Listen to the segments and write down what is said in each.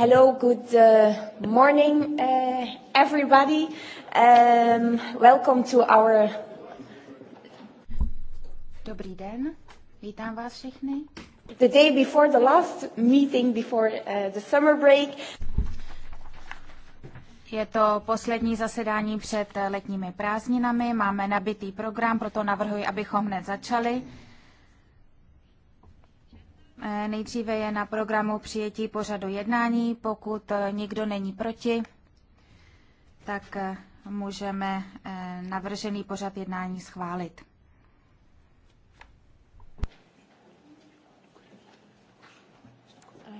Hello, good uh, morning, uh, everybody. Um, welcome to our. Dobrý den, vítám vás všechny. The day before the last meeting before uh, the summer break. Je to poslední zasedání před letními prázdninami. Máme nabitý program, proto navrhuji, abychom hned začali. Eh, nejdříve je na programu přijetí pořadu jednání. Pokud eh, nikdo není proti, tak eh, můžeme navržený pořad jednání schválit. Oh,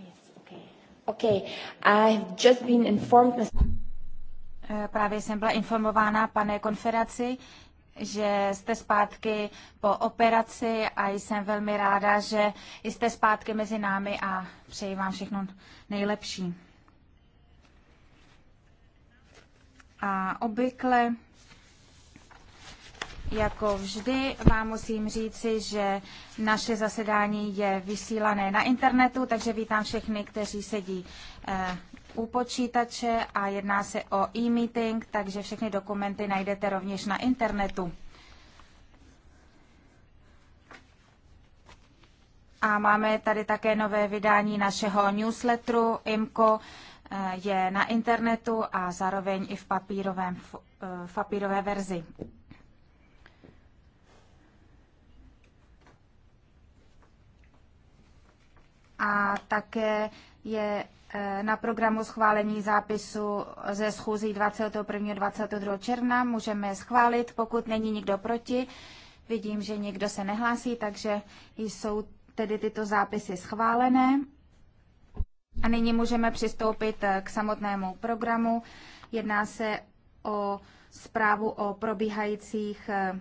okay. I've just been informed... Právě jsem byla informována, pane konferenci, že jste zpátky po operaci a jsem velmi ráda, že jste zpátky mezi námi a přeji vám všechno nejlepší. A obvykle, jako vždy, vám musím říci, že naše zasedání je vysílané na internetu, takže vítám všechny, kteří sedí eh, u počítače a jedná se o e-meeting, takže všechny dokumenty najdete rovněž na internetu. A máme tady také nové vydání našeho newsletteru IMCO, eh, je na internetu a zároveň i v, papírovém, eh, v papírové verzi. A také je Eh, na programu schválení zápisu ze schůzí 21. 22. června můžeme schválit, pokud není nikdo proti. Vidím, že nikdo se nehlásí, takže jsou tedy tyto zápisy schválené. A nyní můžeme přistoupit eh, k samotnému programu. Jedná se o zprávu o probíhajících eh,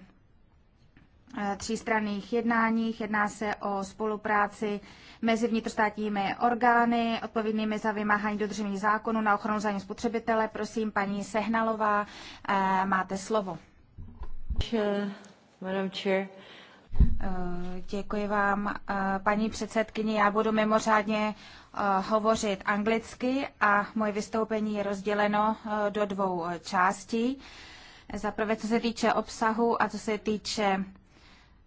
Eh, třístranných jednáních. Jedná se o spolupráci mezi vnitrostátními orgány, odpovědnými za vymáhání dodržení zákonu na ochranu zájmu spotřebitele. Prosím, paní Sehnalová, eh, máte slovo. Eh, děkuji vám, paní předsedkyně. Já budu mimořádně hovořit anglicky a moje vystoupení je rozděleno do dvou částí. Za prvé, co se týče obsahu a co se týče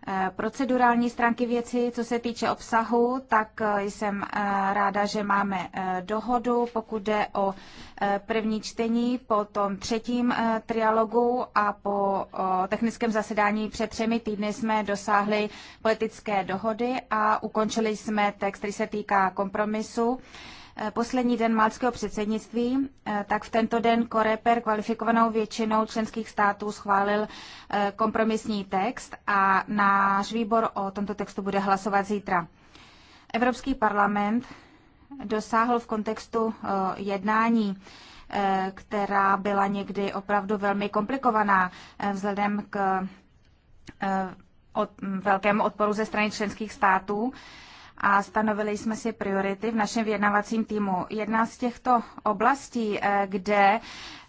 Eh, procedurální stránky věci, co se týče obsahu, tak eh, jsem eh, ráda, že máme dohodu, pokud jde o první čtení po tom třetím trialogu a po technickém zasedání před třemi týdny jsme dosáhli politické dohody a ukončili jsme text, který se týká kompromisu Eh, poslední den maltského předsednictví, eh, tak v tento den Koreper kvalifikovanou většinou členských států schválil eh, kompromisní text a náš výbor o tomto textu bude hlasovat zítra. Evropský parlament dosáhl v kontextu jednání která byla někdy opravdu velmi komplikovaná vzhledem k velkému odporu ze strany členských států, a stanovili jsme si priority v našem vyjednavacím týmu. Jedna z těchto oblastí, eh, kde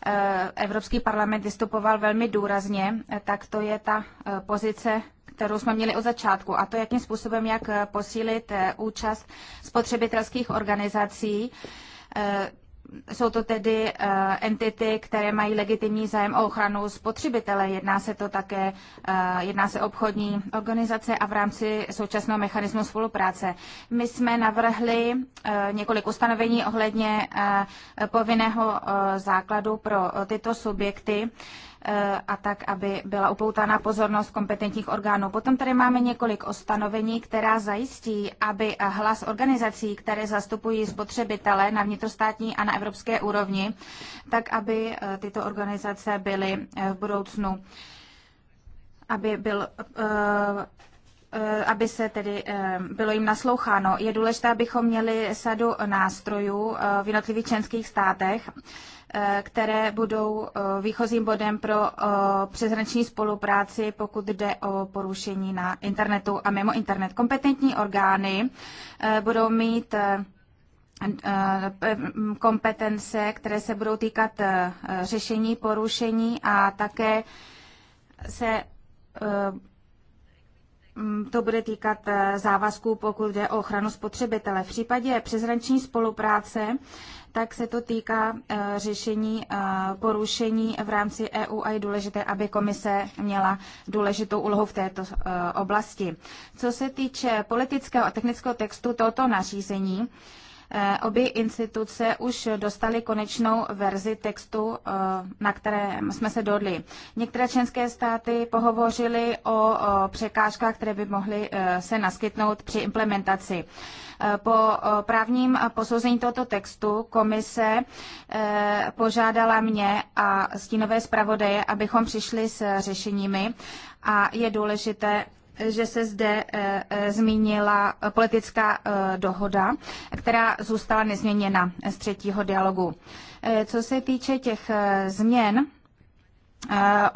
eh, Evropský parlament vystupoval velmi důrazně, eh, tak to je ta pozice kterou jsme měli od začátku, a to jakým způsobem, jak posílit účast spotřebitelských organizací jsou to tedy eh, entity, které mají legitimní zájem o ochranu spotřebitele. Jedná se to také, eh, jedná se obchodní organizace a v rámci současného mechanismu spolupráce. My jsme navrhli eh, několik ustanovení ohledně povinného základu pro tyto subjekty. Eh, a tak, aby byla upoutána pozornost kompetentních orgánů. Potom tady máme několik ostanovení, která zajistí, aby hlas organizací, které zastupují spotřebitele na vnitrostátní a na evropské úrovni, tak aby eh, tyto organizace byly eh, v budoucnu, aby byl aby se tedy bylo jim nasloucháno. Je důležité, abychom měli sadu nástrojů v jednotlivých členských státech, které budou eh, výchozím bodem pro eh, přeshraniční spolupráci, pokud jde o porušení na internetu a mimo internet. Kompetentní orgány eh, budou mít kompetence, které se budou týkat řešení porušení a také se to bude týkat závazků, pokud jde o ochranu spotřebitele. V případě přeshraniční spolupráce tak se to týká eh, řešení eh, porušení v rámci EU a je důležité, aby komise měla důležitou úlohu v této eh, oblasti. Co se týče politického a technického textu tohoto nařízení, Eh, obě instituce už dostaly konečnou verzi textu, eh, na které jsme se dohodli. Některé členské státy pohovořily o překážkách, které by mohly eh, se naskytnout při implementaci. Po právním posouzení tohoto textu komise požádala mě a stínové zpravodaje, abychom přišli s řešeními a je důležité, že se zde eh, eh, zmínila politická eh, dohoda, která zůstala nezměněna z třetího dialogu. Co se týče těch změn,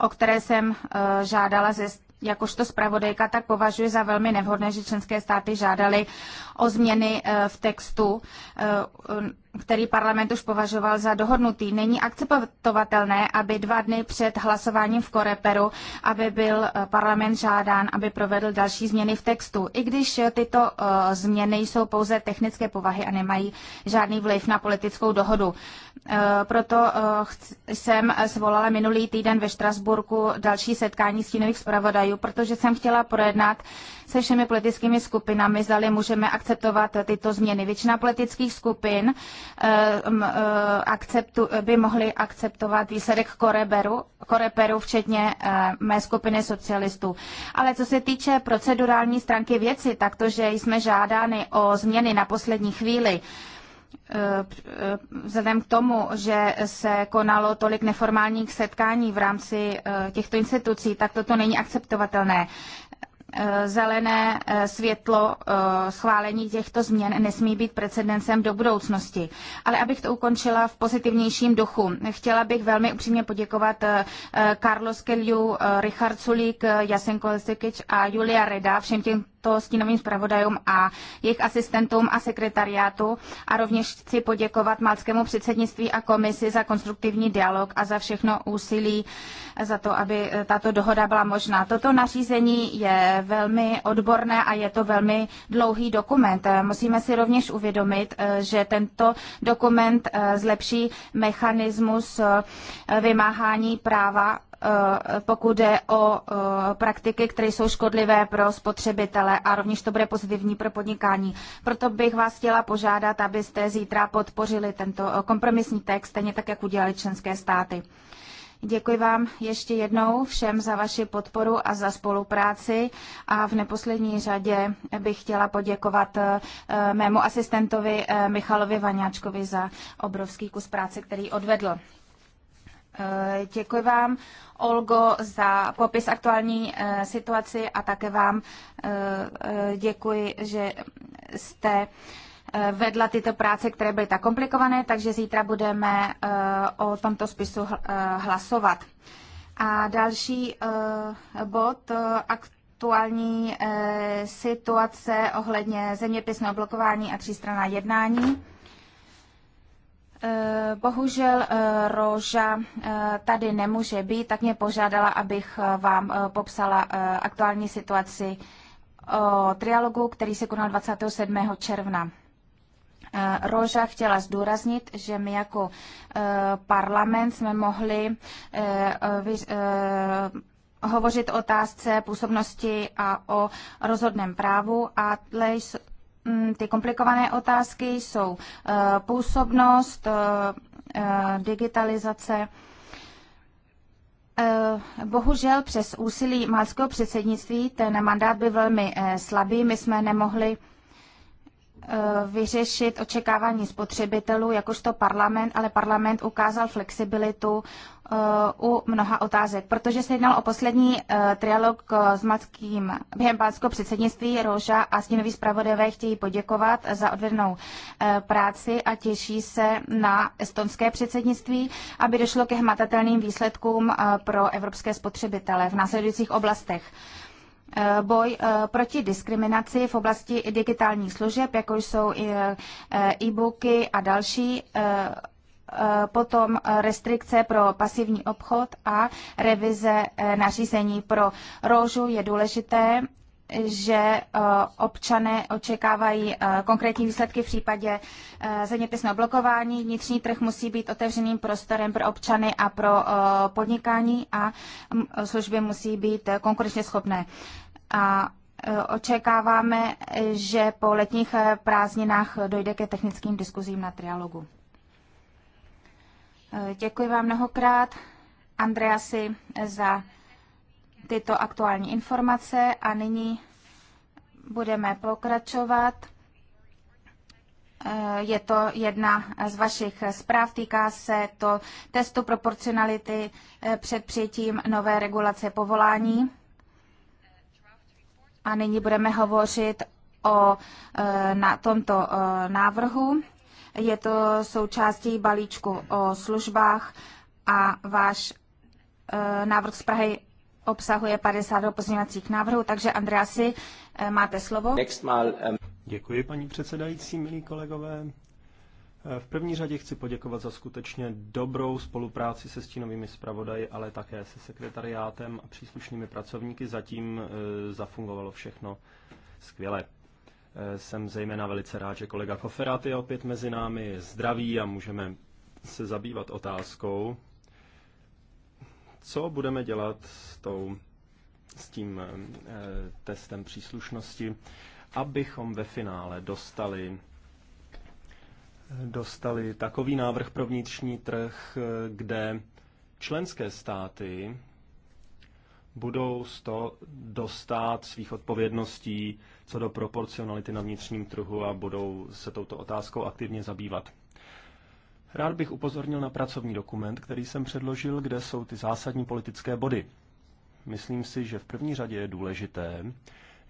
o které jsem žádala ze jakožto zpravodajka, tak považuji za velmi nevhodné, že členské státy žádaly o změny v textu který parlament už považoval za dohodnutý. Není akceptovatelné, aby dva dny před hlasováním v Koreperu, aby byl eh, parlament žádán, aby provedl další změny v textu, i když eh, tyto eh, změny jsou pouze technické povahy a nemají žádný vliv na politickou dohodu. Proto jsem zvolala minulý týden ve Štrasburku další setkání stínových zpravodajů, protože jsem chtěla projednat se všemi politickými skupinami, zdali můžeme akceptovat tyto změny. Většina politických skupin, Eh, eh, akceptu, by mohli akceptovat výsledek Koreberu, Koreperu, včetně eh, mé skupiny socialistů. Ale co se týče procedurální stránky věci, tak to, že jsme žádány o změny na poslední chvíli, vzhledem k tomu, že se konalo tolik neformálních setkání v rámci těchto institucí, tak toto není akceptovatelné. Eh, zelené eh, světlo eh, schválení těchto změn nesmí být precedencem do budoucnosti. Ale abych to ukončila v pozitivnějším duchu, chtěla bych velmi upřímně poděkovat Carlos Keliu, Richard Sulík, Jasenko Lesikič a Julia Reda, všem těm to stínovým zpravodajům a jejich asistentům a sekretariátu a rovněž chci poděkovat malckému předsednictví a komisi za konstruktivní dialog a za všechno úsilí za to, aby tato dohoda byla možná. Toto nařízení je velmi odborné a je to velmi dlouhý dokument. Musíme si rovněž uvědomit, že tento dokument zlepší mechanismus vymáhání práva Eh, pokud jde o eh, praktiky, které jsou škodlivé pro spotřebitele a rovněž to bude pozitivní pro podnikání. Proto bych vás chtěla požádat, abyste zítra podpořili tento eh, kompromisní text, stejně tak, jak udělali členské státy. Děkuji vám ještě jednou všem za vaši podporu a za spolupráci a v neposlední řadě bych chtěla poděkovat mému asistentovi Michalovi Vaňáčkovi za obrovský kus práce, který odvedl. Eh, děkuji vám, Olgo, za popis aktuální eh, situaci a také vám eh, děkuji, že jste vedla tyto práce, které byly tak komplikované, takže zítra budeme o tomto spisu hlasovat. A další bod, aktuální situace ohledně zeměpisného blokování a třístranná jednání. Eh, bohužel eh, Roža eh, tady nemůže být, tak mě požádala, abych vám popsala aktuální situaci o trialogu, který se konal 27. června. Roža chtěla zdůraznit, že my jako parlament jsme mohli hovořit o otázce působnosti a o rozhodném právu, ale Mm, ty komplikované otázky jsou eh, působnost, eh, eh, digitalizace. Bohužel přes úsilí malského předsednictví ten mandát byl velmi slabý. My jsme nemohli Eh, vyřešit očekávání spotřebitelů, jakožto parlament, ale parlament ukázal flexibilitu eh, u mnoha otázek, protože se jednalo o poslední eh, trialog s matkým během pánského předsednictví. Roža a stínoví zpravodajové chtějí poděkovat za odvednou práci a těší se na estonské předsednictví, aby došlo ke hmatatelným výsledkům pro evropské spotřebitele v následujících oblastech. Eh, boj eh, proti diskriminaci v oblasti digitálních služeb, jako jsou eh, e-booky a další potom restrikce pro pasivní obchod a revize nařízení pro rožu je důležité, že eh, občané očekávají eh, konkrétní výsledky v případě eh, zeměpisného blokování. Vnitřní trh musí být otevřeným prostorem pro občany a pro podnikání a mm, služby musí být konkurenčně schopné. A očekáváme, že po letních prázdninách dojde ke technickým diskuzím na trialogu. Děkuji vám mnohokrát, Andreasi, za tyto aktuální informace a nyní budeme pokračovat. Eh, je to jedna z vašich zpráv, týká se to testu proporcionality eh, před přijetím nové regulace povolání. A nyní budeme hovořit o eh, na tomto návrhu. Je to součástí balíčku o službách a váš návrh z Prahy obsahuje 50 pozměňovacích návrhů, takže Andreasi, eh, máte slovo. Děkuji, paní předsedající, milí kolegové. Eh, v první řadě chci poděkovat za skutečně dobrou spolupráci se stínovými zpravodaji, ale také se sekretariátem a příslušnými pracovníky. Zatím eh, zafungovalo všechno skvěle. Jsem zejména velice rád, že kolega Koferát je opět mezi námi, je zdravý a můžeme se zabývat otázkou, co budeme dělat s, tou, s tím e, testem příslušnosti, abychom ve finále dostali dostali takový návrh pro vnitřní trh, eh, kde členské státy budou sto to dostat svých odpovědností co do proporcionality na vnitřním trhu a budou se touto otázkou aktivně zabývat. Rád bych upozornil na pracovní dokument, který jsem předložil, kde jsou ty zásadní politické body. Myslím si, že v první řadě je důležité,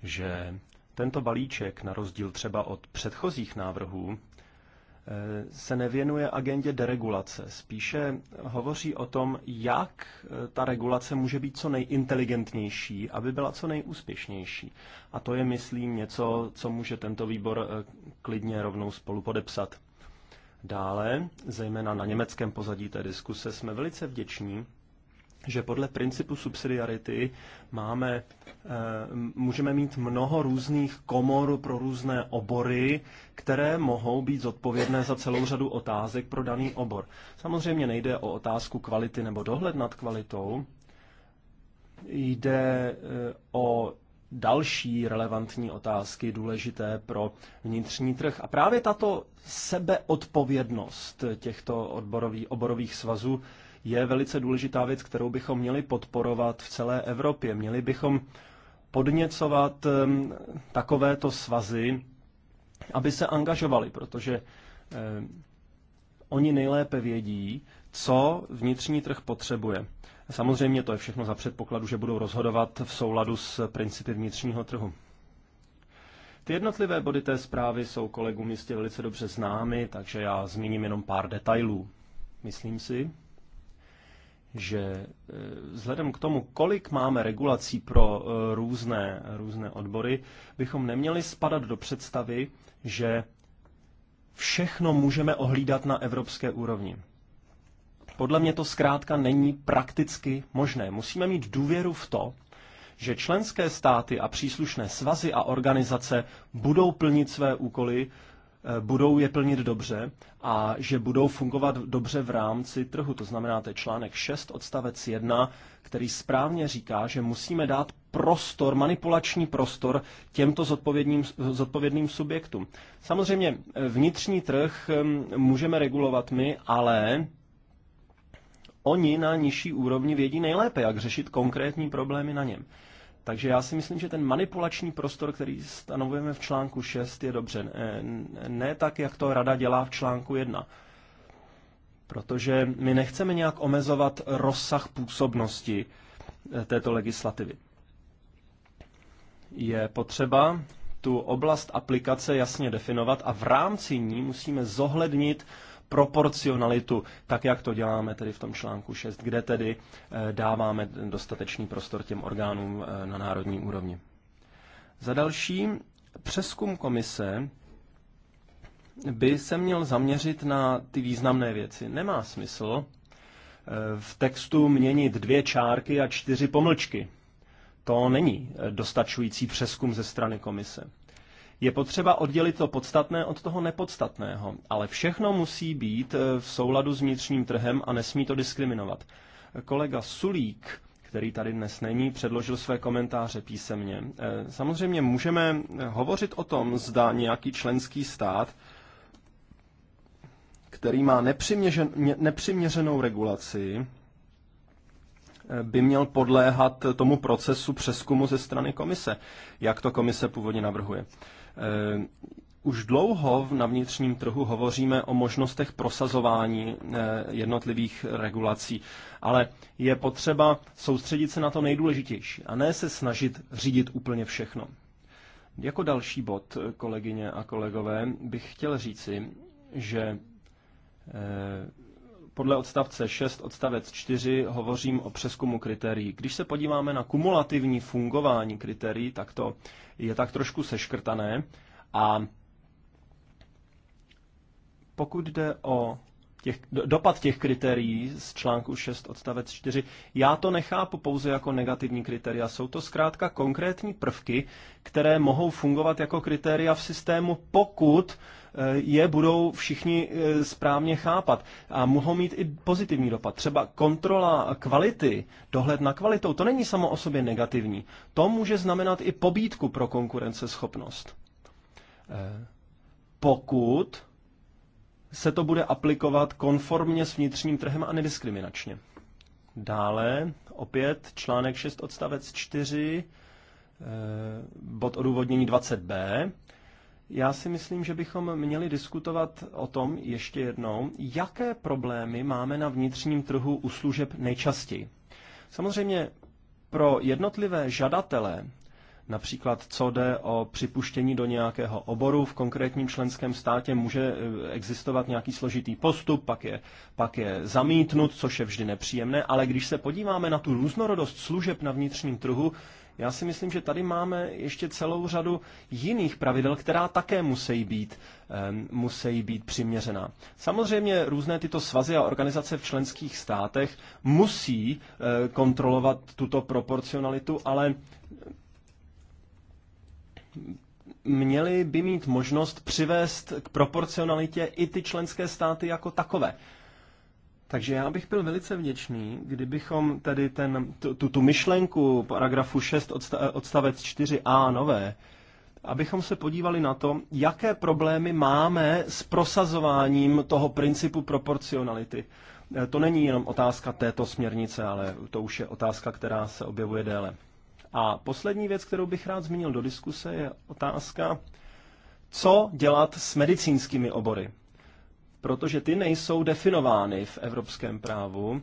že tento balíček, na rozdíl třeba od předchozích návrhů, eh, se nevěnuje agendě deregulace. Spíše hovoří o tom, jak eh, ta regulace může být co nejinteligentnější, aby byla co nejúspěšnější. A to je, myslím, něco, co může tento výbor eh, klidně rovnou spolu podepsat. Dále, zejména na německém pozadí té diskuse, jsme velice vděční, že podle principu subsidiarity máme, eh, můžeme mít mnoho různých komor pro různé obory, které mohou být zodpovědné za celou řadu otázek pro daný obor. Samozřejmě nejde o otázku kvality nebo dohled nad kvalitou, jde eh, o další relevantní otázky důležité pro vnitřní trh. A právě tato sebeodpovědnost těchto odborový, oborových svazů je velice důležitá věc, kterou bychom měli podporovat v celé Evropě. Měli bychom podněcovat ehm, takovéto svazy, aby se angažovali, protože ehm, oni nejlépe vědí, co vnitřní trh potřebuje. Samozřejmě to je všechno za předpokladu, že budou rozhodovat v souladu s principy vnitřního trhu. Ty jednotlivé body té zprávy jsou kolegům jistě velice dobře známy, takže já zmíním jenom pár detailů. Myslím si, že e, vzhledem k tomu, kolik máme regulací pro e, různé, různé odbory, bychom neměli spadat do představy, že všechno můžeme ohlídat na evropské úrovni. Podle mě to zkrátka není prakticky možné. Musíme mít důvěru v to, že členské státy a příslušné svazy a organizace budou plnit své úkoly, eh, budou je plnit dobře a že budou fungovat dobře v rámci trhu. To znamená, to je článek 6 odstavec 1, který správně říká, že musíme dát prostor, manipulační prostor těmto zodpovědným, zodpovědným subjektům. Samozřejmě eh, vnitřní trh hm, můžeme regulovat my, ale oni na nižší úrovni vědí nejlépe, jak řešit konkrétní problémy na něm. Takže já si myslím, že ten manipulační prostor, který stanovujeme v článku 6, je dobře. Ne tak, jak to rada dělá v článku 1. Protože my nechceme nějak omezovat rozsah působnosti eh, této legislativy. Je potřeba tu oblast aplikace jasně definovat a v rámci ní musíme zohlednit proporcionalitu, tak jak to děláme tedy v tom článku 6, kde tedy eh, dáváme dostatečný prostor těm orgánům eh, na národní úrovni. Za další, přeskum komise by se měl zaměřit na ty významné věci. Nemá smysl eh, v textu měnit dvě čárky a čtyři pomlčky. To není dostačující přeskum ze strany komise. Je potřeba oddělit to podstatné od toho nepodstatného, ale všechno musí být eh, v souladu s vnitřním trhem a nesmí to diskriminovat. Kolega Sulík který tady dnes není, předložil své komentáře písemně. Eh, samozřejmě můžeme eh, hovořit o tom, zda nějaký členský stát, který má nepřiměřenou regulaci, by měl podléhat tomu procesu přeskumu ze strany komise, jak to komise původně navrhuje. Eh, už dlouho na vnitřním trhu hovoříme o možnostech prosazování eh, jednotlivých regulací, ale je potřeba soustředit se na to nejdůležitější a ne se snažit řídit úplně všechno. Jako další bod, kolegyně a kolegové, bych chtěl říci, že eh, podle odstavce 6 odstavec 4 hovořím o přeskumu kritérií. Když se podíváme na kumulativní fungování kritérií, tak to je tak trošku seškrtané a pokud jde o těch, dopad těch kritérií z článku 6 odstavec 4, já to nechápu pouze jako negativní kritéria. Jsou to zkrátka konkrétní prvky, které mohou fungovat jako kritéria v systému, pokud Eh, je budou všichni eh, správně chápat a mohou mít i pozitivní dopad. Třeba kontrola kvality, dohled na kvalitou, to není samo o sobě negativní. To může znamenat i pobídku pro konkurenceschopnost. Eh, pokud se to bude aplikovat konformně s vnitřním trhem a nediskriminačně. Dále opět článek 6 odstavec 4, bod odůvodnění 20b. Já si myslím, že bychom měli diskutovat o tom ještě jednou, jaké problémy máme na vnitřním trhu u služeb nejčastěji. Samozřejmě pro jednotlivé žadatele, například co jde o připuštění do nějakého oboru v konkrétním členském státě, může eh, existovat nějaký složitý postup, pak je, pak je zamítnut, což je vždy nepříjemné, ale když se podíváme na tu různorodost služeb na vnitřním trhu, já si myslím, že tady máme ještě celou řadu jiných pravidel, která také musí být, musí být přiměřená. Samozřejmě různé tyto svazy a organizace v členských státech musí eh, kontrolovat tuto proporcionalitu, ale měli by mít možnost přivést k proporcionalitě i ty členské státy jako takové. Takže já bych byl velice vděčný, kdybychom tedy ten, tu, tu myšlenku paragrafu 6 odsta, odstavec 4a nové, abychom se podívali na to, jaké problémy máme s prosazováním toho principu proporcionality. E, to není jenom otázka této směrnice, ale to už je otázka, která se objevuje déle. A poslední věc, kterou bych rád zmínil do diskuse, je otázka, co dělat s medicínskými obory protože ty nejsou definovány v evropském právu.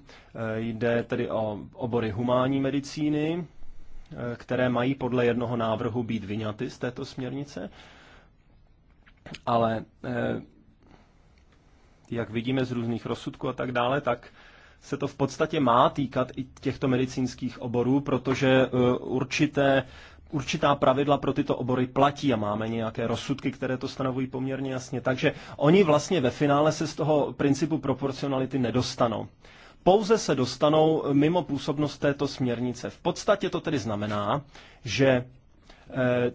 Eh, jde tedy o obory humánní medicíny, eh, které mají podle jednoho návrhu být vyňaty z této směrnice, ale eh, jak vidíme z různých rozsudků a tak dále, tak se to v podstatě má týkat i těchto medicínských oborů, protože určité určitá pravidla pro tyto obory platí a máme nějaké rozsudky, které to stanovují poměrně jasně. Takže oni vlastně ve finále se z toho principu proporcionality nedostanou. Pouze se dostanou mimo působnost této směrnice. V podstatě to tedy znamená, že eh,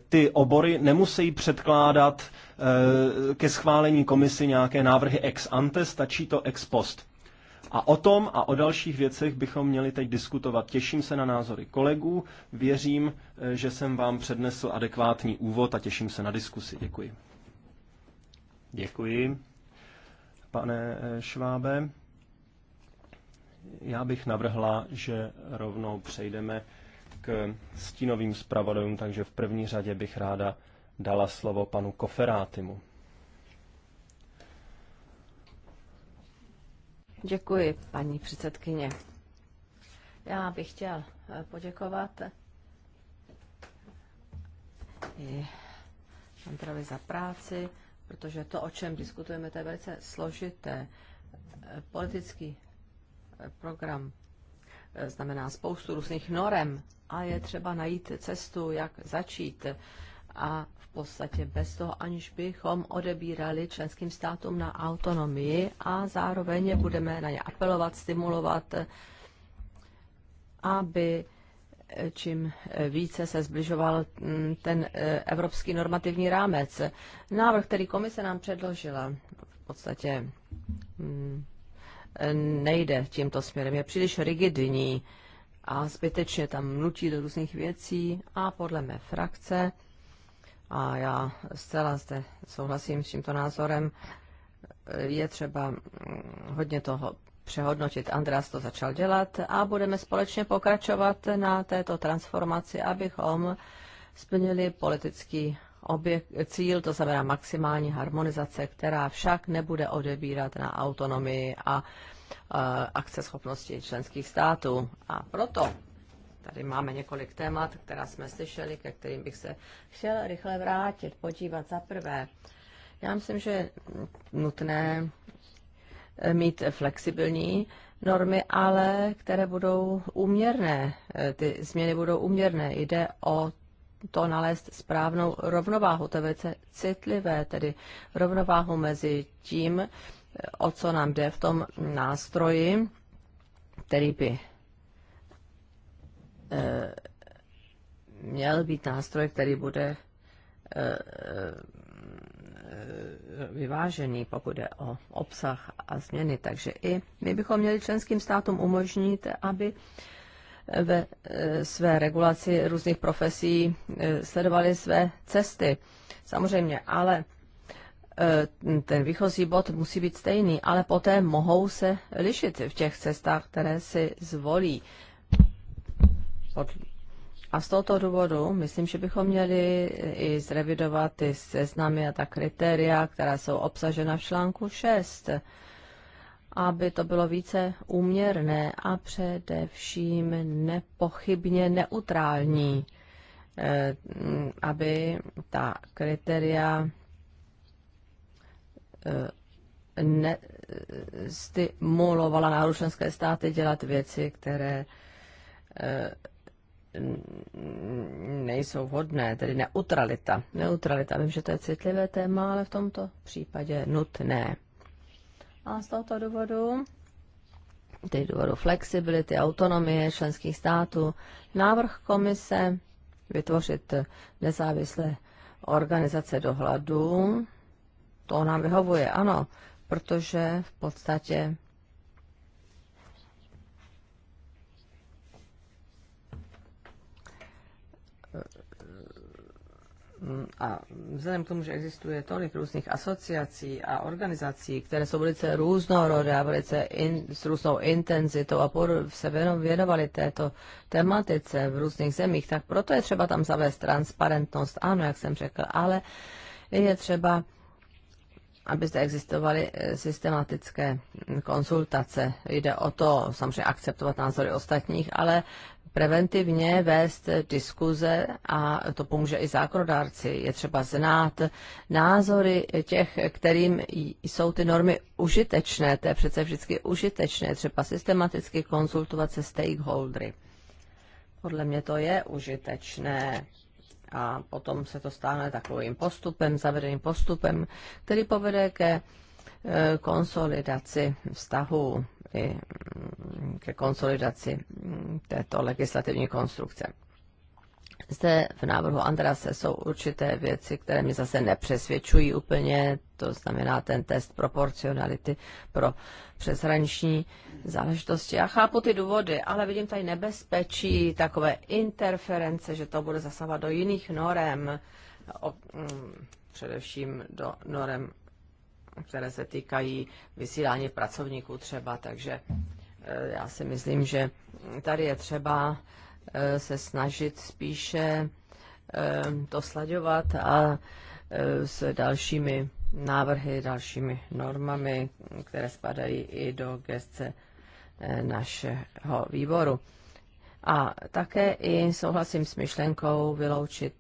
ty obory nemusí předkládat eh, ke schválení komisi nějaké návrhy ex ante, stačí to ex post. A o tom a o dalších věcech bychom měli teď diskutovat. Těším se na názory kolegů, věřím, eh, že jsem vám přednesl adekvátní úvod a těším se na diskusi. Děkuji. Děkuji, pane eh, Švábe. Já bych navrhla, že rovnou přejdeme k stínovým zpravodajům, takže v první řadě bych ráda dala slovo panu Koferátimu. Děkuji, paní předsedkyně. Já bych chtěl eh, poděkovat i Antrovi za práci, protože to, o čem diskutujeme, to je velice složité. Eh, politický eh, program znamená spoustu různých norem a je třeba najít cestu, jak začít a v podstatě bez toho, aniž bychom odebírali členským státům na autonomii a zároveň budeme na ně apelovat, stimulovat, aby eh, čím eh, více se zbližoval mm, ten eh, evropský normativní rámec. Návrh, který komise nám předložila, v podstatě mm, nejde tímto směrem, je příliš rigidní a zbytečně tam nutí do různých věcí a podle mé frakce a já zcela zde souhlasím s tímto názorem, je třeba mm, hodně toho přehodnotit. Andreas to začal dělat a budeme společně pokračovat na této transformaci, abychom splnili politický objekt, cíl, to znamená maximální harmonizace, která však nebude odebírat na autonomii a e, akceschopnosti členských států. A proto Tady máme několik témat, která jsme slyšeli, ke kterým bych se chtěl rychle vrátit, podívat za prvé. Já myslím, že je nutné eh, mít flexibilní normy, ale které budou úměrné. Eh, ty změny budou úměrné. Jde o to nalézt správnou rovnováhu, to je velice citlivé, tedy rovnováhu mezi tím, eh, o co nám jde v tom nástroji, který by Eh, měl být nástroj, který bude eh, eh, vyvážený, pokud je o obsah a změny. Takže i my bychom měli členským státům umožnit, aby ve své regulaci různých profesí sledovali své cesty. Samozřejmě, ale ten výchozí bod musí být stejný, ale poté mohou se lišit v těch cestách, které si zvolí a z tohoto důvodu myslím, že bychom měli i zrevidovat ty seznamy a ta kritéria, která jsou obsažena v článku 6, aby to bylo více úměrné a především nepochybně neutrální, eh, aby ta kritéria eh, nestimulovala náručenské státy dělat věci, které eh, nejsou vhodné, tedy neutralita. Neutralita, vím, že to je citlivé téma, ale v tomto případě nutné. A z tohoto důvodu, tedy důvodu flexibility, autonomie členských států, návrh komise vytvořit nezávislé organizace dohledu, to nám vyhovuje, ano, protože v podstatě a vzhledem k tomu, že existuje tolik různých asociací a organizací, které jsou velice různorodé a velice in, s různou intenzitou a por, se věnovali této tematice v různých zemích, tak proto je třeba tam zavést transparentnost, ano, jak jsem řekl, ale je třeba aby zde existovaly eh, systematické konsultace. Jde o to samozřejmě akceptovat názory ostatních, ale preventivně vést diskuze a to pomůže i zákonodárci. Je třeba znát názory těch, kterým jsou ty normy užitečné. To je přece vždycky užitečné, třeba systematicky konzultovat se stakeholdery. Podle mě to je užitečné a potom se to stane takovým postupem, zavedeným postupem, který povede ke eh, konsolidaci vztahu i mm, ke konsolidaci mm, této legislativní konstrukce. Zde v návrhu Andrase jsou určité věci, které mi zase nepřesvědčují úplně, to znamená ten test proporcionality pro přeshraniční záležitosti. Já chápu ty důvody, ale vidím tady nebezpečí, takové interference, že to bude zasahovat do jiných norem, o, mm, především do norem které se týkají vysílání pracovníků třeba, takže eh, já si myslím, že tady je třeba eh, se snažit spíše eh, to slaďovat a s dalšími návrhy, dalšími normami, které spadají i do gestce našeho výboru. A také i souhlasím s myšlenkou vyloučit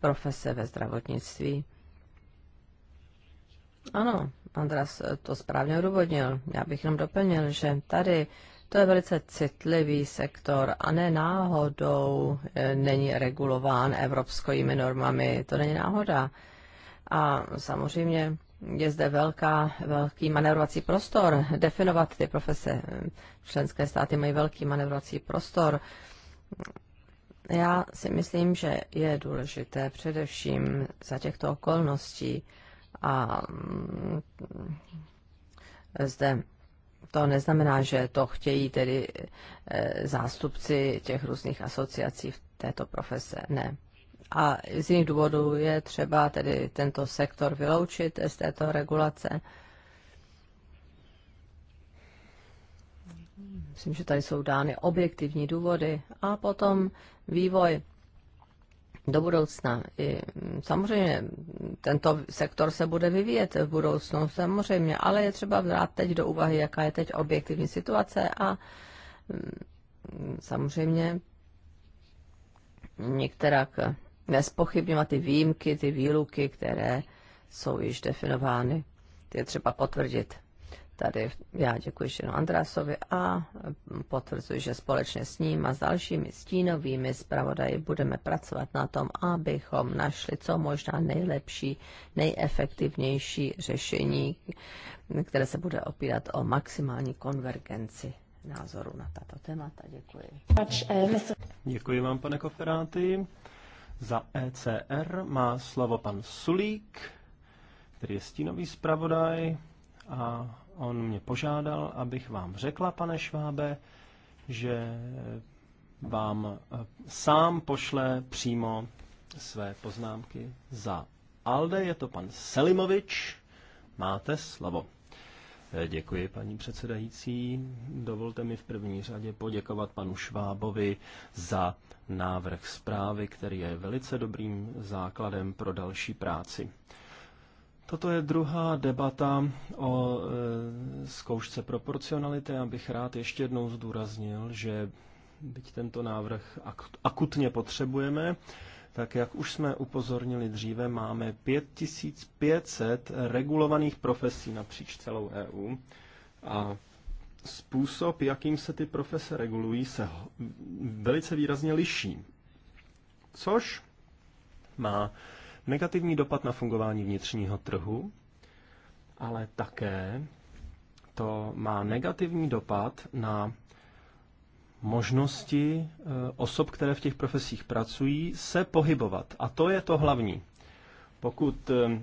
profese ve zdravotnictví. Ano, Andras to správně odůvodnil. Já bych jenom doplnil, že tady to je velice citlivý sektor a ne náhodou eh, není regulován evropskými normami. To není náhoda. A samozřejmě je zde velká, velký manevrovací prostor definovat ty profese. Členské státy mají velký manevrovací prostor. Já si myslím, že je důležité především za těchto okolností a mm, zde to neznamená, že to chtějí tedy e, zástupci těch různých asociací v této profese. Ne. A z jiných důvodů je třeba tedy tento sektor vyloučit z této regulace. Myslím, že tady jsou dány objektivní důvody a potom vývoj do budoucna. I, mm, samozřejmě tento sektor se bude vyvíjet v budoucnu, samozřejmě, ale je třeba vrát teď do úvahy, jaká je teď objektivní situace a mm, samozřejmě některak nespochybňovat ty výjimky, ty výluky, které jsou již definovány. Ty je třeba potvrdit tady. Já děkuji Šinu Andrasovi a potvrzuji, že společně s ním a s dalšími stínovými zpravodaji budeme pracovat na tom, abychom našli co možná nejlepší, nejefektivnější řešení, které se bude opírat o maximální konvergenci názoru na tato témata. Děkuji. Eh, děkuji vám, pane Koferáty. Za ECR má slovo pan Sulík, který je stínový zpravodaj a On mě požádal, abych vám řekla, pane Švábe, že vám eh, sám pošle přímo své poznámky za Alde. Je to pan Selimovič. Máte slovo. Eh, děkuji, paní předsedající. Dovolte mi v první řadě poděkovat panu Švábovi za návrh zprávy, který je velice dobrým základem pro další práci. Toto je druhá debata o e, zkoušce proporcionality. Já bych rád ještě jednou zdůraznil, že byť tento návrh akutně potřebujeme, tak jak už jsme upozornili dříve, máme 5500 regulovaných profesí napříč celou EU a způsob, jakým se ty profese regulují, se velice výrazně liší. Což má negativní dopad na fungování vnitřního trhu, ale také to má negativní dopad na možnosti eh, osob, které v těch profesích pracují, se pohybovat. A to je to hlavní. Pokud eh,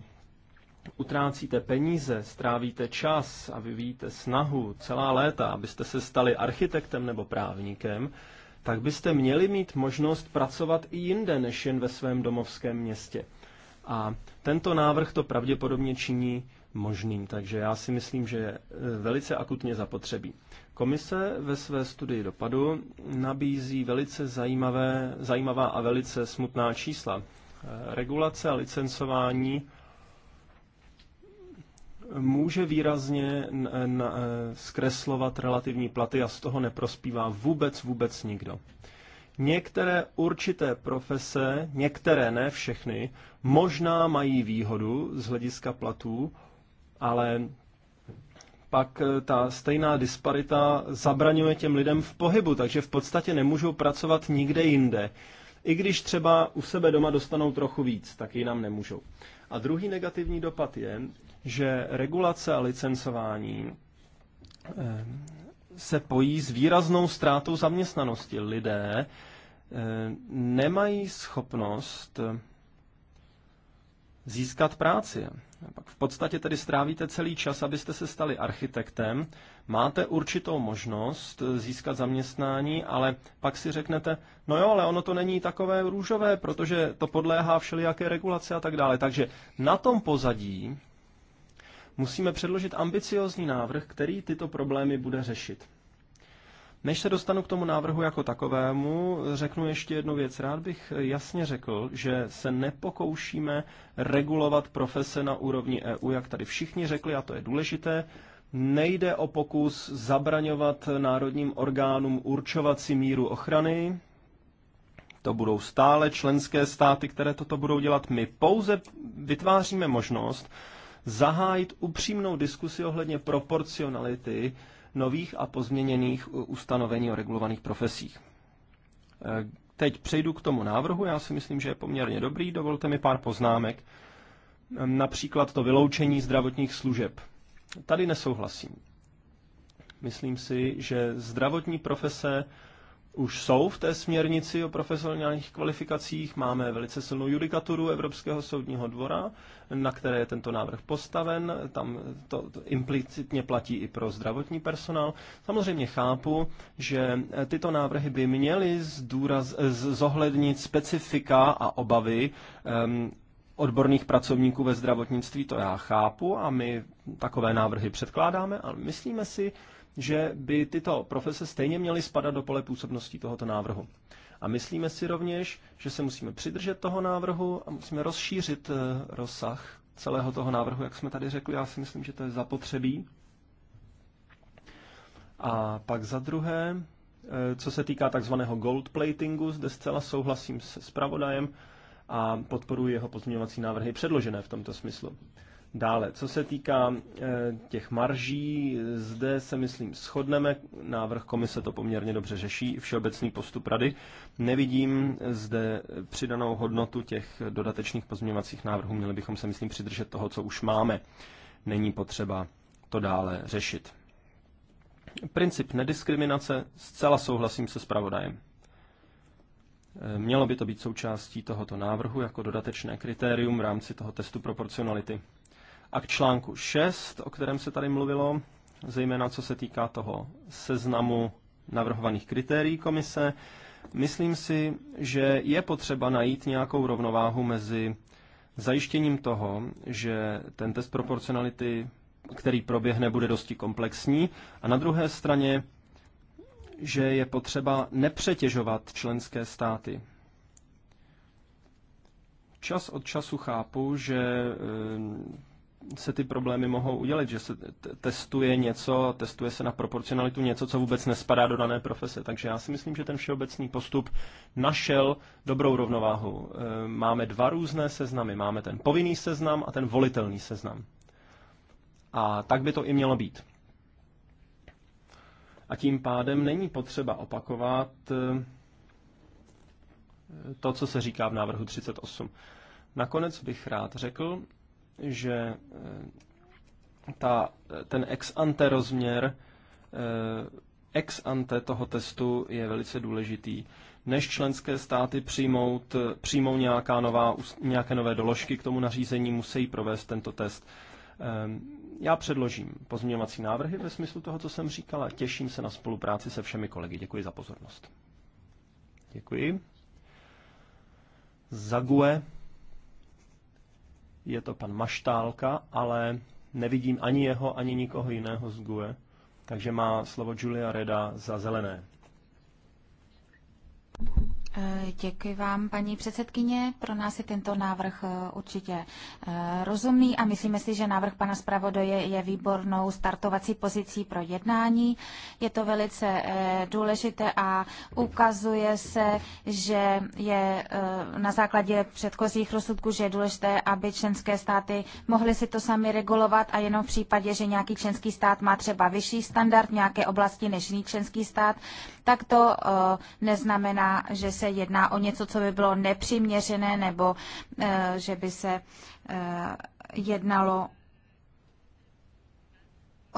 utrácíte peníze, strávíte čas a vyvíjíte snahu celá léta, abyste se stali architektem nebo právníkem, tak byste měli mít možnost pracovat i jinde než jen ve svém domovském městě. A tento návrh to pravděpodobně činí možným, takže já si myslím, že je velice akutně zapotřebí. Komise ve své studii dopadu nabízí velice zajímavé, zajímavá a velice smutná čísla. E, regulace a licencování může výrazně e, zkreslovat relativní platy a z toho neprospívá vůbec, vůbec nikdo. Některé určité profese, některé ne všechny, možná mají výhodu z hlediska platů, ale pak eh, ta stejná disparita zabraňuje těm lidem v pohybu, takže v podstatě nemůžou pracovat nikde jinde. I když třeba u sebe doma dostanou trochu víc, tak jinam nemůžou. A druhý negativní dopad je, že regulace a licencování eh, se pojí s výraznou ztrátou zaměstnanosti. Lidé Eh, nemají schopnost eh, získat práci. pak v podstatě tedy strávíte celý čas, abyste se stali architektem, máte určitou možnost eh, získat zaměstnání, ale pak si řeknete, no jo, ale ono to není takové růžové, protože to podléhá všelijaké regulace a tak dále. Takže na tom pozadí musíme předložit ambiciozní návrh, který tyto problémy bude řešit. Než se dostanu k tomu návrhu jako takovému, řeknu ještě jednu věc. Rád bych jasně řekl, že se nepokoušíme regulovat profese na úrovni EU, jak tady všichni řekli, a to je důležité. Nejde o pokus zabraňovat národním orgánům určovací míru ochrany. To budou stále členské státy, které toto budou dělat. My pouze vytváříme možnost zahájit upřímnou diskusi ohledně proporcionality nových a pozměněných uh, ustanovení o regulovaných profesích. Uh, teď přejdu k tomu návrhu, já si myslím, že je poměrně dobrý, dovolte mi pár poznámek. Um, například to vyloučení zdravotních služeb. Tady nesouhlasím. Myslím si, že zdravotní profese už jsou v té směrnici o profesionálních kvalifikacích. Máme velice silnou judikaturu Evropského soudního dvora, na které je tento návrh postaven. Tam to implicitně platí i pro zdravotní personál. Samozřejmě chápu, že eh, tyto návrhy by měly zdůraz, eh, zohlednit specifika a obavy um, odborných pracovníků ve zdravotnictví, to já chápu a my takové návrhy předkládáme, ale myslíme si, že by tyto profese stejně měly spadat do pole působnosti tohoto návrhu. A myslíme si rovněž, že se musíme přidržet toho návrhu a musíme rozšířit eh, rozsah celého toho návrhu, jak jsme tady řekli. Já si myslím, že to je zapotřebí. A pak za druhé, eh, co se týká takzvaného gold platingu, zde zcela souhlasím se zpravodajem a podporuji jeho pozměňovací návrhy předložené v tomto smyslu. Dále, co se týká eh, těch marží, zde se, myslím, shodneme. Návrh komise to poměrně dobře řeší, všeobecný postup rady. Nevidím zde přidanou hodnotu těch dodatečných pozměňovacích návrhů. Měli bychom se, myslím, přidržet toho, co už máme. Není potřeba to dále řešit. Princip nediskriminace, zcela souhlasím se zpravodajem. Eh, mělo by to být součástí tohoto návrhu jako dodatečné kritérium v rámci toho testu proporcionality. A k článku 6, o kterém se tady mluvilo, zejména co se týká toho seznamu navrhovaných kritérií komise, myslím si, že je potřeba najít nějakou rovnováhu mezi zajištěním toho, že ten test proporcionality, který proběhne, bude dosti komplexní, a na druhé straně, že je potřeba nepřetěžovat členské státy. Čas od času chápu, že eh, se ty problémy mohou udělat, že se testuje něco, testuje se na proporcionalitu něco, co vůbec nespadá do dané profese. Takže já si myslím, že ten všeobecný postup našel dobrou rovnováhu. E, máme dva různé seznamy. Máme ten povinný seznam a ten volitelný seznam. A tak by to i mělo být. A tím pádem není potřeba opakovat e, to, co se říká v návrhu 38. Nakonec bych rád řekl, že eh, ta, ten ex ante rozměr, eh, ex ante toho testu je velice důležitý. Než členské státy přijmout, přijmou nějaká nová, nějaké nové doložky k tomu nařízení, musí provést tento test. Ehm, já předložím pozměňovací návrhy ve smyslu toho, co jsem říkal a těším se na spolupráci se všemi kolegy. Děkuji za pozornost. Děkuji. Zague je to pan Maštálka, ale nevidím ani jeho, ani nikoho jiného z GUE, takže má slovo Julia Reda za zelené. Eh, děkuji vám, paní předsedkyně. Pro nás je tento návrh eh, určitě eh, rozumný a myslíme si, že návrh pana zpravodaje je výbornou startovací pozicí pro jednání. Je to velice důležité a ukazuje se, že je na základě předchozích rozsudků, že je důležité, aby členské státy mohly si to sami regulovat a jenom v případě, že nějaký členský stát má třeba vyšší standard v nějaké oblasti než jiný členský stát, tak to eh, neznamená, že se jedná o něco, co by bylo nepřiměřené nebo eh, že by se eh, jednalo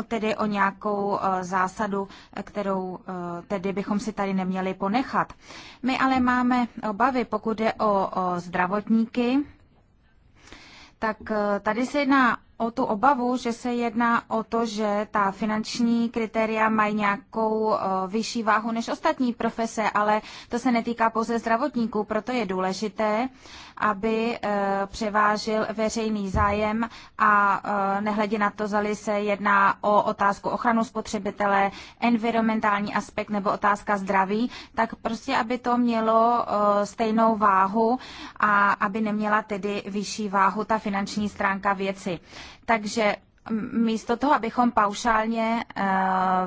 tedy o nějakou zásadu, kterou tedy bychom si tady neměli ponechat. My ale máme obavy, pokud je o zdravotníky, tak tady se jedná o tu obavu, že se jedná o to, že ta finanční kritéria mají nějakou eh, vyšší váhu než ostatní profese, ale to se netýká pouze zdravotníků, proto je důležité, aby eh, převážil veřejný zájem a eh, nehledě na to, zali se jedná o otázku ochranu spotřebitele, environmentální aspekt nebo otázka zdraví, tak prostě, aby to mělo eh, stejnou váhu a aby neměla tedy vyšší váhu ta finanční stránka věci. Takže místo toho, abychom paušálně eh,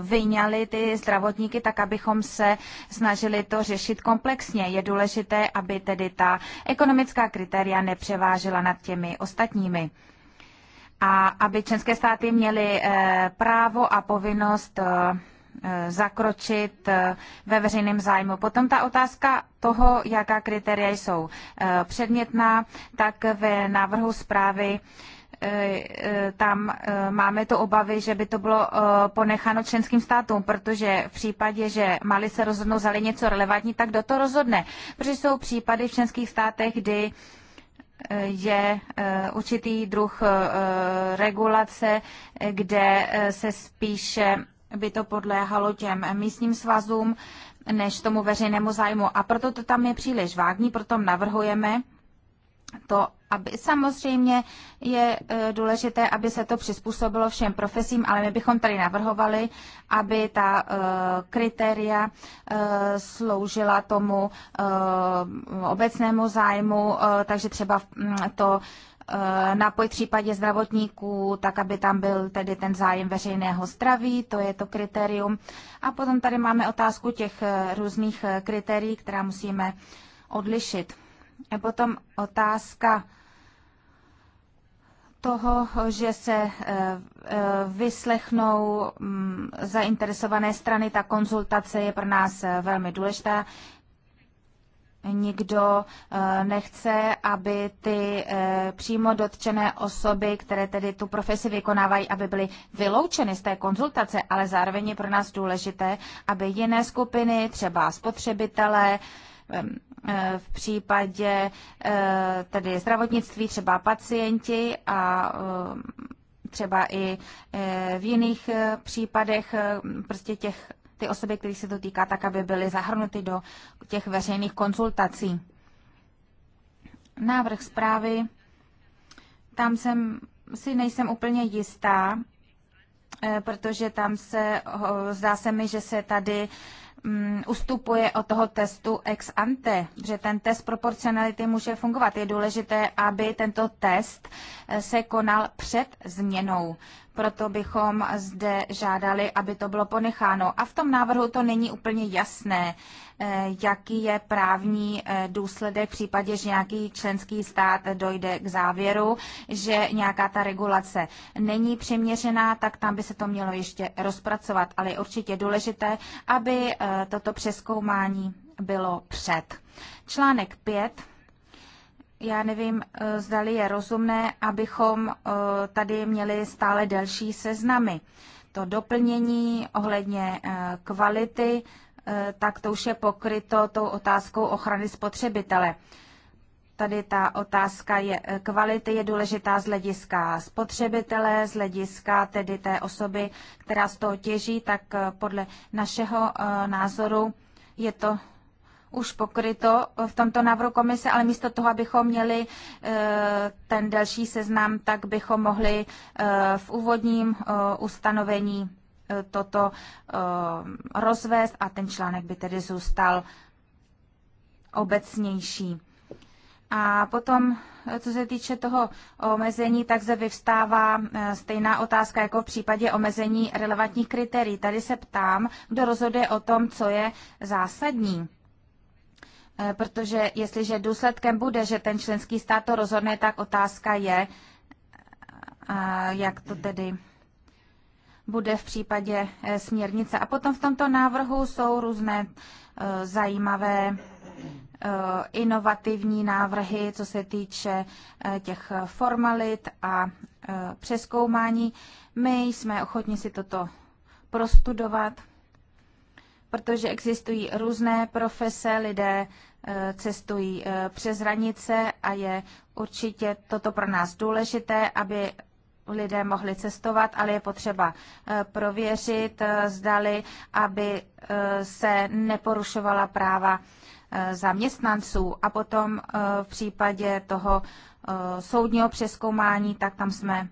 vyňali ty zdravotníky, tak abychom se snažili to řešit komplexně. Je důležité, aby tedy ta ekonomická kritéria nepřevážela nad těmi ostatními. A aby české státy měly eh, právo a povinnost eh, zakročit ve veřejném zájmu. Potom ta otázka toho, jaká kritéria jsou předmětná, tak ve návrhu zprávy tam eh, máme to obavy, že by to bylo eh, ponecháno členským státům, protože v případě, že Mali se rozhodnou za něco relevantní, tak kdo to rozhodne? Protože jsou případy v členských státech, kdy eh, je určitý druh regulace, kde se spíše by to podléhalo těm místním svazům než tomu veřejnému zájmu. A proto to tam je příliš vágní, proto navrhujeme to, aby samozřejmě je e, důležité, aby se to přizpůsobilo všem profesím, ale my bychom tady navrhovali, aby ta e, kritéria e, sloužila tomu obecnému zájmu, takže třeba mm, to napojit v případě zdravotníků, tak aby tam byl tedy ten zájem veřejného zdraví, to je to kritérium. A potom tady máme otázku těch různých kritérií, která musíme odlišit. A potom otázka toho, že se eh, eh, vyslechnou mm, zainteresované strany, ta konzultace je pro nás eh, velmi důležitá. Nikdo nechce, aby ty přímo dotčené osoby, které tedy tu profesi vykonávají, aby byly vyloučeny z té konzultace, ale zároveň je pro nás důležité, aby jiné skupiny, třeba spotřebitelé, Eh, v případě eh, tedy zdravotnictví třeba pacienti a eh, třeba i v jiných případech prostě těch, ty osoby, kterých se to týká, tak aby byly zahrnuty do těch veřejných konzultací. Návrh zprávy, tam jsem si nejsem úplně jistá, protože tam se, zdá se mi, že se tady Mm, ustupuje od toho testu ex ante, že ten test proporcionality může fungovat. Je důležité, aby tento test eh, se konal před změnou proto bychom zde žádali, aby to bylo ponecháno. A v tom návrhu to není úplně jasné, eh, jaký je právní eh, důsledek v případě, že nějaký členský stát dojde k závěru, že nějaká ta regulace není přiměřená, tak tam by se to mělo ještě rozpracovat. Ale je určitě důležité, aby eh, toto přeskoumání bylo před. Článek 5 já nevím, eh, zdali je rozumné, abychom eh, tady měli stále delší seznamy. To doplnění ohledně eh, kvality, tak to už je pokryto tou otázkou ochrany spotřebitele. Tady ta otázka je, kvality je důležitá z hlediska spotřebitele, z hlediska tedy té osoby, která z toho těží, tak podle našeho názoru je to už pokryto v tomto návrhu komise, ale místo toho, abychom měli eh, ten další seznam, tak bychom mohli eh, v úvodním eh, ustanovení toto rozvést a ten článek by tedy zůstal obecnější. A potom, co se týče toho omezení, tak se vyvstává stejná otázka jako v případě omezení relevantních kritérií. Tady se ptám, kdo rozhoduje o tom, co je zásadní. Eh, protože jestliže důsledkem bude, že ten členský stát to rozhodne, tak otázka je, eh, jak to tedy bude v případě eh, směrnice. A potom v tomto návrhu jsou různé zajímavé inovativní návrhy, co se týče těch formalit a přeskoumání. My jsme ochotni si toto prostudovat protože existují různé profese, lidé eh, cestují eh, přes hranice a je určitě toto pro nás důležité, aby lidé mohli cestovat, ale je potřeba eh, prověřit, zdali, aby se neporušovala práva zaměstnanců a potom v případě toho soudního přeskoumání, tak tam jsme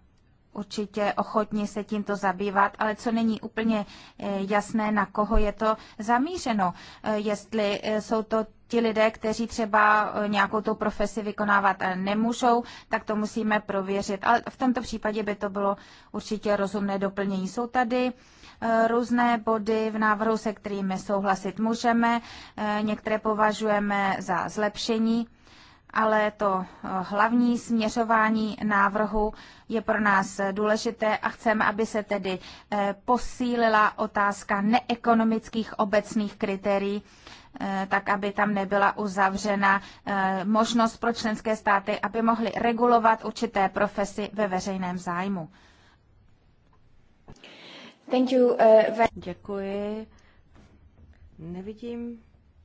určitě ochotni se tímto zabývat, ale co není úplně eh, jasné, na koho je to zamířeno. Eh, jestli eh, jsou to ti lidé, kteří třeba nějakou tu profesi vykonávat nemůžou, tak to musíme prověřit. Ale v tomto případě by to bylo určitě rozumné doplnění. Jsou tady různé body v návrhu, se kterými souhlasit můžeme. Některé považujeme za zlepšení ale to eh, hlavní směřování návrhu je pro nás důležité a chceme, aby se tedy eh, posílila otázka neekonomických obecných kritérií, eh, tak aby tam nebyla uzavřena možnost pro členské státy, aby mohly regulovat určité profesy ve veřejném zájmu. Thank you, uh, Děkuji. Nevidím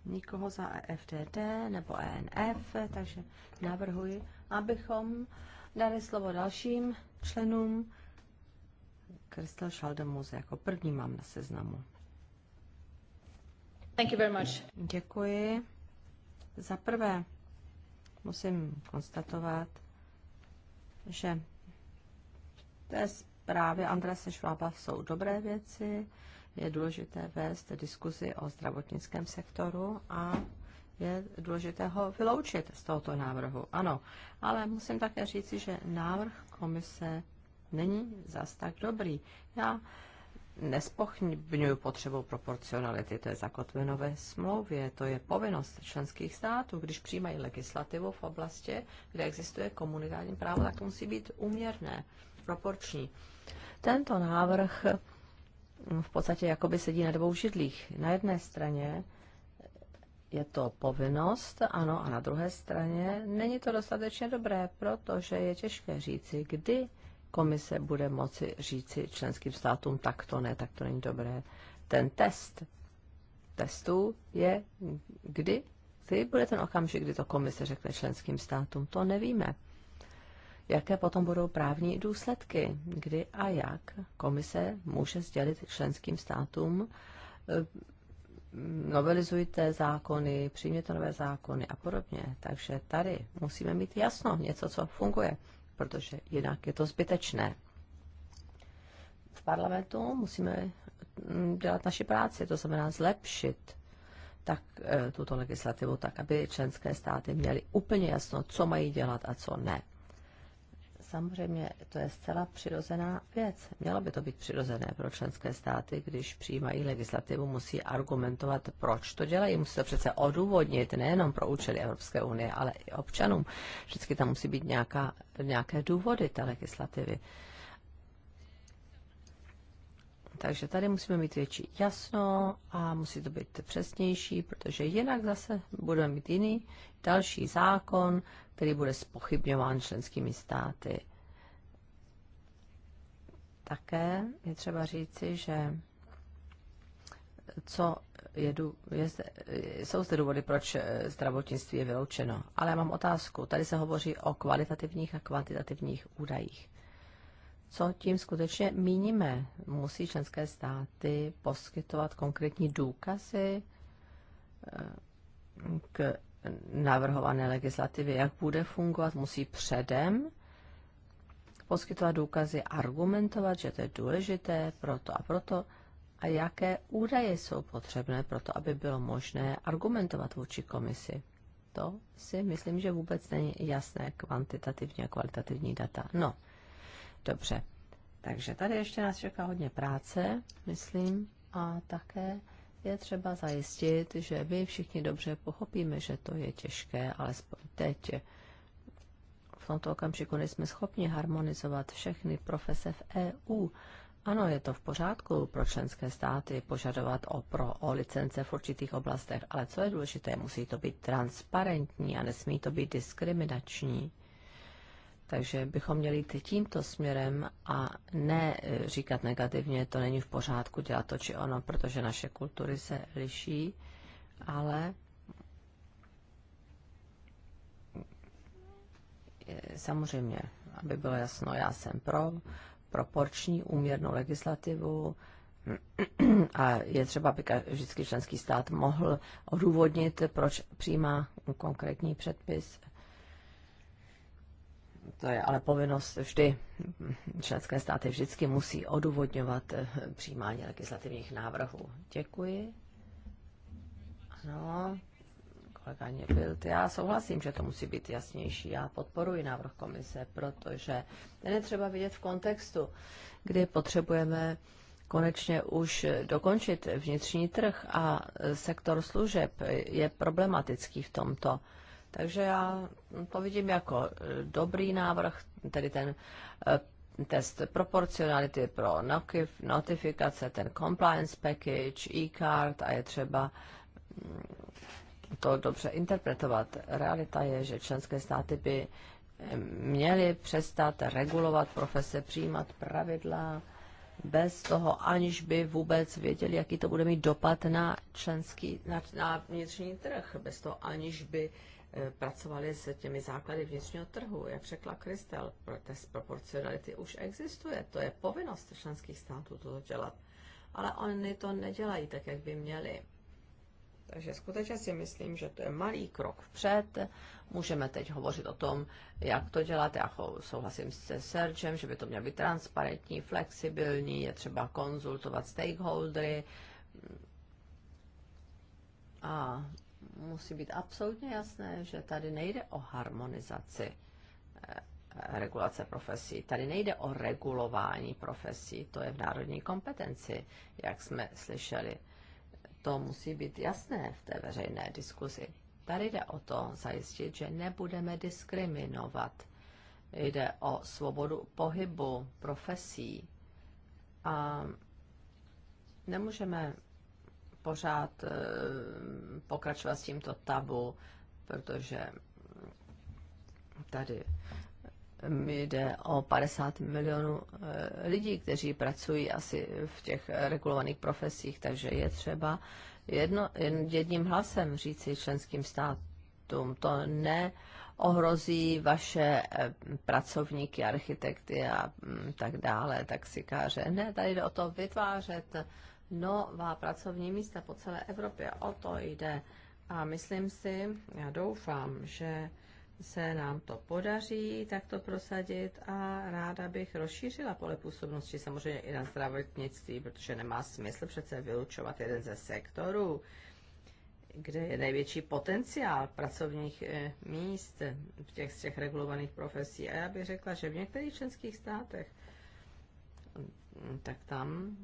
nikoho za e FDD nebo ENF, takže navrhuji, abychom dali slovo dalším členům. Kristel Šaldemus jako první mám na seznamu. Thank you very much. Děkuji. Za prvé musím konstatovat, že té zprávy Andrese Švába jsou dobré věci, je důležité vést diskuzi o zdravotnickém sektoru a je důležité ho vyloučit z tohoto návrhu. Ano, ale musím také říci, že návrh komise není zas tak dobrý. Já nespochybňuji potřebu proporcionality, to je zakotveno ve smlouvě, to je povinnost členských států, když přijímají legislativu v oblasti, kde existuje komunitární právo, tak to musí být uměrné, proporční. Tento návrh v podstatě jakoby sedí na dvou židlích. Na jedné straně je to povinnost, ano, a na druhé straně není to dostatečně dobré, protože je těžké říci, kdy komise bude moci říci členským státům, tak to ne, tak to není dobré. Ten test testů je, kdy, kdy bude ten okamžik, kdy to komise řekne členským státům, to nevíme jaké potom budou právní důsledky, kdy a jak komise může sdělit členským státům, eh, novelizujte zákony, přijměte nové zákony a podobně. Takže tady musíme mít jasno něco, co funguje, protože jinak je to zbytečné. V parlamentu musíme mm, dělat naši práci, to znamená zlepšit tak eh, tuto legislativu tak, aby členské státy měly úplně jasno, co mají dělat a co ne samozřejmě to je zcela přirozená věc. Mělo by to být přirozené pro členské státy, když přijímají legislativu, musí argumentovat, proč to dělají. Musí to přece odůvodnit nejenom pro účely Evropské unie, ale i občanům. Vždycky tam musí být nějaká, nějaké důvody té legislativy. Takže tady musíme mít větší jasno a musí to být přesnější, protože jinak zase budeme mít jiný další zákon, který bude spochybňován členskými státy. Také je třeba říci, že co je, je jsou zde důvody, proč eh, zdravotnictví je vyloučeno. Ale já mám otázku. Tady se hovoří o kvalitativních a kvantitativních údajích co tím skutečně míníme. Musí členské státy poskytovat konkrétní důkazy eh, k navrhované legislativě, jak bude fungovat, musí předem poskytovat důkazy, argumentovat, že to je důležité proto a proto, a jaké údaje jsou potřebné pro to, aby bylo možné argumentovat vůči komisi. To si myslím, že vůbec není jasné kvantitativní a kvalitativní data. No, Dobře. Takže tady ještě nás čeká hodně práce, myslím, a také je třeba zajistit, že my všichni dobře pochopíme, že to je těžké, alespoň teď. V tomto okamžiku nejsme schopni harmonizovat všechny profese v EU. Ano, je to v pořádku pro členské státy požadovat o, pro, o licence v určitých oblastech, ale co je důležité, musí to být transparentní a nesmí to být diskriminační. Takže bychom měli jít tímto směrem a ne eh, říkat negativně, to není v pořádku dělat to či ono, protože naše kultury se liší, ale eh, samozřejmě, aby bylo jasno, já jsem pro proporční úměrnou legislativu a je třeba, aby vždycky členský stát mohl odůvodnit, proč přijímá konkrétní předpis to je ale povinnost vždy. Členské státy vždycky musí odůvodňovat eh, přijímání legislativních návrhů. Děkuji. Ano, kolega Nebilt, já souhlasím, že to musí být jasnější. Já podporuji návrh komise, protože ten je třeba vidět v kontextu, kdy potřebujeme konečně už dokončit vnitřní trh a sektor služeb je problematický v tomto. Takže já to vidím jako e, dobrý návrh, tedy ten e, test proporcionality pro notifikace, ten compliance package, e-card a je třeba mm, to dobře interpretovat. Realita je, že členské státy by e, měly přestat regulovat profese, přijímat pravidla bez toho, aniž by vůbec věděli, jaký to bude mít dopad na členský, na, na vnitřní trh, bez toho, aniž by E, pracovali s těmi základy vnitřního trhu. Jak řekla Kristel, test proporcionality už existuje, to je povinnost členských států toto dělat. Ale oni to nedělají tak, jak by měli. Takže skutečně si myslím, že to je malý krok vpřed. Můžeme teď hovořit o tom, jak to dělat. Já souhlasím se Sergem, že by to mělo být transparentní, flexibilní, je třeba konzultovat stakeholdery. A musí být absolutně jasné, že tady nejde o harmonizaci eh, regulace profesí. Tady nejde o regulování profesí, to je v národní kompetenci, jak jsme slyšeli. To musí být jasné v té veřejné diskuzi. Tady jde o to zajistit, že nebudeme diskriminovat. Jde o svobodu pohybu profesí a nemůžeme pořád eh, pokračovat s tímto tabu, protože tady mi mm, jde o 50 milionů eh, lidí, kteří pracují asi v těch regulovaných profesích, takže je třeba jedno, jedním hlasem říci členským státům, to ne ohrozí vaše eh, pracovníky, architekty a mm, tak dále, taxikáře. Ne, tady jde o to vytvářet nová pracovní místa po celé Evropě. O to jde. A myslím si, já doufám, že se nám to podaří takto prosadit a ráda bych rozšířila pole působnosti samozřejmě i na zdravotnictví, protože nemá smysl přece vylučovat jeden ze sektorů, kde je největší potenciál pracovních eh, míst v těch z těch regulovaných profesí. A já bych řekla, že v některých členských státech tak tam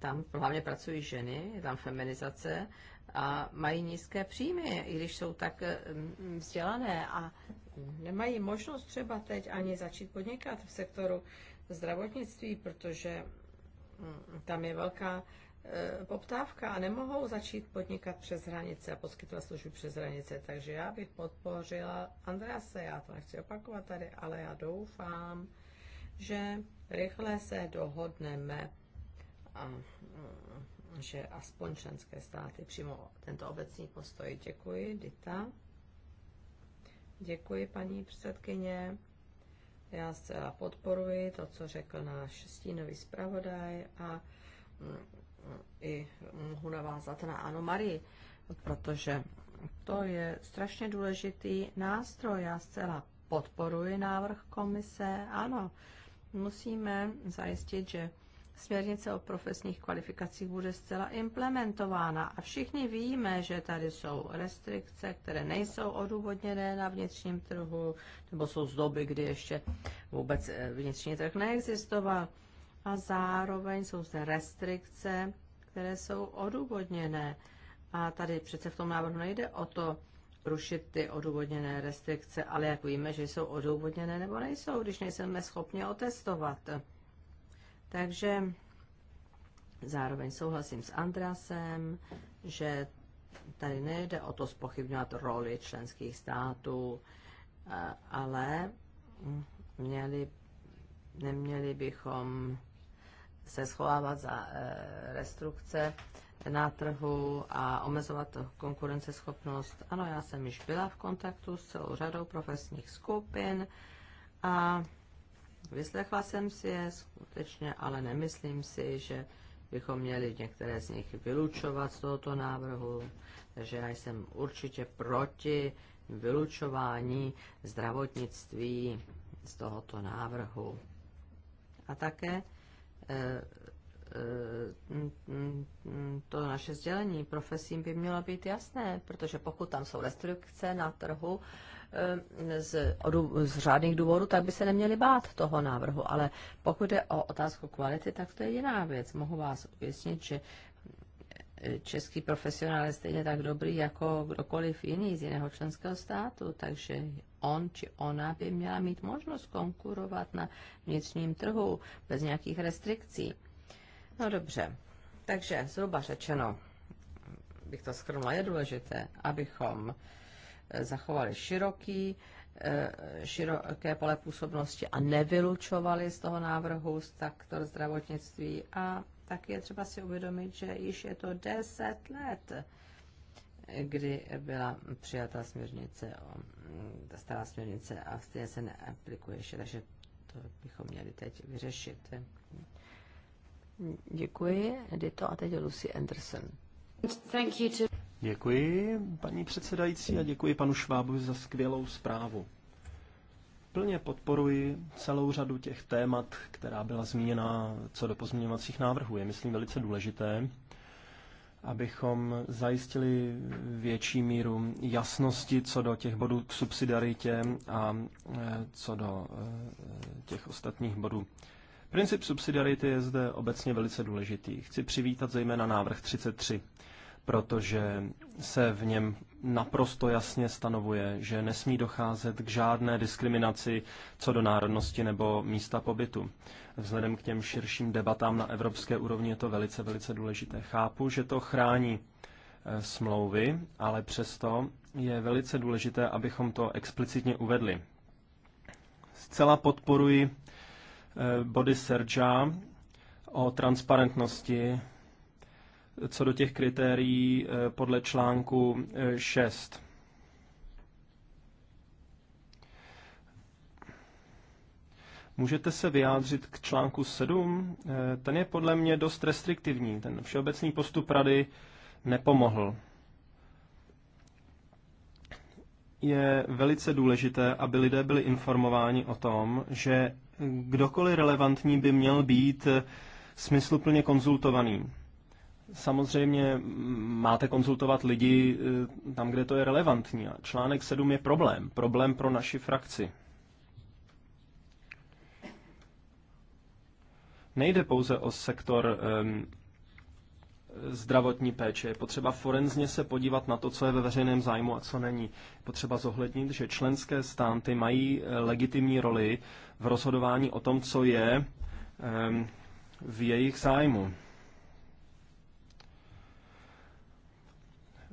tam hlavně pracují ženy, je tam feminizace a mají nízké příjmy, i když jsou tak mm, mm, vzdělané a nemají možnost třeba teď ani začít podnikat v sektoru zdravotnictví, protože mm, tam je velká eh, poptávka a nemohou začít podnikat přes hranice a poskytovat služby přes hranice. Takže já bych podpořila Andrease, já to nechci opakovat tady, ale já doufám, že rychle se dohodneme Mm, že aspoň členské státy přímo tento obecný postoj. Děkuji, Dita. Děkuji, paní předsedkyně. Já zcela podporuji to, co řekl náš stínový zpravodaj a mm, i mohu navázat na ano Marii, protože to je strašně důležitý nástroj. Já zcela podporuji návrh komise. Ano, musíme zajistit, že směrnice o profesních kvalifikacích bude zcela implementována. A všichni víme, že tady jsou restrikce, které nejsou odůvodněné na vnitřním trhu, nebo jsou z doby, kdy ještě vůbec eh, vnitřní trh neexistoval. A zároveň jsou zde restrikce, které jsou odůvodněné. A tady přece v tom návrhu nejde o to, rušit ty odůvodněné restrikce, ale jak víme, že jsou odůvodněné nebo nejsou, když nejsme schopni otestovat. Takže zároveň souhlasím s Andrasem, že tady nejde o to spochybňovat roli členských států, ale měli, neměli bychom se schovávat za eh, restrukce na trhu a omezovat konkurenceschopnost. Ano, já jsem již byla v kontaktu s celou řadou profesních skupin a Vyslechla jsem si je skutečně, ale nemyslím si, že bychom měli některé z nich vylučovat z tohoto návrhu, takže já jsem určitě proti vylučování zdravotnictví z tohoto návrhu. A také eh, eh, to naše sdělení profesím by mělo být jasné, protože pokud tam jsou restrikce na trhu, Eh, z, z řádných důvodů, tak by se neměli bát toho návrhu. Ale pokud je o otázku kvality, tak to je jiná věc. Mohu vás ujistit, že eh, český profesionál je stejně tak dobrý jako kdokoliv jiný z jiného členského státu, takže on či ona by měla mít možnost konkurovat na vnitřním trhu bez nějakých restrikcí. No dobře, takže zhruba řečeno, bych to schrnula, je důležité, abychom zachovali široký, eh, široké pole působnosti a nevylučovali z toho návrhu sektor zdravotnictví. A tak je třeba si uvědomit, že již je to 10 let, kdy byla přijata směrnice, ta stará směrnice a stejně se neaplikuje ještě, takže to bychom měli teď vyřešit. Děkuji, Edito, a teď Lucy Anderson. Thank you to... Děkuji, paní předsedající, a děkuji panu Švábovi za skvělou zprávu. Plně podporuji celou řadu těch témat, která byla zmíněna co do pozměňovacích návrhů. Je, myslím, velice důležité, abychom zajistili větší míru jasnosti co do těch bodů k subsidiaritě a e, co do e, těch ostatních bodů. Princip subsidiarity je zde obecně velice důležitý. Chci přivítat zejména návrh 33 protože se v něm naprosto jasně stanovuje, že nesmí docházet k žádné diskriminaci co do národnosti nebo místa pobytu. Vzhledem k těm širším debatám na evropské úrovni je to velice, velice důležité. Chápu, že to chrání eh, smlouvy, ale přesto je velice důležité, abychom to explicitně uvedli. Zcela podporuji eh, body Serča o transparentnosti co do těch kritérií eh, podle článku 6. Eh, Můžete se vyjádřit k článku 7? Eh, ten je podle mě dost restriktivní. Ten všeobecný postup rady nepomohl. Je velice důležité, aby lidé byli informováni o tom, že kdokoliv relevantní by měl být smysluplně konzultovaný samozřejmě máte konzultovat lidi eh, tam, kde to je relevantní. A článek 7 je problém. Problém pro naši frakci. Nejde pouze o sektor um, zdravotní péče. Je potřeba forenzně se podívat na to, co je ve veřejném zájmu a co není. Je potřeba zohlednit, že členské státy mají eh, legitimní roli v rozhodování o tom, co je um, v jejich zájmu.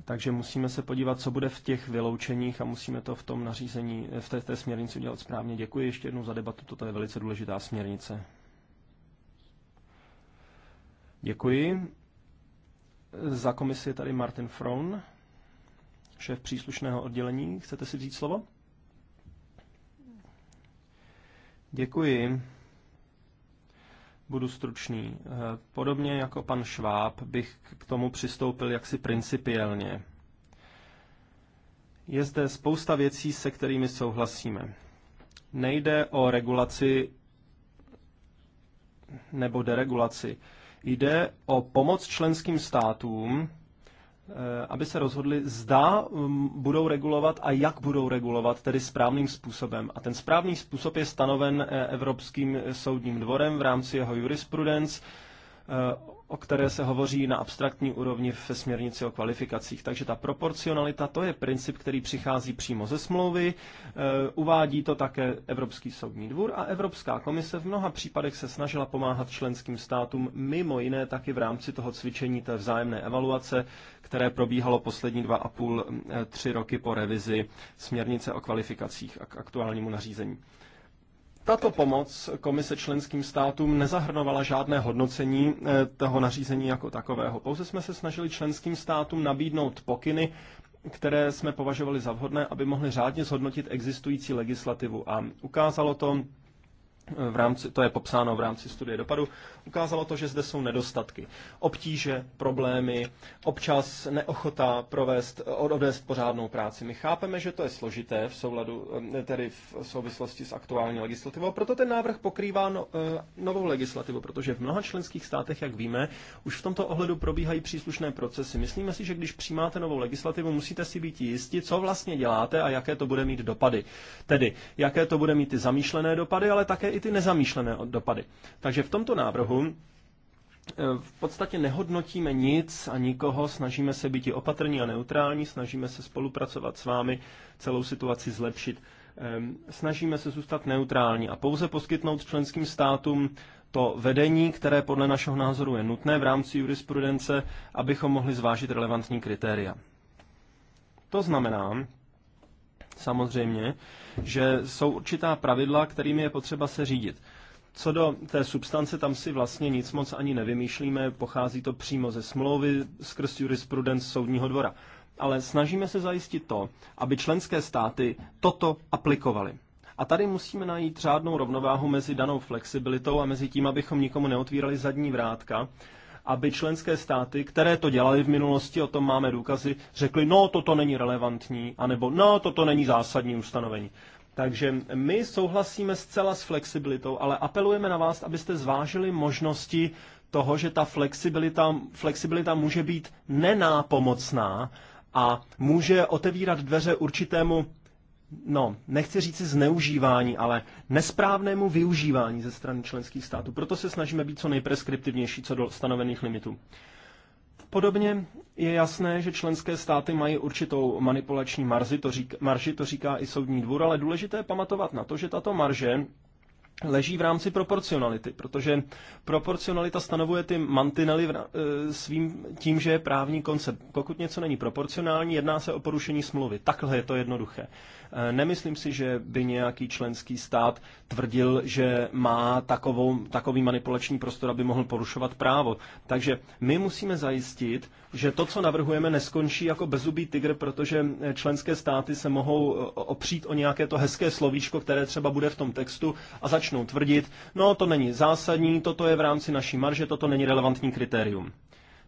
Takže musíme se podívat, co bude v těch vyloučeních a musíme to v tom nařízení, v té, té směrnici udělat správně. Děkuji ještě jednou za debatu, toto je velice důležitá směrnice. Děkuji. Za komisi je tady Martin Fron, šéf příslušného oddělení. Chcete si vzít slovo? Děkuji. Budu stručný. Eh, podobně jako pan Šváb bych k tomu přistoupil jaksi principiálně. Je zde spousta věcí, se kterými souhlasíme. Nejde o regulaci nebo deregulaci. Jde o pomoc členským státům Eh, aby se rozhodli, zda mm, budou regulovat a jak budou regulovat, tedy správným způsobem. A ten správný způsob je stanoven eh, Evropským soudním dvorem v rámci jeho jurisprudence Eh, o které se hovoří na abstraktní úrovni ve směrnici o kvalifikacích. Takže ta proporcionalita, to je princip, který přichází přímo ze smlouvy, eh, uvádí to také Evropský soudní dvůr a Evropská komise v mnoha případech se snažila pomáhat členským státům, mimo jiné taky v rámci toho cvičení té vzájemné evaluace, které probíhalo poslední dva a půl, eh, tři roky po revizi směrnice o kvalifikacích a k aktuálnímu nařízení. Tato pomoc komise členským státům nezahrnovala žádné hodnocení eh, toho nařízení jako takového. Pouze jsme se snažili členským státům nabídnout pokyny, které jsme považovali za vhodné, aby mohli řádně zhodnotit existující legislativu. A ukázalo to, v rámci, to je popsáno v rámci studie dopadu, ukázalo to, že zde jsou nedostatky. Obtíže, problémy, občas neochota provést, odvést pořádnou práci. My chápeme, že to je složité v, souladu, eh, tedy v souvislosti s aktuální legislativou, proto ten návrh pokrývá no, eh, novou legislativu, protože v mnoha členských státech, jak víme, už v tomto ohledu probíhají příslušné procesy. Myslíme si, že když přijímáte novou legislativu, musíte si být jisti, co vlastně děláte a jaké to bude mít dopady. Tedy, jaké to bude mít ty zamýšlené dopady, ale také i ty nezamýšlené dopady. Takže v tomto návrhu e, v podstatě nehodnotíme nic a nikoho, snažíme se být i opatrní a neutrální, snažíme se spolupracovat s vámi, celou situaci zlepšit. Ehm, snažíme se zůstat neutrální a pouze poskytnout členským státům to vedení, které podle našeho názoru je nutné v rámci jurisprudence, abychom mohli zvážit relevantní kritéria. To znamená, samozřejmě, že jsou určitá pravidla, kterými je potřeba se řídit. Co do té substance, tam si vlastně nic moc ani nevymýšlíme, pochází to přímo ze smlouvy skrz jurisprudence soudního dvora. Ale snažíme se zajistit to, aby členské státy toto aplikovaly. A tady musíme najít řádnou rovnováhu mezi danou flexibilitou a mezi tím, abychom nikomu neotvírali zadní vrátka aby členské státy, které to dělali v minulosti, o tom máme důkazy, řekly, no, toto není relevantní, anebo no, toto není zásadní ustanovení. Takže my souhlasíme zcela s flexibilitou, ale apelujeme na vás, abyste zvážili možnosti toho, že ta flexibilita, flexibilita může být nenápomocná a může otevírat dveře určitému no, nechci říci zneužívání, ale nesprávnému využívání ze strany členských států. Proto se snažíme být co nejpreskriptivnější co do stanovených limitů. Podobně je jasné, že členské státy mají určitou manipulační marzi, to marži, to říká i soudní dvůr, ale důležité je pamatovat na to, že tato marže leží v rámci proporcionality, protože proporcionalita stanovuje ty mantinely e, svým tím, že je právní koncept. Pokud něco není proporcionální, jedná se o porušení smlouvy. Takhle je to jednoduché. E, nemyslím si, že by nějaký členský stát tvrdil, že má takovou, takový manipulační prostor, aby mohl porušovat právo. Takže my musíme zajistit, že to, co navrhujeme, neskončí jako bezubý tygr, protože členské státy se mohou e, opřít o nějaké to hezké slovíčko, které třeba bude v tom textu a začít začnou tvrdit, no to není zásadní, toto je v rámci naší marže, toto není relevantní kritérium.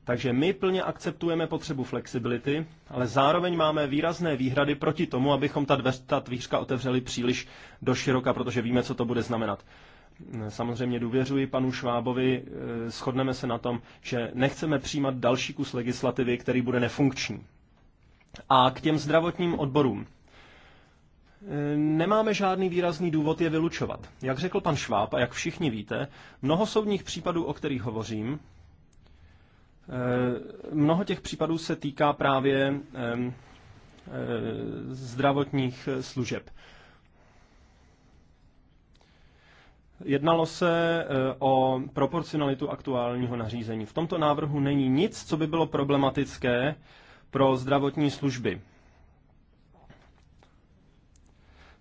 Takže my plně akceptujeme potřebu flexibility, ale zároveň máme výrazné výhrady proti tomu, abychom ta, dveř, ta dvířka otevřeli příliš do široka, protože víme, co to bude znamenat. Samozřejmě důvěřuji panu Švábovi, eh, shodneme se na tom, že nechceme přijímat další kus legislativy, který bude nefunkční. A k těm zdravotním odborům nemáme žádný výrazný důvod je vylučovat. Jak řekl pan Šváb a jak všichni víte, mnoho soudních případů, o kterých hovořím, eh, mnoho těch případů se týká právě eh, zdravotních eh, služeb. Jednalo se o proporcionalitu aktuálního nařízení. V tomto návrhu není nic, co by bylo problematické pro zdravotní služby.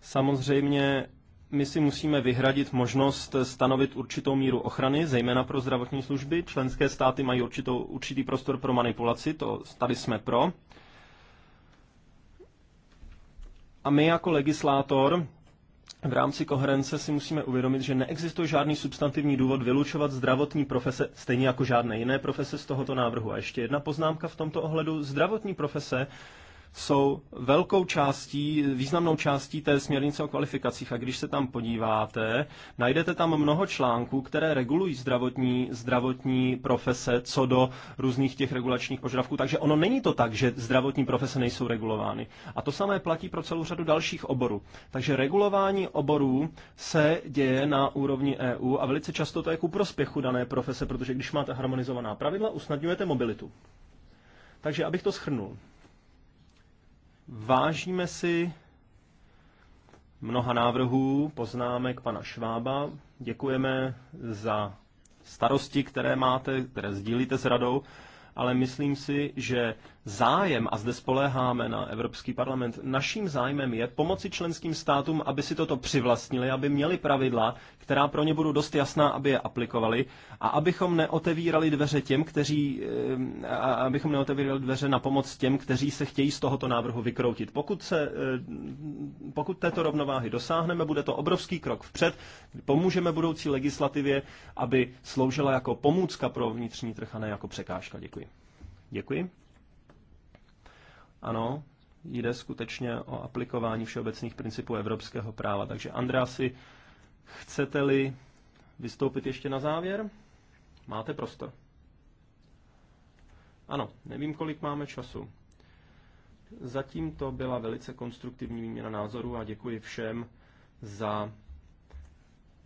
Samozřejmě my si musíme vyhradit možnost stanovit určitou míru ochrany, zejména pro zdravotní služby. Členské státy mají určitou, určitý prostor pro manipulaci, to tady jsme pro. A my jako legislátor v rámci koherence si musíme uvědomit, že neexistuje žádný substantivní důvod vylučovat zdravotní profese, stejně jako žádné jiné profese z tohoto návrhu. A ještě jedna poznámka v tomto ohledu. Zdravotní profese jsou velkou částí, významnou částí té směrnice o kvalifikacích. A když se tam podíváte, najdete tam mnoho článků, které regulují zdravotní, zdravotní profese co do různých těch regulačních požadavků. Takže ono není to tak, že zdravotní profese nejsou regulovány. A to samé platí pro celou řadu dalších oborů. Takže regulování oborů se děje na úrovni EU a velice často to je ku prospěchu dané profese, protože když máte harmonizovaná pravidla, usnadňujete mobilitu. Takže abych to schrnul. Vážíme si mnoha návrhů, poznámek pana Švába. Děkujeme za starosti, které máte, které sdílíte s radou, ale myslím si, že zájem, a zde spoléháme na Evropský parlament, naším zájmem je pomoci členským státům, aby si toto přivlastnili, aby měli pravidla, která pro ně budou dost jasná, aby je aplikovali a abychom neotevírali dveře těm, kteří, eh, abychom neotevírali dveře na pomoc těm, kteří se chtějí z tohoto návrhu vykroutit. Pokud, se, eh, pokud této rovnováhy dosáhneme, bude to obrovský krok vpřed, pomůžeme budoucí legislativě, aby sloužila jako pomůcka pro vnitřní trh a ne jako překážka. Děkuji. Děkuji. Ano, jde skutečně o aplikování všeobecných principů evropského práva. Takže Andrási, chcete-li vystoupit ještě na závěr? Máte prostor. Ano, nevím, kolik máme času. Zatím to byla velice konstruktivní výměna názorů a děkuji všem za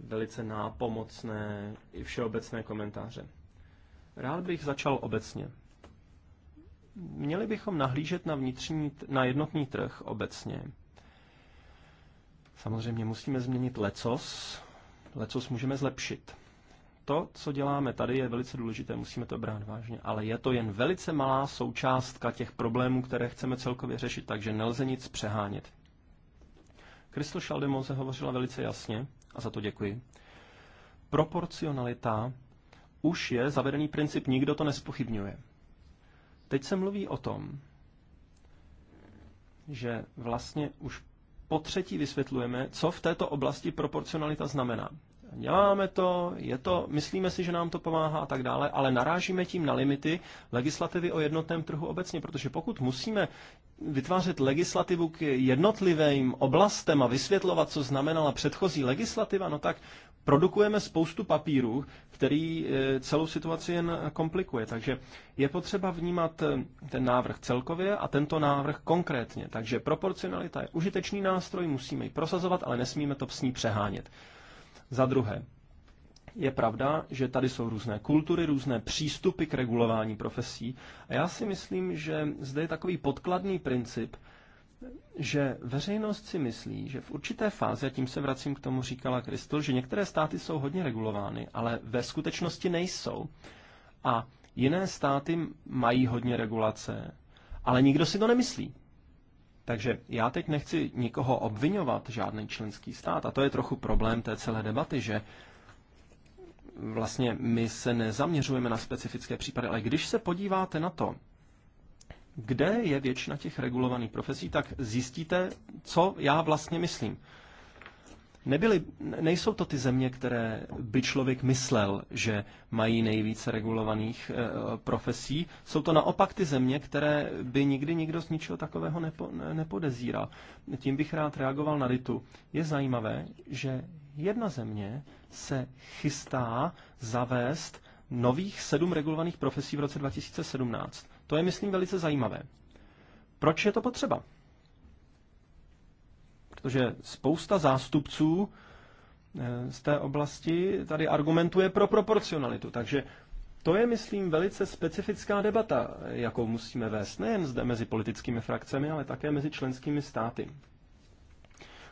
velice nápomocné i všeobecné komentáře. Rád bych začal obecně. Měli bychom nahlížet na, vnitřní, na jednotný trh obecně. Samozřejmě musíme změnit lecos, lecos můžeme zlepšit. To, co děláme tady, je velice důležité, musíme to brát vážně, ale je to jen velice malá součástka těch problémů, které chceme celkově řešit, takže nelze nic přehánět. Kristo Šaldemoze hovořila velice jasně, a za to děkuji. Proporcionalita už je zavedený princip, nikdo to nespochybňuje. Teď se mluví o tom, že vlastně už po třetí vysvětlujeme, co v této oblasti proporcionalita znamená. Děláme to, je to, myslíme si, že nám to pomáhá a tak dále, ale narážíme tím na limity legislativy o jednotném trhu obecně, protože pokud musíme vytvářet legislativu k jednotlivým oblastem a vysvětlovat, co znamenala předchozí legislativa, no tak produkujeme spoustu papíru, který eh, celou situaci jen komplikuje. Takže je potřeba vnímat eh, ten návrh celkově a tento návrh konkrétně. Takže proporcionalita je užitečný nástroj, musíme ji prosazovat, ale nesmíme to s ní přehánět. Za druhé, je pravda, že tady jsou různé kultury, různé přístupy k regulování profesí a já si myslím, že zde je takový podkladný princip, že veřejnost si myslí, že v určité fázi, a tím se vracím k tomu, říkala Kristol, že některé státy jsou hodně regulovány, ale ve skutečnosti nejsou. A jiné státy mají hodně regulace, ale nikdo si to nemyslí. Takže já teď nechci nikoho obvinovat, žádný členský stát, a to je trochu problém té celé debaty, že vlastně my se nezaměřujeme na specifické případy, ale když se podíváte na to, kde je většina těch regulovaných profesí, tak zjistíte, co já vlastně myslím. Nebyly, nejsou to ty země, které by člověk myslel, že mají nejvíce regulovaných e, profesí. Jsou to naopak ty země, které by nikdy nikdo z ničeho takového nepo, ne, nepodezíral. Tím bych rád reagoval na Ritu. Je zajímavé, že jedna země se chystá zavést nových sedm regulovaných profesí v roce 2017. To je, myslím, velice zajímavé. Proč je to potřeba? Protože spousta zástupců eh, z té oblasti tady argumentuje pro proporcionalitu. Takže to je, myslím, velice specifická debata, jakou musíme vést nejen zde mezi politickými frakcemi, ale také mezi členskými státy.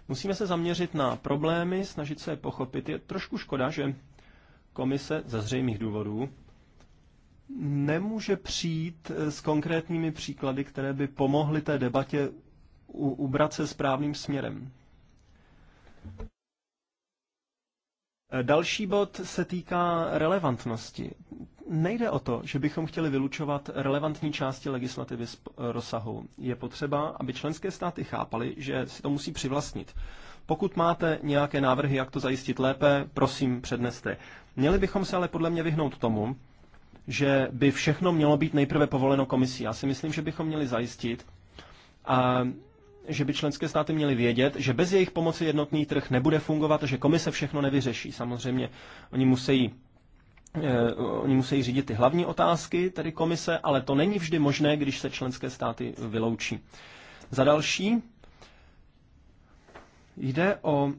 Musíme se zaměřit na problémy, snažit se je pochopit. Je trošku škoda, že komise ze zřejmých důvodů nemůže přijít eh, s konkrétními příklady, které by pomohly té debatě ubrat se správným směrem. Eh, další bod se týká relevantnosti. Nejde o to, že bychom chtěli vylučovat relevantní části legislativy z eh, rozsahu. Je potřeba, aby členské státy chápali, že si to musí přivlastnit. Pokud máte nějaké návrhy, jak to zajistit lépe, prosím, předneste. Měli bychom se ale podle mě vyhnout tomu, že by všechno mělo být nejprve povoleno komisí. Já si myslím, že bychom měli zajistit, a že by členské státy měly vědět, že bez jejich pomoci jednotný trh nebude fungovat a že komise všechno nevyřeší. Samozřejmě oni musí eh, oni musí řídit ty hlavní otázky, tedy komise, ale to není vždy možné, když se členské státy vyloučí. Za další jde o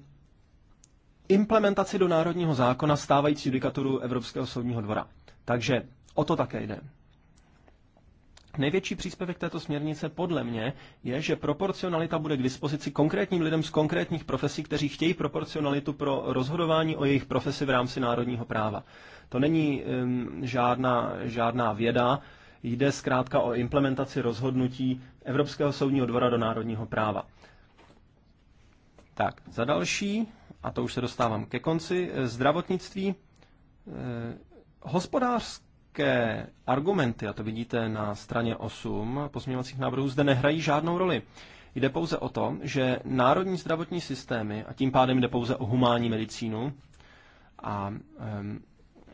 implementaci do národního zákona stávající judikaturu Evropského soudního dvora. Takže O to také jde. Největší příspěvek této směrnice podle mě je, že proporcionalita bude k dispozici konkrétním lidem z konkrétních profesí, kteří chtějí proporcionalitu pro rozhodování o jejich profesi v rámci národního práva. To není um, žádná, žádná věda, jde zkrátka o implementaci rozhodnutí Evropského soudního dvora do národního práva. Tak, za další, a to už se dostávám ke konci, eh, zdravotnictví. Eh, hospodářské Politické argumenty, a to vidíte na straně 8 pozměňovacích návrhů, zde nehrají žádnou roli. Jde pouze o to, že národní zdravotní systémy, a tím pádem jde pouze o humánní medicínu, a um,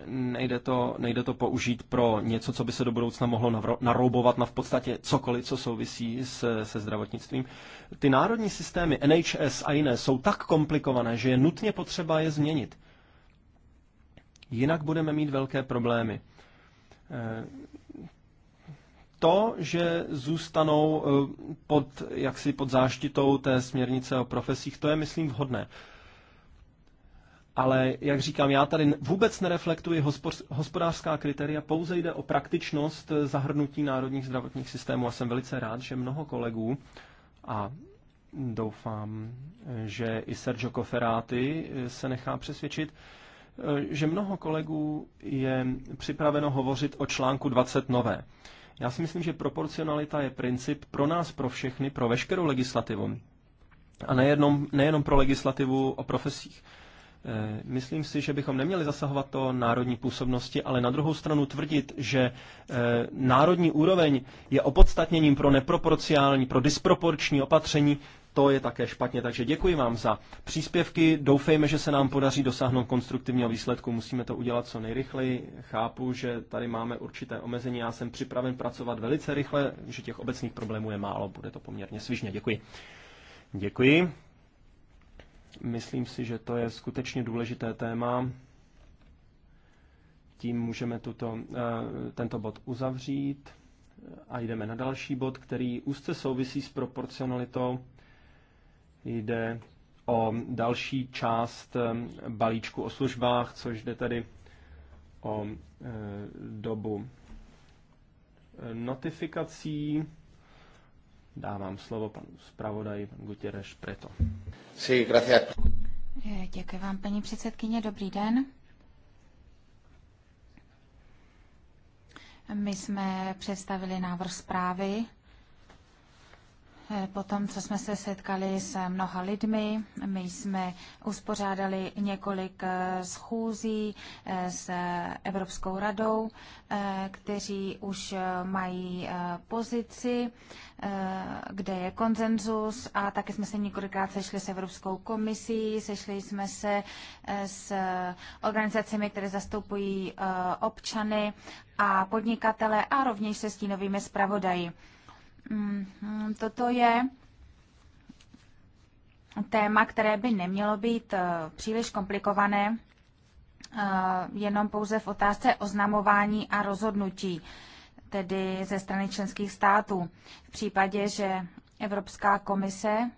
nejde, to, nejde to použít pro něco, co by se do budoucna mohlo naroubovat na v podstatě cokoliv, co souvisí se, se zdravotnictvím. Ty národní systémy NHS a jiné jsou tak komplikované, že je nutně potřeba je změnit. Jinak budeme mít velké problémy. Eh, to, že zůstanou eh, pod, jaksi pod záštitou té směrnice o profesích, to je, myslím, vhodné. Ale, jak říkám, já tady vůbec nereflektuji hospodářská kritéria, pouze jde o praktičnost eh, zahrnutí národních zdravotních systémů a jsem velice rád, že mnoho kolegů a doufám, že i Sergio Koferáty se nechá přesvědčit, Eh, že mnoho kolegů je připraveno hovořit o článku 20 nové. Já si myslím, že proporcionalita je princip pro nás, pro všechny, pro veškerou legislativu. A nejenom, nejenom pro legislativu o profesích. Eh, myslím si, že bychom neměli zasahovat do národní působnosti, ale na druhou stranu tvrdit, že eh, národní úroveň je opodstatněním pro neproporciální, pro disproporční opatření, to je také špatně. Takže děkuji vám za příspěvky. Doufejme, že se nám podaří dosáhnout konstruktivního výsledku. Musíme to udělat co nejrychleji. Chápu, že tady máme určité omezení. Já jsem připraven pracovat velice rychle, že těch obecných problémů je málo. Bude to poměrně svižně. Děkuji. Děkuji. Myslím si, že to je skutečně důležité téma. Tím můžeme tuto, eh, tento bod uzavřít a jdeme na další bod, který úzce souvisí s proporcionalitou Jde o další část balíčku o službách, což jde tady o dobu notifikací. Dávám slovo panu zpravodaji, pan Preto. Sí, eh, Děkuji vám, paní předsedkyně, dobrý den. My jsme představili návrh zprávy Eh, Potom, co jsme se setkali s mnoha lidmi, my jsme uspořádali několik eh, schůzí eh, s Evropskou radou, kteří už mají pozici, kde je konsenzus a také jsme se několikrát sešli s Evropskou komisí, sešli jsme se s organizacemi, které zastupují občany a podnikatele a rovněž se stínovými zpravodaji. Mm-hmm. toto je téma, které by nemělo být eh, příliš komplikované, eh, jenom pouze v otázce oznamování a rozhodnutí, tedy ze strany členských států. V případě, že Evropská komise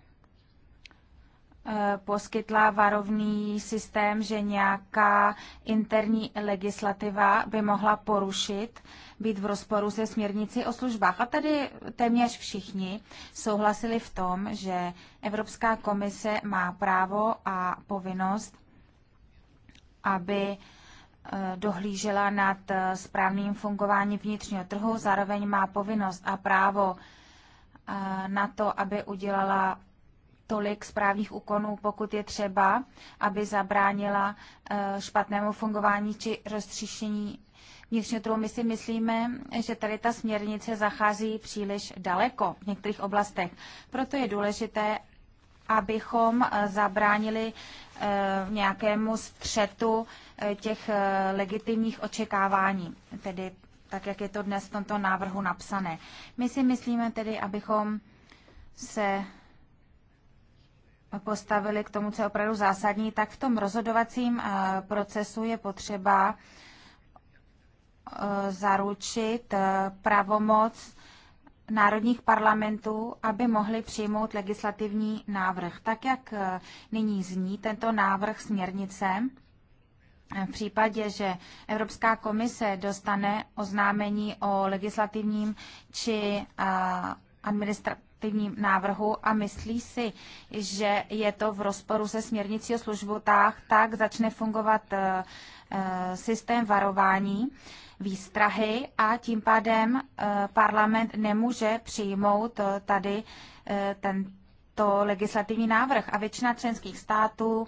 Eh, poskytla varovný systém, že nějaká interní legislativa by mohla porušit, být v rozporu se směrnici o službách. A tady téměř všichni souhlasili v tom, že Evropská komise má právo a povinnost, aby eh, dohlížela nad eh, správným fungováním vnitřního trhu, zároveň má povinnost a právo na to, aby udělala tolik správních úkonů, pokud je třeba, aby zabránila eh, špatnému fungování či roztříštění vnitřního trhu. My si myslíme, že tady ta směrnice zachází příliš daleko v některých oblastech. Proto je důležité, abychom eh, zabránili eh, nějakému střetu těch legitimních očekávání, tedy tak, jak je to dnes v tomto návrhu napsané. My si myslíme tedy, abychom se postavili k tomu, co je opravdu zásadní, tak v tom rozhodovacím eh, procesu je potřeba eh, zaručit eh, pravomoc národních parlamentů, aby mohli přijmout legislativní návrh. Tak, jak nyní zní tento návrh směrnice, v případě, že Evropská komise dostane oznámení o legislativním či administra- legislativním návrhu a myslí si, že je to v rozporu se směrnicí o službotách, tak začne fungovat eh, eh, systém varování výstrahy a tím pádem eh, parlament nemůže přijmout tady tento legislativní návrh. A většina členských států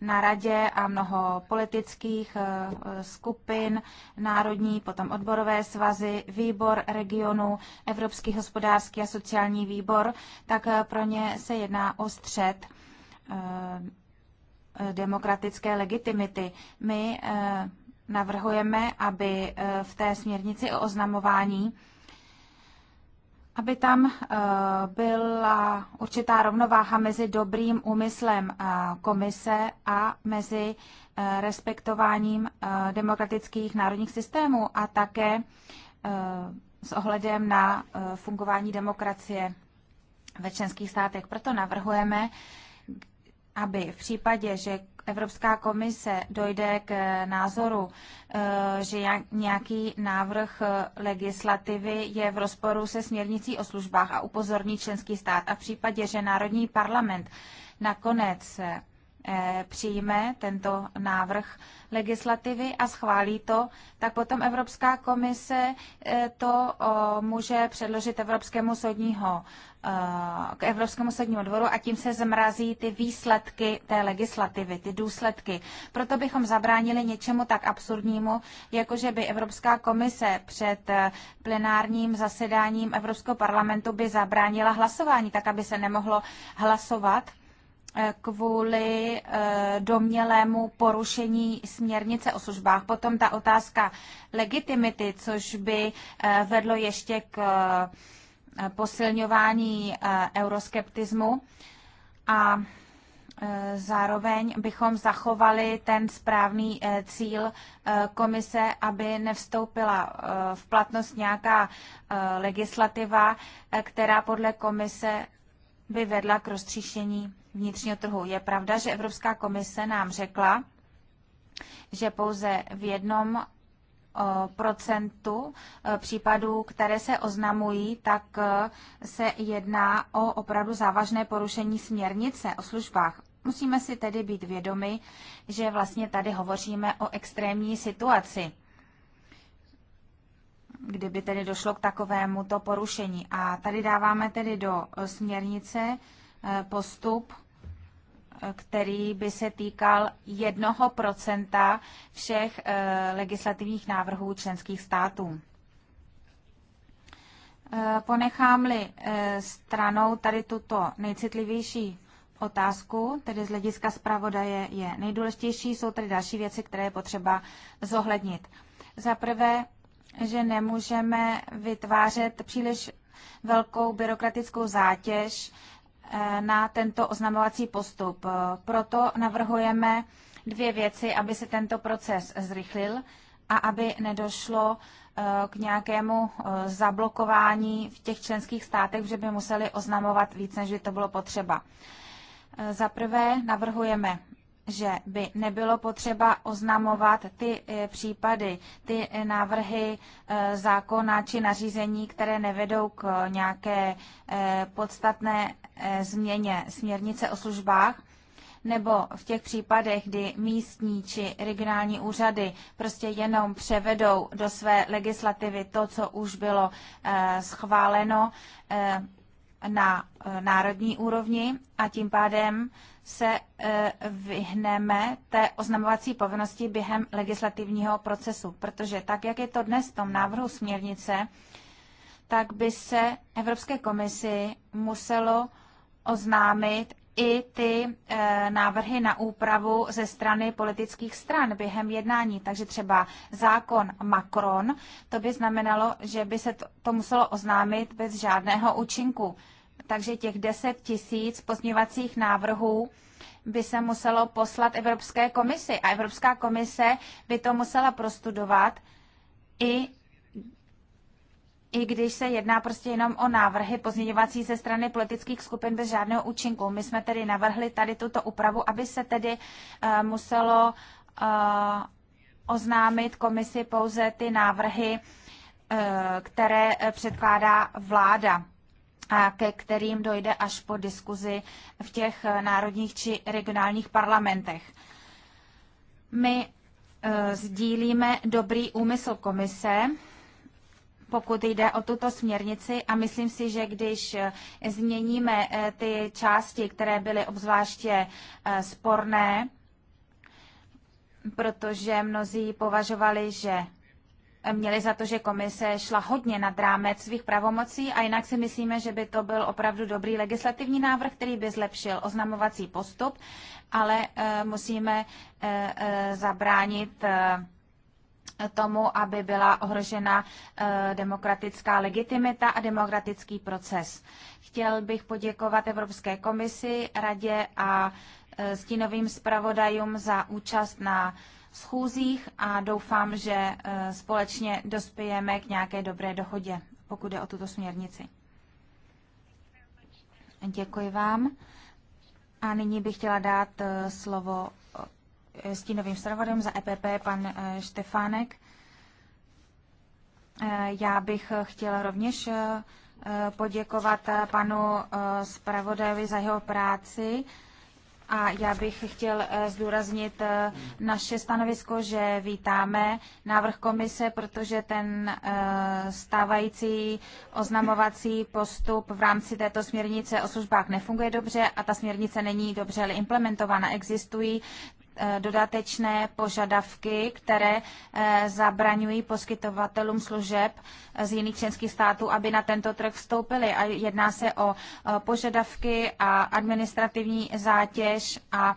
na radě a mnoho politických eh, skupin, národní, potom odborové svazy, výbor regionu, Evropský hospodářský a sociální výbor, tak eh, pro ně se jedná o střed eh, demokratické legitimity. My navrhujeme, aby v té směrnici o oznamování aby tam eh, byla určitá rovnováha mezi dobrým úmyslem eh, komise a mezi eh, respektováním demokratických národních systémů a také s ohledem na fungování demokracie ve členských státech. Proto navrhujeme, aby v případě, že Evropská komise dojde k názoru, eh, že nějaký návrh eh, legislativy je v rozporu se směrnicí o službách a upozorní členský stát a v případě, že Národní parlament nakonec eh, přijme tento návrh legislativy a schválí to, tak potom Evropská komise to může předložit Evropskému soudního Eh, k Evropskému soudnímu dvoru a tím se zmrazí ty výsledky té legislativy, ty důsledky. Proto bychom zabránili něčemu tak absurdnímu, jako že by Evropská komise před eh, plenárním zasedáním Evropského parlamentu by zabránila hlasování, tak aby se nemohlo hlasovat eh, kvůli domělému porušení směrnice o službách. Potom ta otázka legitimity, což by vedlo ještě k Eh, posilňování eh, euroskeptismu a eh, zároveň bychom zachovali ten správný cíl komise, aby nevstoupila v platnost nějaká legislativa, která podle komise by vedla k roztříšení vnitřního trhu. Je pravda, že Evropská komise nám řekla, že pouze v jednom procentu eh, případů, které se oznamují, tak eh, se jedná o opravdu závažné porušení směrnice o službách. Musíme si tedy být vědomi, že vlastně tady hovoříme o extrémní situaci, kdyby tedy došlo k takovému to porušení. A tady dáváme tedy do eh, směrnice postup který by se týkal jednoho procenta všech eh, legislativních návrhů členských států. Eh, ponechám-li eh, stranou tady tuto nejcitlivější otázku, tedy z hlediska zpravodaje je nejdůležitější, jsou tady další věci, které je potřeba zohlednit. Za prvé, že nemůžeme vytvářet příliš velkou byrokratickou zátěž na tento oznamovací postup. Proto navrhujeme dvě věci, aby se tento proces zrychlil a aby nedošlo e, k nějakému e, zablokování v těch členských státech, že by museli oznamovat víc, než by to bylo potřeba. E, za prvé navrhujeme že by nebylo potřeba oznamovat ty e, případy, ty e, návrhy e, zákona či nařízení, které nevedou k nějaké podstatné změně směrnice o službách, nebo v těch případech, kdy místní či regionální úřady prostě jenom převedou do své legislativy to, co už bylo schváleno na eh, národní úrovni a tím pádem se eh, vyhneme té oznamovací povinnosti během legislativního procesu, protože tak, jak je to dnes v tom návrhu směrnice, tak by se Evropské komisi muselo oznámit i ty e, návrhy na úpravu ze strany politických stran během jednání. Takže třeba zákon Macron, to by znamenalo, že by se to, to muselo oznámit bez žádného účinku. Takže těch 10 tisíc pozměvacích návrhů by se muselo poslat Evropské komisi a Evropská komise by to musela prostudovat i i když se jedná prostě jenom o návrhy pozměňovací ze strany politických skupin bez žádného účinku. My jsme tedy navrhli tady tuto úpravu, aby se tedy uh, muselo uh, oznámit komisi pouze ty návrhy, uh, které předkládá vláda a ke kterým dojde až po diskuzi v těch národních či regionálních parlamentech. My sdílíme dobrý úmysl komise, pokud jde o tuto směrnici a myslím si, že když eh, změníme eh, ty části, které byly obzvláště eh, sporné, protože mnozí považovali, že měli za to, že komise šla hodně nad rámec svých pravomocí a jinak si myslíme, že by to byl opravdu dobrý legislativní návrh, který by zlepšil oznamovací postup, ale musíme zabránit tomu, aby byla ohrožena eh, demokratická legitimita a demokratický proces. Chtěl bych poděkovat Evropské komisi, radě a eh, stínovým zpravodajům za účast na schůzích a doufám, že eh, společně dospějeme k nějaké dobré dohodě, pokud je o tuto směrnici. Děkuji vám. A nyní bych chtěla dát slovo Eh, stínovým zpravodem za EPP, pan eh, Štefánek. Eh, já bych chtěla rovněž poděkovat panu zpravodajovi za jeho práci. A já bych chtěl zdůraznit naše stanovisko, že vítáme návrh komise, protože ten stávající oznamovací postup v rámci této směrnice o službách nefunguje dobře a ta směrnice není dobře implementována. Existují Eh, dodatečné požadavky, které eh, zabraňují poskytovatelům služeb eh, z jiných členských států, aby na tento trh vstoupili. A jedná se o požadavky a administrativní zátěž a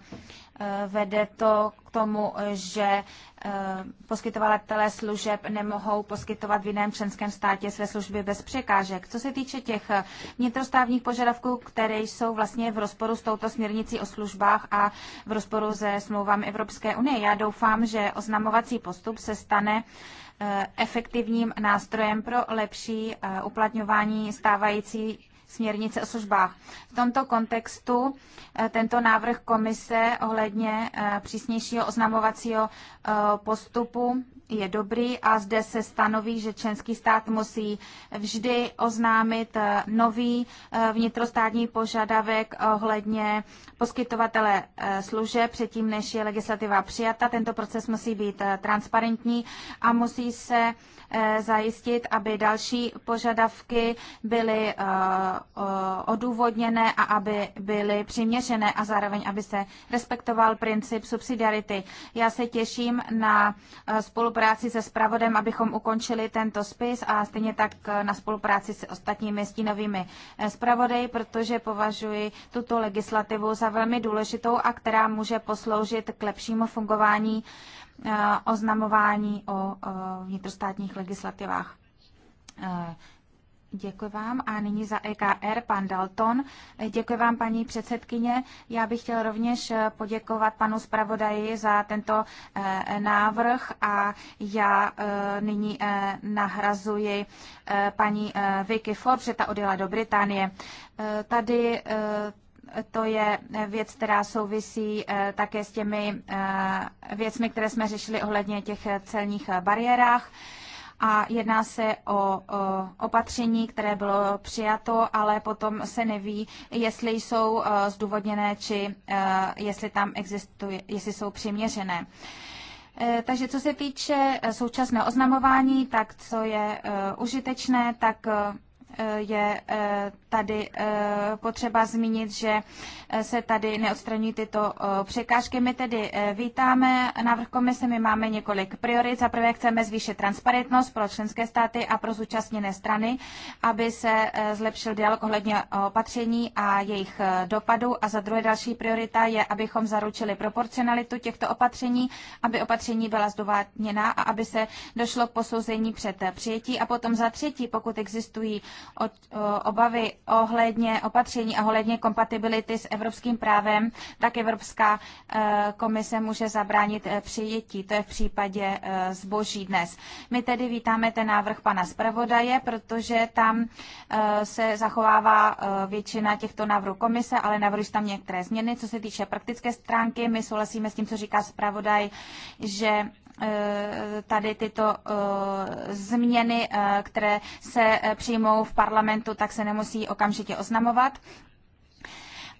Eh, vede to k tomu, že eh, poskytovatelé služeb nemohou poskytovat v jiném členském státě své služby bez překážek. Co se týče těch eh, vnitrostávních požadavků, které jsou vlastně v rozporu s touto směrnicí o službách a v rozporu se smlouvami Evropské unie, já doufám, že oznamovací postup se stane efektivním nástrojem pro lepší uplatňování stávající směrnice o službách. V tomto kontextu eh, tento návrh komise ohledně eh, přísnějšího oznamovacího eh, postupu je dobrý a zde se stanoví, že členský stát musí vždy oznámit nový vnitrostátní požadavek ohledně poskytovatele služeb předtím, než je legislativa přijata. Tento proces musí být transparentní a musí se Eh, zajistit, aby další požadavky byly eh, eh, odůvodněné a aby byly přiměřené a zároveň, aby se respektoval princip subsidiarity. Já se těším na spolupráci se zpravodem, abychom ukončili tento spis a stejně tak na spolupráci s ostatními stínovými zpravodej, protože považuji tuto legislativu za velmi důležitou a která může posloužit k lepšímu fungování Eh, oznamování o eh, vnitrostátních legislativách. Eh, děkuji vám. A nyní za EKR pan Dalton. Děkuji vám, paní předsedkyně. Já bych chtěl rovněž poděkovat panu zpravodaji za tento návrh a já nyní nahrazuji paní Vicky Ford, protože ta odjela do Británie. Tady to je věc, která souvisí eh, také s těmi eh, věcmi, které jsme řešili ohledně těch celních eh, bariérách. A jedná se o, opatření, které bylo přijato, ale potom se neví, jestli jsou zdůvodněné, či jestli tam existuje, jestli jsou přiměřené. Takže co se týče současného oznamování, tak co je užitečné, tak je eh, tady eh, potřeba zmínit, že eh, se tady neodstraňují tyto překážky. My tedy vítáme návrh komise, my máme několik priorit. Za prvé chceme zvýšit transparentnost pro členské státy a pro zúčastněné strany, aby se zlepšil dialog ohledně opatření a jejich dopadu. A za druhé další priorita je, abychom zaručili proporcionalitu těchto opatření, aby opatření byla zdůvodněná a aby se došlo k posouzení před přijetí. A potom za třetí, pokud existují od, obavy ohledně opatření a ohledně kompatibility s evropským právem, tak Evropská e, komise může zabránit e, přijetí. To je v případě e, zboží dnes. My tedy vítáme ten návrh pana zpravodaje, protože tam se zachovává většina těchto návrhů komise, ale navrhují tam některé změny. Co se týče praktické stránky, my souhlasíme s tím, co říká zpravodaj, že Eh, tady tyto eh, změny, eh, které se přijmou v parlamentu, tak se nemusí okamžitě oznamovat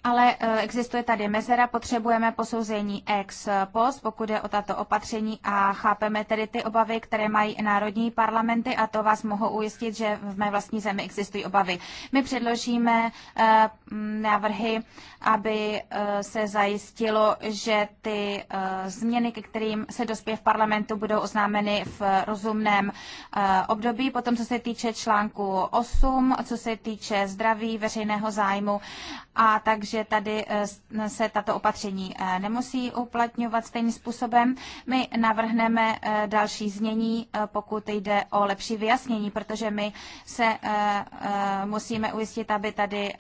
ale eh, existuje tady mezera, potřebujeme posouzení ex post, pokud je o tato opatření a chápeme tedy ty obavy, které mají národní parlamenty a to vás mohu ujistit, že v mé vlastní zemi existují obavy. My předložíme eh, návrhy, aby eh, se zajistilo, že ty změny, ke kterým se dospěje v parlamentu, budou oznámeny v rozumném období. Potom, co se týče článku 8, co se týče zdraví, veřejného zájmu a takže tady eh, se tato opatření eh, nemusí uplatňovat stejným způsobem. My navrhneme eh, další znění, pokud jde o lepší vyjasnění, protože my se musíme ujistit, aby tady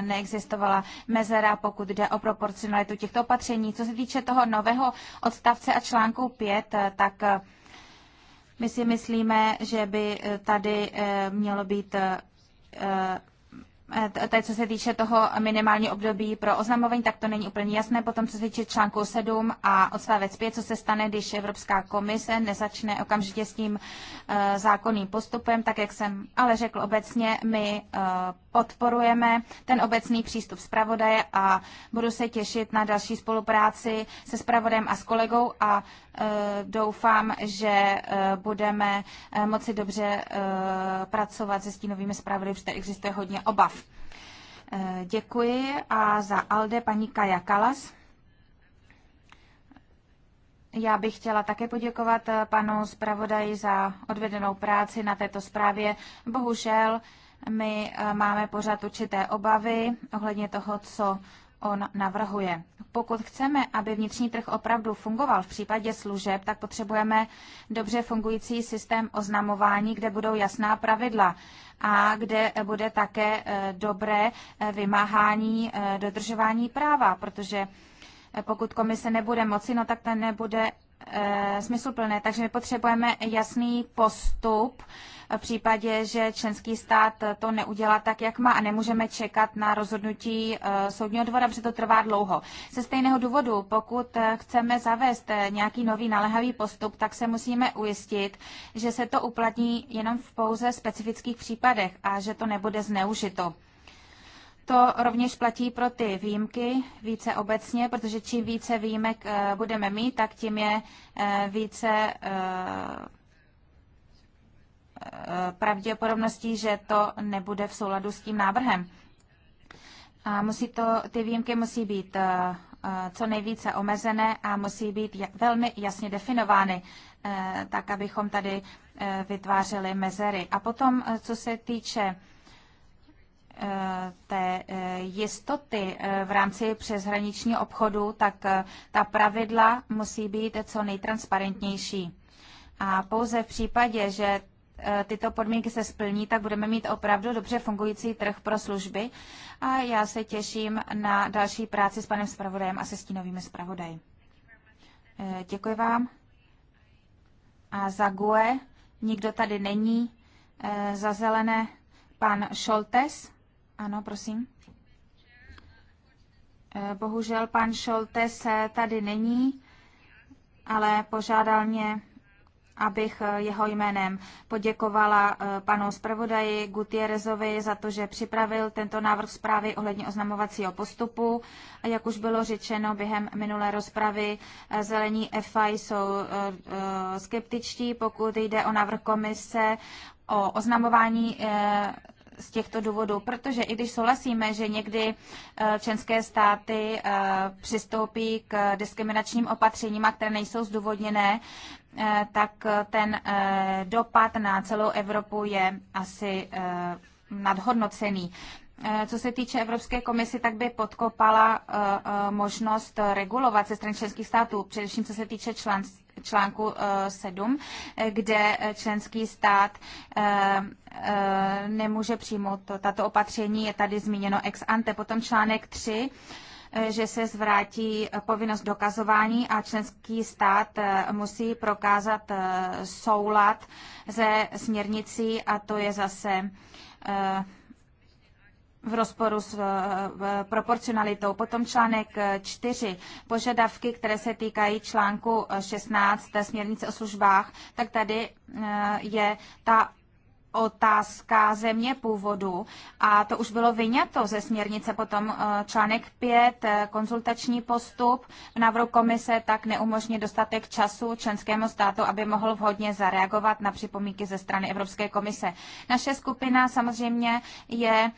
neexistovala mezera, pokud jde o proporcionalitu těchto opatření. Co se týče toho nového odstavce a článku 5, tak my si myslíme, že by tady mělo být Eh, tady co se týče toho minimální období pro oznamování, tak to není úplně jasné. Potom co se týče článku 7 a odstavec 5, co se stane, když Evropská komise nezačne okamžitě s tím eh, zákonným postupem, tak jak jsem ale řekl obecně, my eh, podporujeme ten obecný přístup zpravodaje a budu se těšit na další spolupráci se zpravodem a s kolegou a Eh, doufám, že eh, budeme eh, moci dobře pracovat se stínovými zprávy, protože existuje hodně obav. Děkuji a za Alde paní Kaja Kalas. Já bych chtěla také poděkovat panu zpravodaji za odvedenou práci na této zprávě. Bohužel my máme pořád určité obavy ohledně toho, co on navrhuje. Pokud chceme, aby vnitřní trh opravdu fungoval v případě služeb, tak potřebujeme dobře fungující systém oznamování, kde budou jasná pravidla a kde bude také eh, dobré eh, vymáhání eh, dodržování práva, protože pokud komise nebude moci, no tak ten nebude Eh, smysluplné. Takže my potřebujeme jasný postup v případě, že členský stát to neudělá tak, jak má a nemůžeme čekat na rozhodnutí eh, soudního dvora, protože to trvá dlouho. Ze stejného důvodu, pokud eh, chceme zavést nějaký nový naléhavý postup, tak se musíme ujistit, že se to uplatní jenom v pouze specifických případech a že to nebude zneužito. To rovněž platí pro ty výjimky více obecně, protože čím více výjimek eh, budeme mít, tak tím je eh, více eh, pravděpodobností, že to nebude v souladu s tím návrhem. A musí to, ty výjimky musí být co nejvíce omezené a musí být velmi jasně definovány, tak abychom tady vytvářeli mezery. A potom, co se týče té eh, jistoty eh, v rámci přeshraničního obchodu, tak eh, ta pravidla musí být co nejtransparentnější. A pouze v případě, že tyto podmínky se splní, tak budeme mít opravdu dobře fungující trh pro služby. A já se těším na další práci s panem zpravodajem a se stínovými zpravodaji. Děkuji vám. A za GUE nikdo tady není. Za zelené pan Šoltes. Ano, prosím. Eh, bohužel pan se eh, tady není, ale požádal mě, abych eh, jeho jménem poděkovala panu zpravodaji Gutierrezovi za to, že připravil tento návrh zprávy ohledně oznamovacího postupu. Jak už bylo řečeno během minulé rozpravy, zelení FI jsou skeptičtí, pokud jde o návrh komise o oznamování z těchto důvodů, protože i když souhlasíme, že někdy eh, členské státy eh, přistoupí k diskriminačním opatřením, které nejsou zdůvodněné, eh, tak ten dopad na celou Evropu je asi nadhodnocený. Co se týče Evropské komisy, tak by podkopala možnost regulovat ze strany členských států, především co se týče členství článku 7, eh, kde členský stát eh, eh, nemůže přijmout tato opatření, je tady zmíněno ex ante. Potom článek 3, že se zvrátí povinnost dokazování a členský stát musí prokázat soulad se směrnicí a to je zase v rozporu s eh, proporcionalitou. Potom článek 4, eh, požadavky, které se týkají článku 16 eh, směrnice o službách, tak tady je ta otázka země původu a to už bylo vyňato ze směrnice. Potom článek 5, konzultační postup v návrhu komise tak neumožní dostatek času členskému státu, aby mohl vhodně zareagovat na připomínky ze strany Evropské komise. Naše skupina samozřejmě je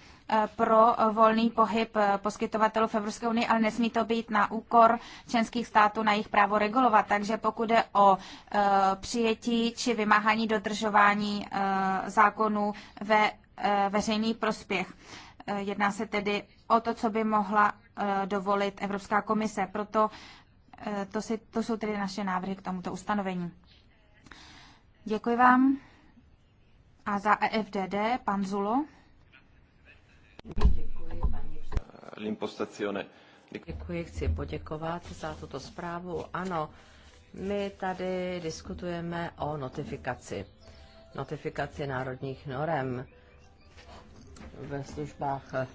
pro volný pohyb eh, poskytovatelů v Evropské unii, ale nesmí to být na úkor členských států na jejich právo regulovat. Takže pokud je o eh, přijetí či vymáhání dodržování eh, zákonů ve veřejný prospěch. Jedná se tedy o to, co by mohla dovolit Evropská komise. Proto to, si, to jsou tedy naše návrhy k tomuto ustanovení. Děkuji vám. A za EFDD pan Zulo. Děkuji, chci poděkovat za tuto zprávu. Ano, my tady diskutujeme o notifikaci. Notifikaci národních norem ve službách, eh,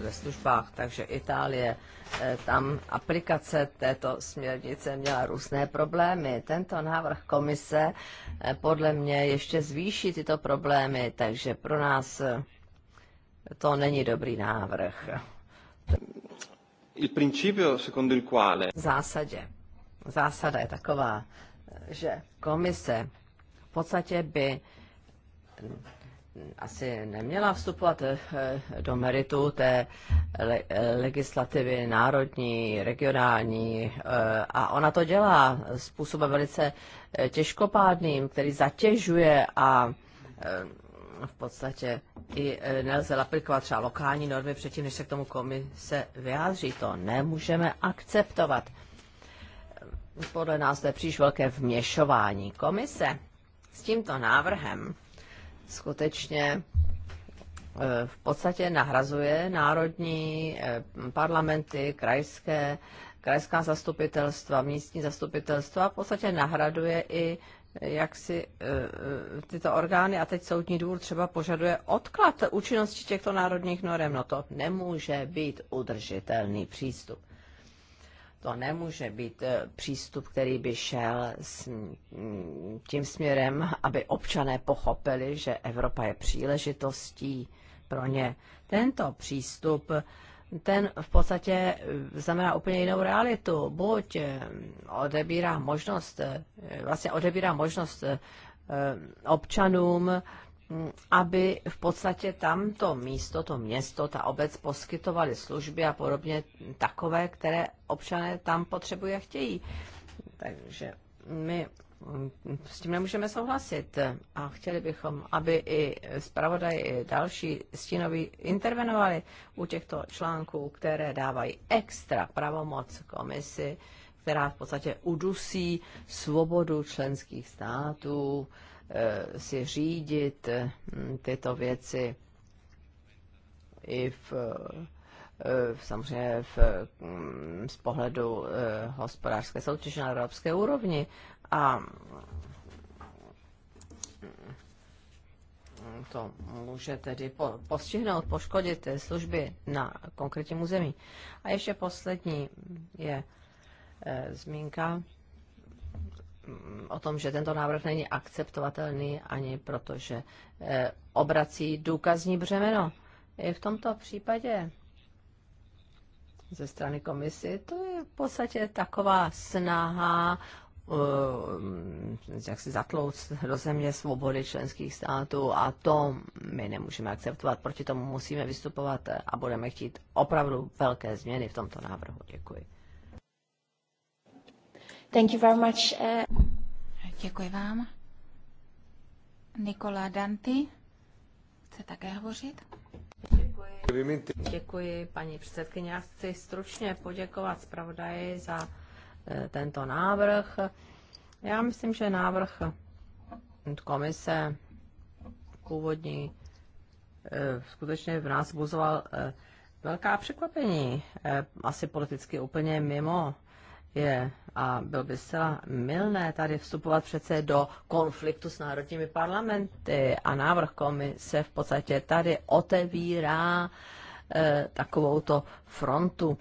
ve službách, takže Itálie, eh, tam aplikace této směrnice měla různé problémy. Tento návrh komise eh, podle mě ještě zvýší tyto problémy, takže pro nás to není dobrý návrh. Il principio secondo il quale... V zásadě. Zásada je taková, že komise v podstatě by hm, asi neměla vstupovat eh, do meritu té legislativy národní, regionální eh, a ona to dělá způsobem velice eh, těžkopádným, který zatěžuje a v podstatě i e, nelze aplikovat třeba lokální normy předtím, než se k tomu komise vyjádří. To nemůžeme akceptovat. Podle nás to je příliš velké vměšování. Komise s tímto návrhem skutečně e, v podstatě nahrazuje národní e, parlamenty, krajské, krajská zastupitelstva, místní zastupitelstva a v podstatě nahraduje i jak si e, e, tyto orgány a teď soudní důvod třeba požaduje odklad účinnosti těchto národních norem. No to nemůže být udržitelný přístup. To nemůže být e, přístup, který by šel s tím směrem, aby občané pochopili, že Evropa je příležitostí pro ně. Tento přístup ten v podstatě eh, znamená úplně jinou realitu. Buď eh, odebírá možnost, eh, vlastně odebírá možnost občanům, mm, aby v podstatě tam to místo, to město, ta obec poskytovaly služby a podobně takové, které občané tam potřebují a chtějí. Takže my s tím nemůžeme souhlasit a chtěli bychom, aby i zpravodaj i další stínoví intervenovali u těchto článků, které dávají extra pravomoc komisi, která v podstatě udusí svobodu členských států eh, si řídit hm, tyto věci i v eh, samozřejmě v, hm, z pohledu eh, hospodářské soutěže na evropské úrovni. A to může tedy po, postihnout, poškodit služby na konkrétním území. A ještě poslední je e, zmínka o tom, že tento návrh není akceptovatelný ani protože e, obrací důkazní břemeno. I v tomto případě ze strany komisy, to je v podstatě taková snaha Eh, jak si zatlouc do země svobody členských států a to my nemůžeme akceptovat. Proti tomu musíme vystupovat a budeme chtít opravdu velké změny v tomto návrhu. Děkuji. Thank you very much. Eh. Děkuji vám. Nikola Danti chce také hovořit. Děkuji. Děkuji, paní předsedkyně. Já chci stručně poděkovat zpravodaji za Eh, tento návrh. Já myslím, že návrh komise původní eh, skutečně v nás buzoval eh, velká překvapení, asi politicky úplně mimo je a byl by zcela milné tady vstupovat přece do konfliktu s národními parlamenty a návrh komise v podstatě tady otevírá takovouto frontu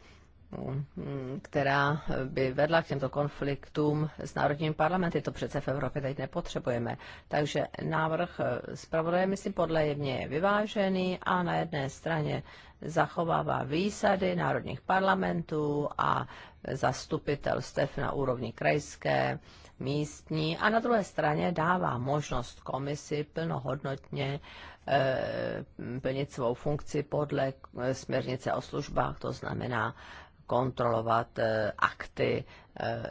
Mm, která by vedla k těmto konfliktům s národními parlamenty. To přece v Evropě teď nepotřebujeme. Takže návrh eh, zpravodaje, myslím, podle mě je vyvážený a na jedné straně zachovává výsady národních parlamentů a zastupitelstev na úrovni krajské, místní a na druhé straně dává možnost komisi plnohodnotně eh, plnit svou funkci podle eh, směrnice o službách, to znamená kontrolovat eh, akty, eh,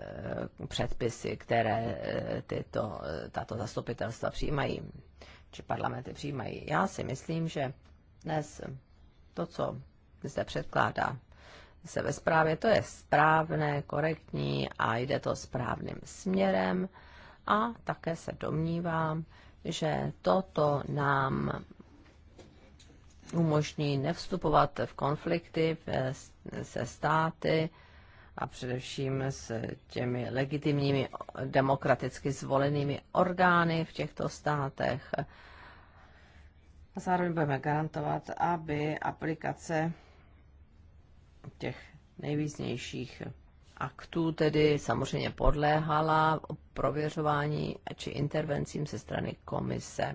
předpisy, které eh, tyto, tato zastupitelstva přijímají, či parlamenty přijímají. Já si myslím, že dnes to, co se předkládá se ve zprávě, to je správné, korektní a jde to správným směrem. A také se domnívám, že toto nám umožní nevstupovat v konflikty se státy a především s těmi legitimními demokraticky zvolenými orgány v těchto státech. A zároveň budeme garantovat, aby aplikace těch nejvýznějších aktů tedy samozřejmě podléhala prověřování či intervencím ze strany komise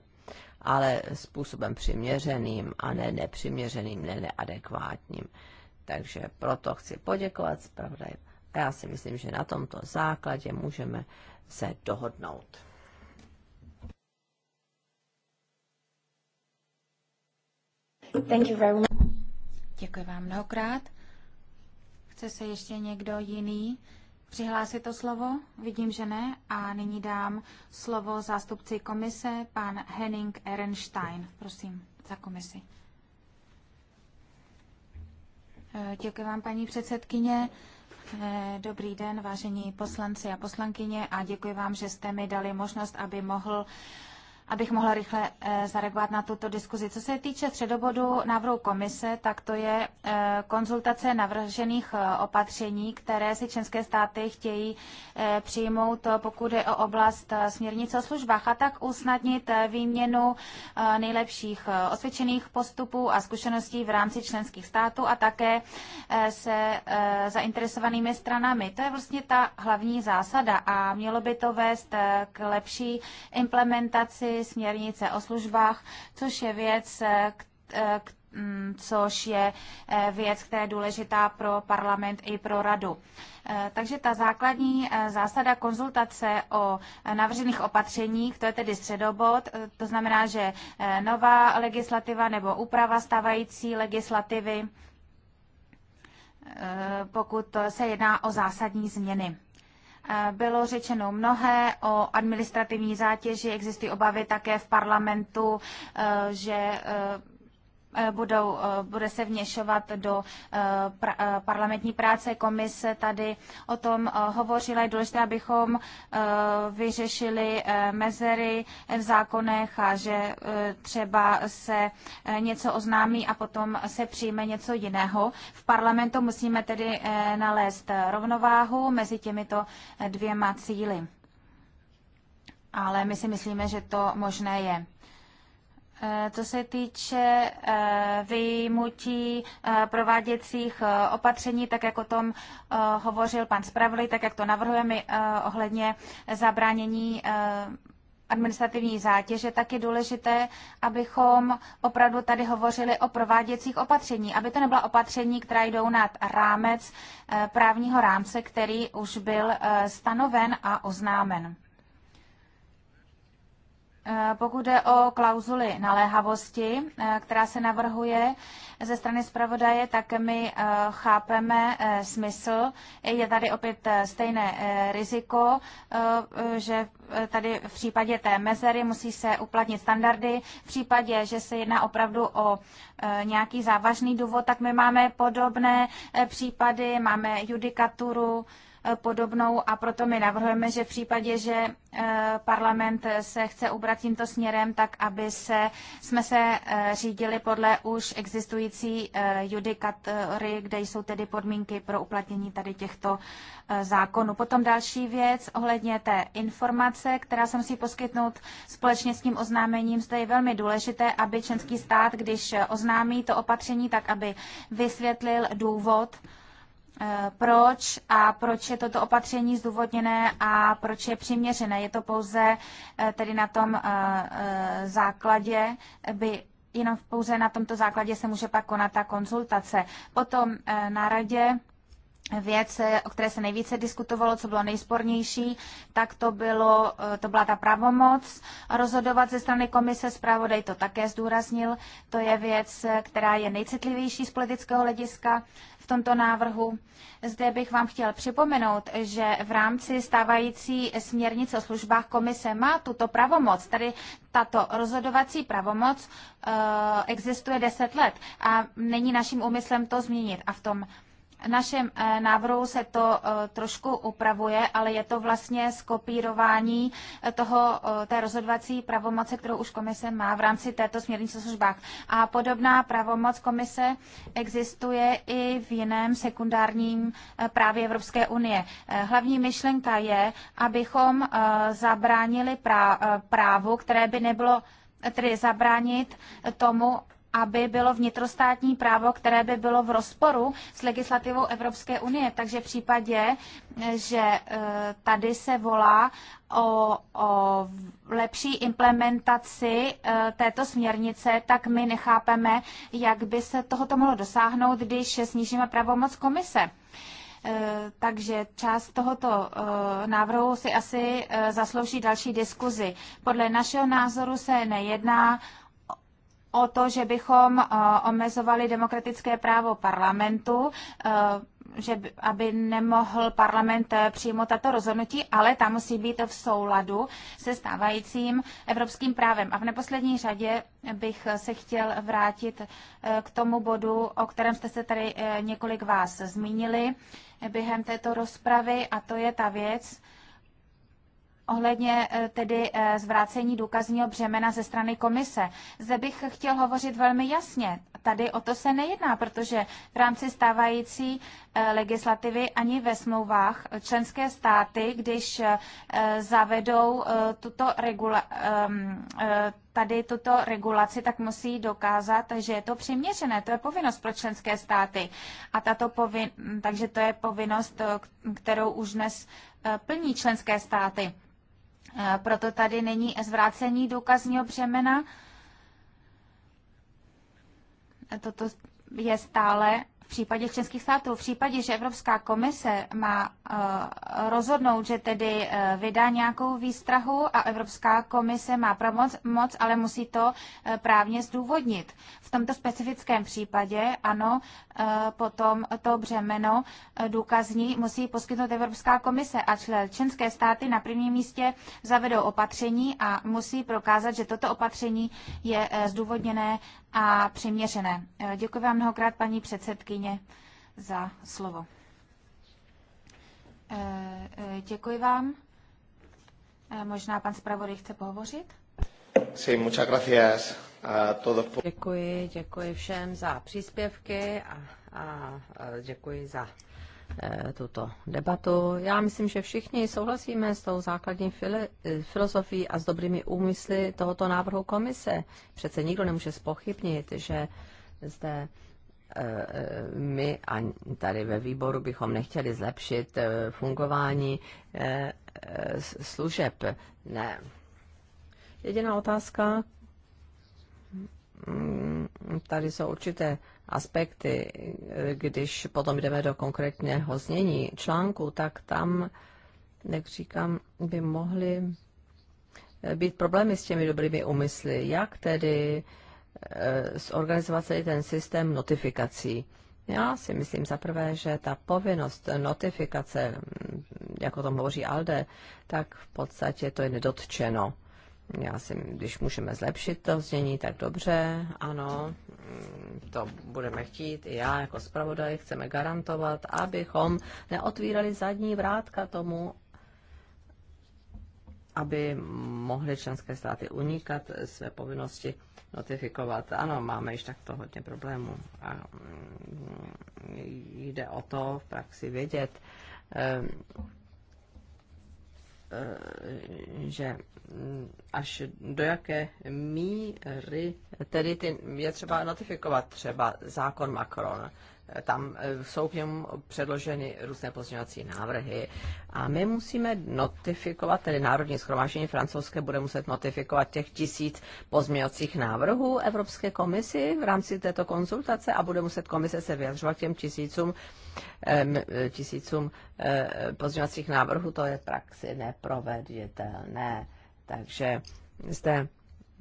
ale způsobem přiměřeným a ne nepřiměřeným, ne neadekvátním. Takže proto chci poděkovat zpravodaj. A já si myslím, že na tomto základě můžeme se dohodnout. Thank you very much. Děkuji vám mnohokrát. Chce se ještě někdo jiný přihlásit to slovo? Vidím, že ne. A nyní dám slovo zástupci komise, pan Henning Ehrenstein. Prosím, za komisi. Eh, děkuji vám, paní předsedkyně. Eh, dobrý den, vážení poslanci a poslankyně, a děkuji vám, že jste mi dali možnost, aby mohl abych mohla rychle eh, zareagovat na tuto diskuzi. Co se týče středobodu návrhu komise, tak to je eh, konzultace navržených eh, opatření, které si členské státy chtějí přijmout, pokud je o oblast směrnice o službách, a tak usnadnit výměnu nejlepších osvědčených postupů a zkušeností v rámci členských států a také se zainteresovanými stranami. To je vlastně ta hlavní zásada a mělo by to vést k lepší implementaci směrnice o službách, což je věc, eh, eh, mm, což je eh, věc, která je důležitá pro parlament i pro radu. Takže ta základní zásada konzultace o navržených opatřeních, to je tedy středobod, to znamená, že nová legislativa nebo úprava stávající legislativy, pokud se jedná o zásadní změny. Eh, bylo řečeno mnohé o administrativní zátěži, existují obavy také v parlamentu, eh, že eh, Eh, budou, eh, bude se vněšovat do eh, pra, parlamentní práce. Komise tady o tom hovořila. Je důležité, abychom vyřešili mezery v zákonech a že třeba se něco oznámí a potom se přijme něco jiného. V parlamentu musíme tedy nalézt rovnováhu mezi těmito dvěma cíly. Ale my si myslíme, že to možné je. Co eh, se týče eh, vyjmutí eh, prováděcích opatření, tak jak o tom hovořil pan Spravli, tak jak to navrhujeme ohledně zabránění administrativní zátěže, tak je důležité, abychom opravdu tady hovořili o prováděcích opatření, aby to nebyla opatření, která jdou nad rámec právního rámce, který už byl stanoven a oznámen. Eh, pokud jde o klauzuli naléhavosti, eh, která se navrhuje ze strany zpravodaje, tak my eh, chápeme smysl. Je tady opět stejné riziko, že tady v případě té mezery musí se uplatnit standardy. V případě, že se jedná opravdu o nějaký závažný důvod, tak my máme podobné případy, máme judikaturu, Eh, podobnou a proto my navrhujeme, že v případě, že eh, parlament se chce ubrat tímto směrem, tak aby se, jsme se eh, řídili podle už existující judikatory, kde jsou tedy podmínky pro uplatnění tady těchto zákonů. Potom další věc ohledně té informace, která se musí poskytnout společně s tím oznámením. Zde je velmi důležité, aby členský stát, když oznámí to opatření, tak aby vysvětlil důvod, Eh, proč a proč je toto opatření zdůvodněné a proč je přiměřené. Je to pouze eh, tedy na tom eh, základě, by jenom pouze na tomto základě se může pak konat ta konzultace. Potom na radě věc, o které se nejvíce diskutovalo, co bylo nejspornější, tak to, bylo, to byla ta pravomoc rozhodovat ze strany komise. Zpravodaj to také zdůraznil. To je věc, která je nejcitlivější z politického hlediska tomto návrhu. Zde bych vám chtěl připomenout, že v rámci stávající směrnice o službách komise má tuto pravomoc. Tady tato rozhodovací pravomoc eh, existuje 10 let a není naším úmyslem to změnit. A v tom našem eh, návrhu se to eh, trošku upravuje, ale je to vlastně skopírování eh, toho, té rozhodovací pravomoci, kterou už komise má v rámci této směrnice o službách. A podobná pravomoc komise existuje i v jiném sekundárním právě Evropské unie. Hlavní myšlenka je, abychom zabránili právu, které by nebylo tedy zabránit tomu, aby bylo vnitrostátní právo, které by bylo v rozporu s legislativou Evropské unie. Takže v případě, že e, tady se volá o, o lepší implementaci e, této směrnice, tak my nechápeme, jak by se tohoto mohlo dosáhnout, když snížíme pravomoc komise. E, takže část tohoto návrhu si asi zaslouží další diskuzi. Podle našeho názoru se nejedná o to, že bychom eh, omezovali demokratické právo parlamentu, eh, že aby nemohl parlament eh, přijmout tato rozhodnutí, ale ta musí být v souladu se stávajícím evropským právem. A v neposlední řadě bych se chtěl vrátit k tomu bodu, o kterém jste se tady několik vás zmínili během této rozpravy, a to je ta věc, ohledně eh, tedy eh, zvrácení důkazního břemena ze strany komise. Zde bych chtěl hovořit velmi jasně. Tady o to se nejedná, protože v rámci stávající eh, legislativy ani ve smlouvách členské státy, když zavedou tuto regula, ehm, tady tuto regulaci, tak musí dokázat, že je to přiměřené. To je povinnost pro členské státy. A tato povin, takže to je povinnost, kterou už dnes plní členské státy. Proto tady není zvrácení důkazního břemena. Toto je stále případě členských států. V případě, že Evropská komise má eh, rozhodnout, že tedy eh, vydá nějakou výstrahu a Evropská komise má pravomoc, moc, ale musí to eh, právně zdůvodnit. V tomto specifickém případě, ano, potom to břemeno důkazní musí poskytnout Evropská komise a členské státy na prvním místě zavedou opatření a musí prokázat, že toto opatření je zdůvodněné a přiměřené. Eh, děkuji vám mnohokrát, paní předsedkyně, za slovo. Eh, eh, děkuji vám. Možná pan zpravodaj chce pohovořit? Sí, muchas gracias a todos. Děkuji, děkuji všem za příspěvky a, a děkuji za Eh, tuto debatu. Já myslím, že všichni souhlasíme s tou základní eh, filozofií a s dobrými úmysly tohoto návrhu komise. Přece nikdo nemůže spochybnit, že zde eh, my a tady ve výboru bychom nechtěli zlepšit fungování služeb. Ne. Jediná otázka, mm, tady jsou určité aspekty, když potom jdeme do konkrétního znění článku, tak tam, jak říkám, by mohly být problémy s těmi dobrými úmysly. Jak tedy eh, zorganizovat celý ten systém notifikací? Já si myslím zaprvé, že ta povinnost notifikace, jako tom hovoří Alde, tak v podstatě to je nedotčeno já si, když můžeme zlepšit to znění, tak dobře, ano, to budeme chtít. I já jako zpravodaj chceme garantovat, abychom neotvírali zadní vrátka tomu, aby mohly členské státy unikat své povinnosti notifikovat. Ano, máme již takto hodně problémů a mm, jde o to v praxi vědět, eh, že mm, až do jaké míry tedy ty, je třeba notifikovat třeba zákon Macron. Tam eh, jsou k němu předloženy různé pozměňovací návrhy a my musíme notifikovat, tedy Národní schromáždění francouzské bude muset notifikovat těch tisíc pozměňovacích návrhů Evropské komisi v rámci této konzultace a bude muset komise se vyjadřovat těm tisícům tisícům eh, pozměňovacích návrhů, to je praxi neproveditelné. Takže zde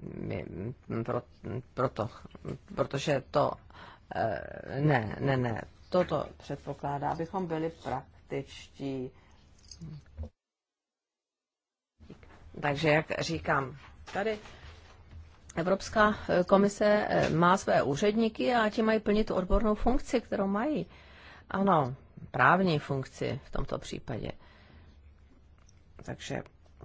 mm, pro, proto, protože to eh, ne, ne, ne, toto předpokládá, abychom byli praktičtí. Takže jak říkám, tady Evropská komise eh, má své úředníky a ti mají plnit odbornou funkci, kterou mají. Ano, právní funkci v tomto případě. Takže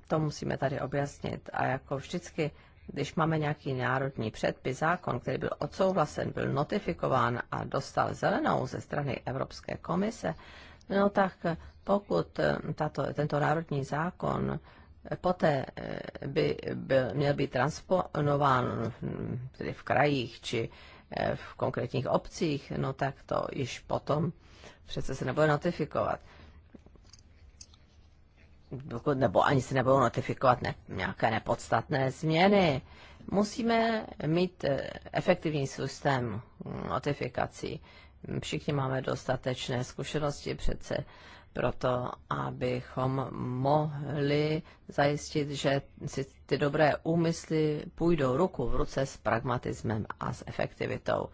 to musíme tady objasnit. A jako vždycky, když máme nějaký národní předpis, zákon, který byl odsouhlasen, byl notifikován a dostal zelenou ze strany Evropské komise, no tak pokud tato, tento národní zákon poté eh, by byl, měl být transponován hm, tedy v krajích či eh, v konkrétních obcích, no tak to již potom přece se nebude notifikovat. Nebo ani se nebudou notifikovat ne, nějaké nepodstatné změny. Musíme mít eh, efektivní systém notifikací. Všichni máme dostatečné zkušenosti přece proto, abychom mohli zajistit, že si ty dobré úmysly půjdou ruku v ruce s pragmatismem a s efektivitou.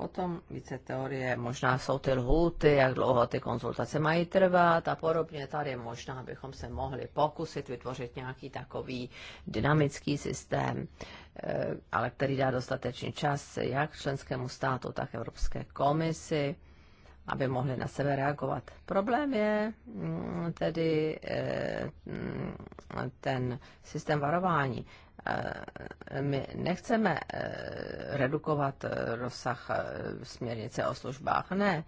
Potom více teorie, možná jsou ty lhůty, jak dlouho ty konzultace mají trvat a podobně. Tady možná bychom se mohli pokusit vytvořit nějaký takový dynamický systém, eh, ale který dá dostatečný čas jak členskému státu, tak Evropské komisi, aby mohli na sebe reagovat. Problém je mm, tedy eh, mm, ten systém varování my nechceme eh, redukovat eh, rozsah eh, směrnice o službách, ne.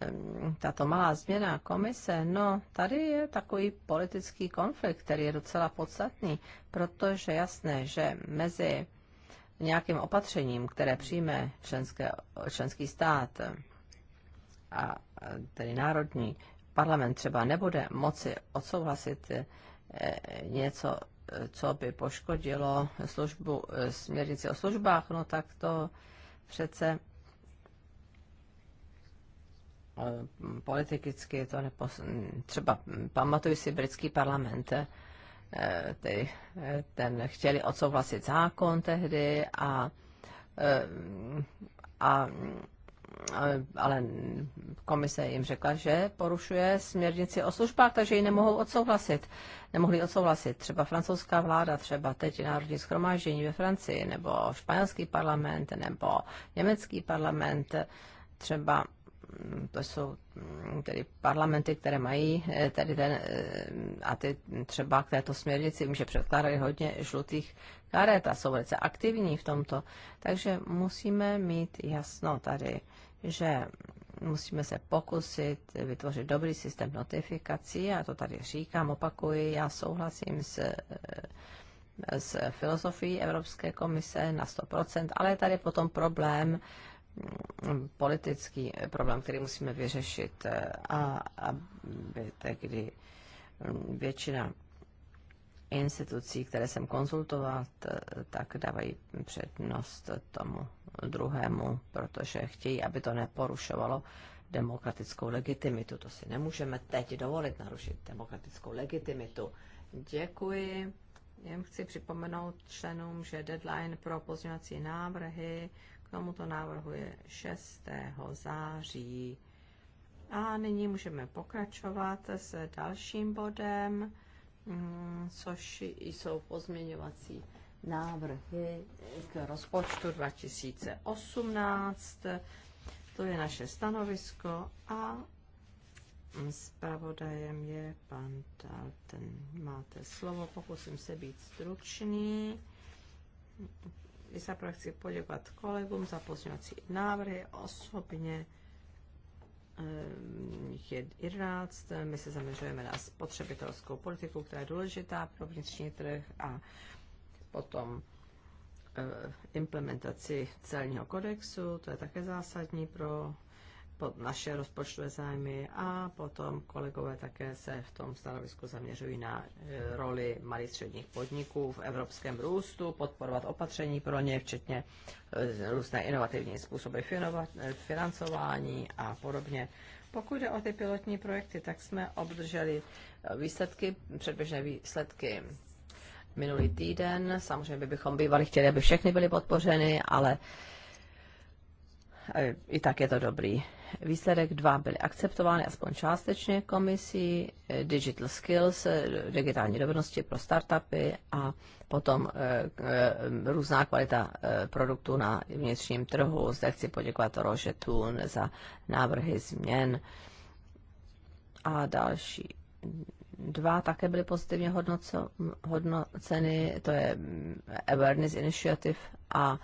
Ehm, tato malá změna komise, no tady je takový politický konflikt, který je docela podstatný, protože jasné, že mezi nějakým opatřením, které přijme členské, členský stát a tedy národní parlament třeba nebude moci odsouhlasit něco co by poškodilo službu, e, směrnici o službách, no tak to přece e, politicky to nepos... Třeba pamatuju si britský parlament, e, ty, ten chtěli odsouhlasit zákon tehdy a, a ale komise jim řekla, že porušuje směrnici o službách, takže ji nemohou odsouhlasit. Nemohli odsouhlasit. Třeba francouzská vláda, třeba teď národní schromáždění ve Francii, nebo španělský parlament, nebo německý parlament, třeba mm, to jsou mm, tedy parlamenty, které mají eh, tedy ten, eh, a ty třeba k této směrnici vím, že předkládají hodně žlutých karet a jsou velice aktivní v tomto. Takže musíme mít jasno tady že musíme se pokusit vytvořit dobrý systém notifikací, já to tady říkám, opakuji, já souhlasím s, s filozofií Evropské komise na 100%, ale je tady potom problém, mm, politický problém, který musíme vyřešit eh, a aby tehdy mm, většina institucí, které jsem konzultovat, tak dávají přednost tomu druhému, protože chtějí, aby to neporušovalo demokratickou legitimitu. To si nemůžeme teď dovolit narušit demokratickou legitimitu. Děkuji. Jen chci připomenout členům, že deadline pro pozměňovací návrhy k tomuto návrhu je 6. září. A nyní můžeme pokračovat s dalším bodem Mm, což jsou pozměňovací návrhy k rozpočtu 2018. To je naše stanovisko a zpravodajem je pan Talten. Máte slovo, pokusím se být stručný. se chci poděkovat kolegům za pozměňovací návrhy osobně Ehm, je 11. My se zaměřujeme na spotřebitelskou politiku, která je důležitá pro vnitřní trh a potom eh, implementaci celního kodexu, to je také zásadní pro pod naše rozpočtové zájmy a potom kolegové také se v tom stanovisku zaměřují na e, roli malých středních podniků v evropském růstu, podporovat opatření pro ně, včetně e, různé inovativní způsoby e, financování a podobně. Pokud jde o ty pilotní projekty, tak jsme obdrželi výsledky, předběžné výsledky minulý týden. Samozřejmě bychom bývali chtěli, aby všechny byly podpořeny, ale i tak je to dobrý výsledek 2 byly akceptovány aspoň částečně komisí, eh, digital skills, eh, digitální dovednosti pro startupy a potom eh, různá kvalita produktů na vnitřním trhu. Zde chci poděkovat Rože Thun za návrhy změn a další dva také byly pozitivně hodnoco, hodnoceny, to je mm, Awareness Initiative a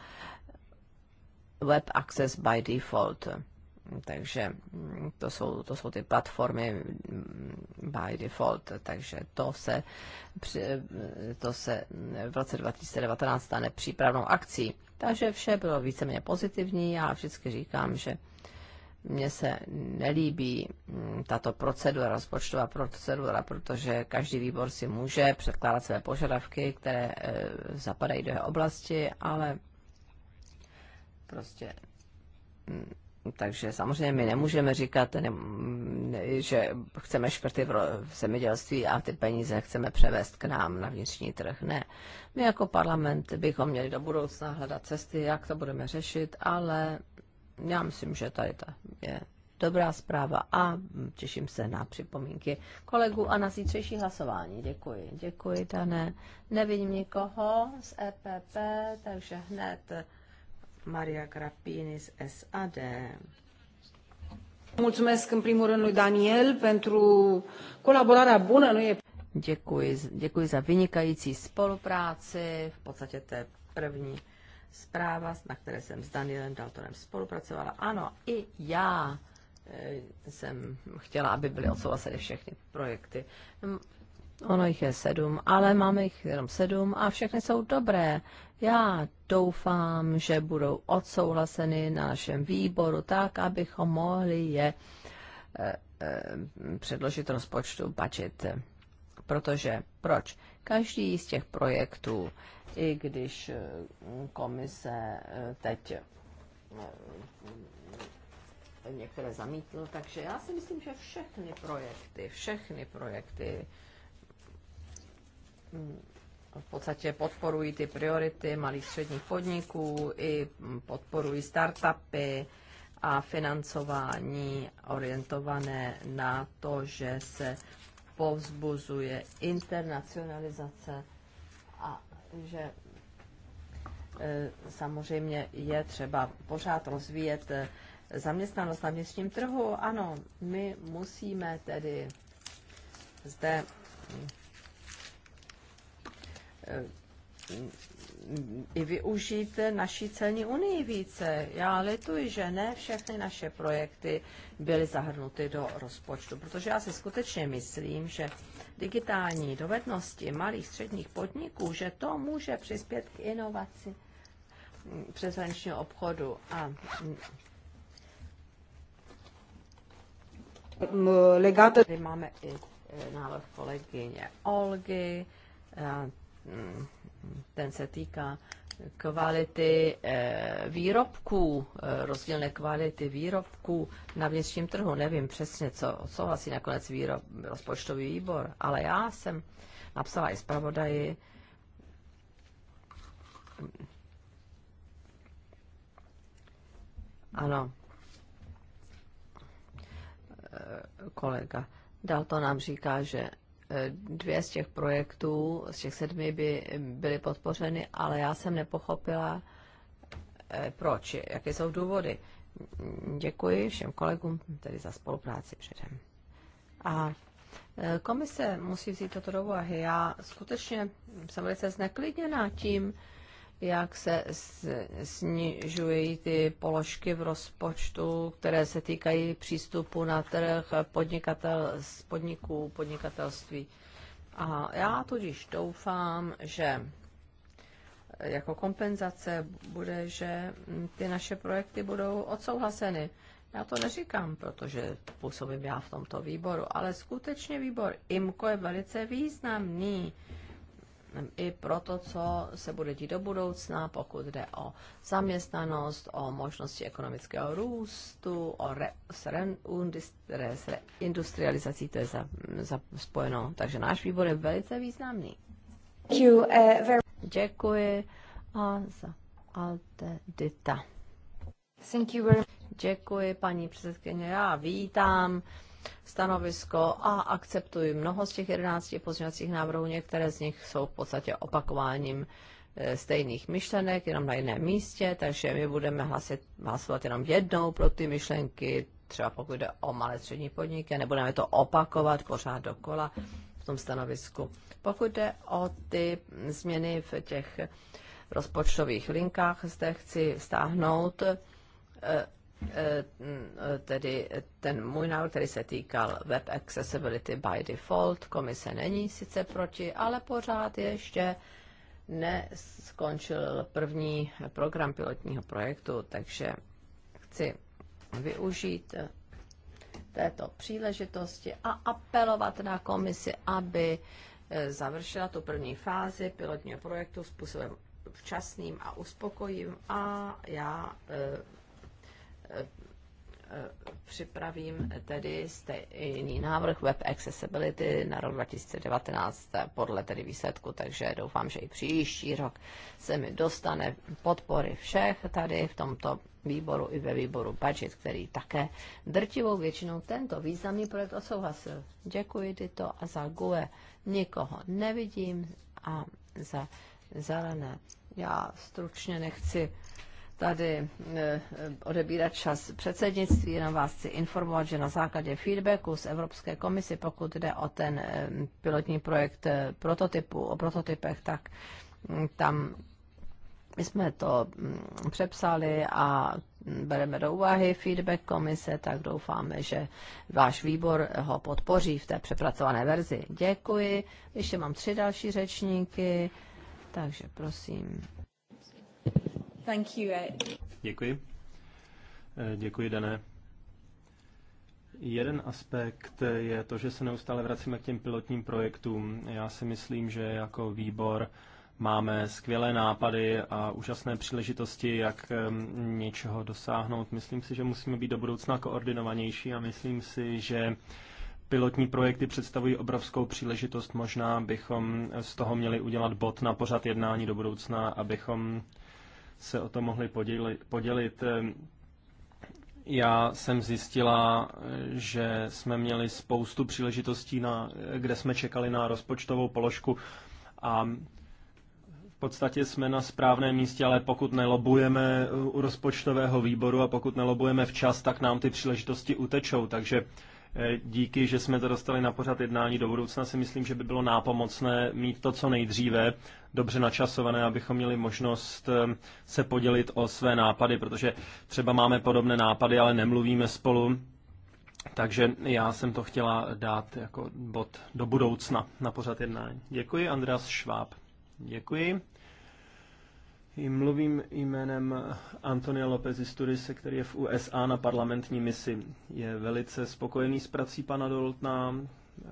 Web Access by Default takže mm, to jsou, to jsou ty platformy mm, by default, takže to se, to se v roce 2019 stane přípravnou akcí. Takže vše bylo víceméně pozitivní, já vždycky říkám, že mně se nelíbí mm, tato procedura, rozpočtová procedura, protože každý výbor si může předkládat své požadavky, které e, zapadají do jeho oblasti, ale prostě takže samozřejmě my nemůžeme říkat, ne, ne, že chceme škrty v, v zemědělství a ty peníze chceme převést k nám na vnitřní trh. Ne. My jako parlament bychom měli do budoucna hledat cesty, jak to budeme řešit, ale já myslím, že tady ta je dobrá zpráva a těším se na připomínky kolegů a na zítřejší hlasování. Děkuji. Děkuji, Dané. Nevidím nikoho z EPP, takže hned Maria Grappinis SAD. Mulțumesc în primul rând lui Daniel pentru colaborarea bună. Nu e... Děkuji, děkuji za vynikající spolupráci. V podstatě to je první zpráva, na které jsem s Danielem Daltonem spolupracovala. Ano, i já eh, jsem chtěla, aby byly odsouhlaseny všechny projekty. Ono jich je sedm, ale máme jich jenom sedm a všechny jsou dobré. Já doufám, že budou odsouhlaseny na našem výboru tak, abychom mohli je e, e, předložit rozpočtu budget. Protože proč? Každý z těch projektů, i když eh, komise teď některé zamítl, takže já si myslím, že všechny projekty, všechny projekty, v podstatě podporují ty priority malých středních podniků i podporují startupy a financování orientované na to, že se povzbuzuje internacionalizace a že e, samozřejmě je třeba pořád rozvíjet e, zaměstnanost na vnitřním trhu. Ano, my musíme tedy zde i využít naší celní unii více. Já lituji, že ne všechny naše projekty byly zahrnuty do rozpočtu, protože já si skutečně myslím, že digitální dovednosti malých středních podniků, že to může přispět k inovaci přeshraničního obchodu a Tady máme i e, návrh kolegyně Olgy, ten se týká kvality eh, výrobků, eh, rozdílné kvality výrobků na vnitřním trhu. Nevím přesně, co souhlasí nakonec výrob, rozpočtový výbor, ale já jsem napsala i zpravodaji, ano, eh, kolega Dalton nám říká, že dvě z těch projektů, z těch sedmi by byly podpořeny, ale já jsem nepochopila, eh, proč, jaké jsou důvody. Děkuji všem kolegům tedy za spolupráci předem. A eh, komise musí vzít toto do úvahy. Já skutečně jsem velice zneklidněná tím, jak se snižují ty položky v rozpočtu, které se týkají přístupu na trh podnikatel, z podniků, podnikatelství. A já tudíž doufám, že jako kompenzace bude, že ty naše projekty budou odsouhlaseny. Já to neříkám, protože působím já v tomto výboru, ale skutečně výbor IMCO je velice významný i pro to, co se bude dít do budoucna, pokud jde o zaměstnanost, o možnosti ekonomického růstu, o re, s to je za, za spojeno. Takže náš výbor je velice významný. Uh, Děkuji a za Altedita. Děkuji, paní předsedkyně. Já vítám stanovisko a akceptuji mnoho z těch 11 pozměňovacích návrhů. Některé z nich jsou v podstatě opakováním e, stejných myšlenek, jenom na jiném místě, takže my budeme hlasit, hlasovat jenom jednou pro ty myšlenky, třeba pokud jde o malé střední podniky, a nebudeme to opakovat pořád dokola v tom stanovisku. Pokud jde o ty změny v těch rozpočtových linkách, zde chci stáhnout e, Eh, tedy ten můj návrh, který se týkal Web Accessibility by Default, komise není sice proti, ale pořád ještě neskončil první program pilotního projektu, takže chci využít této příležitosti a apelovat na komisi, aby eh, završila tu první fázi pilotního projektu způsobem včasným a uspokojivým a já eh, připravím tedy stejný návrh Web Accessibility na rok 2019 podle tedy výsledku, takže doufám, že i příští rok se mi dostane podpory všech tady v tomto výboru i ve výboru budget, který také drtivou většinou tento významný projekt odsouhlasil. Děkuji Dito a za GUE nikoho nevidím a za zelené. Já stručně nechci tady e, odebírat čas předsednictví, jenom vás chci informovat, že na základě feedbacku z Evropské komisy, pokud jde o ten e, pilotní projekt e, prototypu, o prototypech, tak tam my jsme to přepsali a bereme do úvahy feedback komise, tak doufáme, že váš výbor ho podpoří v té přepracované verzi. Děkuji. Ještě mám tři další řečníky, takže prosím. Thank you, Ed. Děkuji. Eh, děkuji, Dané. Jeden aspekt je to, že se neustále vracíme k těm pilotním projektům. Já si myslím, že jako výbor máme skvělé nápady a úžasné příležitosti, jak ehm, něčeho dosáhnout. Myslím si, že musíme být do budoucna koordinovanější a myslím si, že pilotní projekty představují obrovskou příležitost. Možná bychom z toho měli udělat bod na pořad jednání do budoucna, abychom se o to mohli podělit. podělit. Ehm, já jsem zjistila, eh, že jsme měli spoustu příležitostí, na, eh, kde jsme čekali na rozpočtovou položku a v podstatě jsme na správném místě, ale pokud nelobujeme u rozpočtového výboru a pokud nelobujeme včas, tak nám ty příležitosti utečou. Takže Eh, díky, že jsme to dostali na pořad jednání do budoucna, si myslím, že by bylo nápomocné mít to co nejdříve, dobře načasované, abychom měli možnost eh, se podělit o své nápady, protože třeba máme podobné nápady, ale nemluvíme spolu. Takže já jsem to chtěla dát jako bod do budoucna na pořad jednání. Děkuji, Andreas Šváb. Děkuji. Mluvím jménem Antonia Lopez Turise, který je v USA na parlamentní misi. Je velice spokojený s prací pana Doltna. Eh,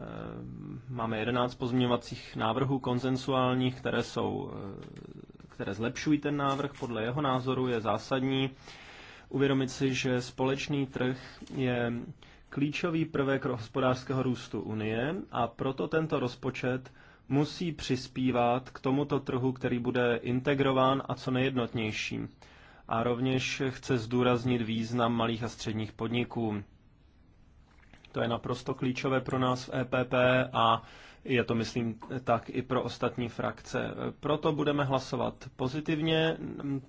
máme 11 pozměňovacích návrhů konsensuálních, které, jsou, eh, které zlepšují ten návrh. Podle jeho názoru je zásadní uvědomit si, že společný trh je klíčový prvek hospodářského růstu Unie a proto tento rozpočet musí přispívat k tomuto trhu, který bude integrován a co nejjednotnější. A rovněž chce zdůraznit význam malých a středních podniků. To je naprosto klíčové pro nás v EPP a je to, myslím, tak i pro ostatní frakce. Proto budeme hlasovat pozitivně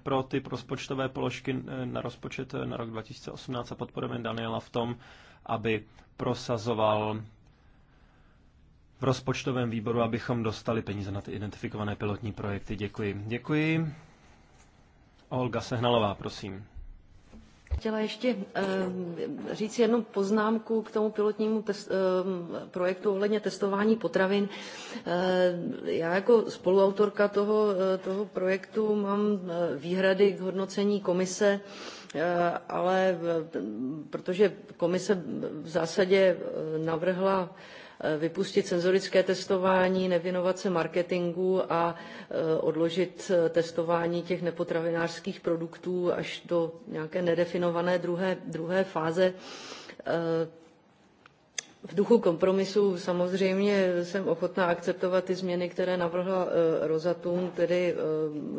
pro ty rozpočtové položky na rozpočet na rok 2018 a podporujeme Daniela v tom, aby prosazoval v rozpočtovém výboru, abychom dostali peníze na ty identifikované pilotní projekty. Děkuji. Děkuji. Olga Sehnalová, prosím. Chtěla ještě eh, říct jednu poznámku k tomu pilotnímu test, eh, projektu ohledně testování potravin. Eh, já jako spoluautorka toho, eh, toho projektu mám eh, výhrady k hodnocení komise, eh, ale protože komise v zásadě navrhla Eh, vypustit senzorické testování, nevěnovat se marketingu a eh, odložit eh, testování těch nepotravinářských produktů až do nějaké nedefinované druhé, druhé fáze v duchu kompromisu samozřejmě jsem ochotná akceptovat ty změny, které navrhla eh, Rozatum, tedy eh,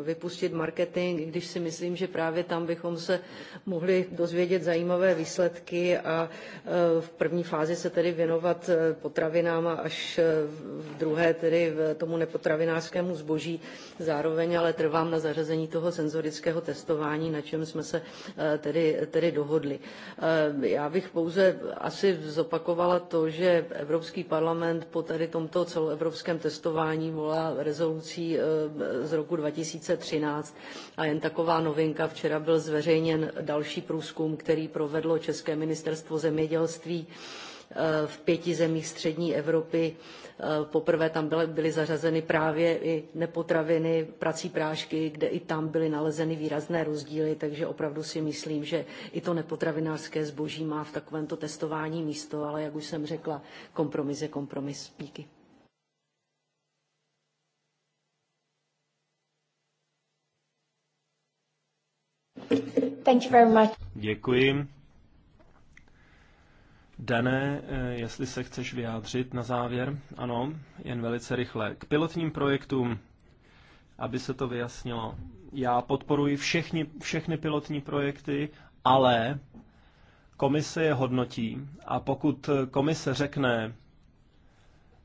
vypustit marketing, když si myslím, že právě tam bychom se mohli dozvědět zajímavé výsledky a eh, v první fázi se tedy věnovat potravinám a až v druhé tedy tomu nepotravinářskému zboží. Zároveň ale trvám na zařazení toho senzorického testování, na čem jsme se tedy, tedy dohodli. Já bych pouze asi zopakovala to, že Evropský parlament po tady tomto celoevropském testování volá rezolucí eh, z roku 2013 a jen taková novinka. Včera byl zveřejněn další průzkum, který provedlo České ministerstvo zemědělství Eh, v pěti zemích střední Evropy. Eh, poprvé tam byly, byly zařazeny právě i nepotraviny, prací prášky, kde i tam byly nalezeny výrazné rozdíly, takže opravdu si myslím, že i to nepotravinářské zboží má v takovémto testování místo, ale jak už jsem řekla, kompromis je kompromis. Díky. Thank you very much. Děkuji. Dané, eh, jestli se chceš vyjádřit na závěr, ano, jen velice rychle. K pilotním projektům, aby se to vyjasnilo. Já podporuji všechny, všechny pilotní projekty, ale komise je hodnotí a pokud eh, komise řekne,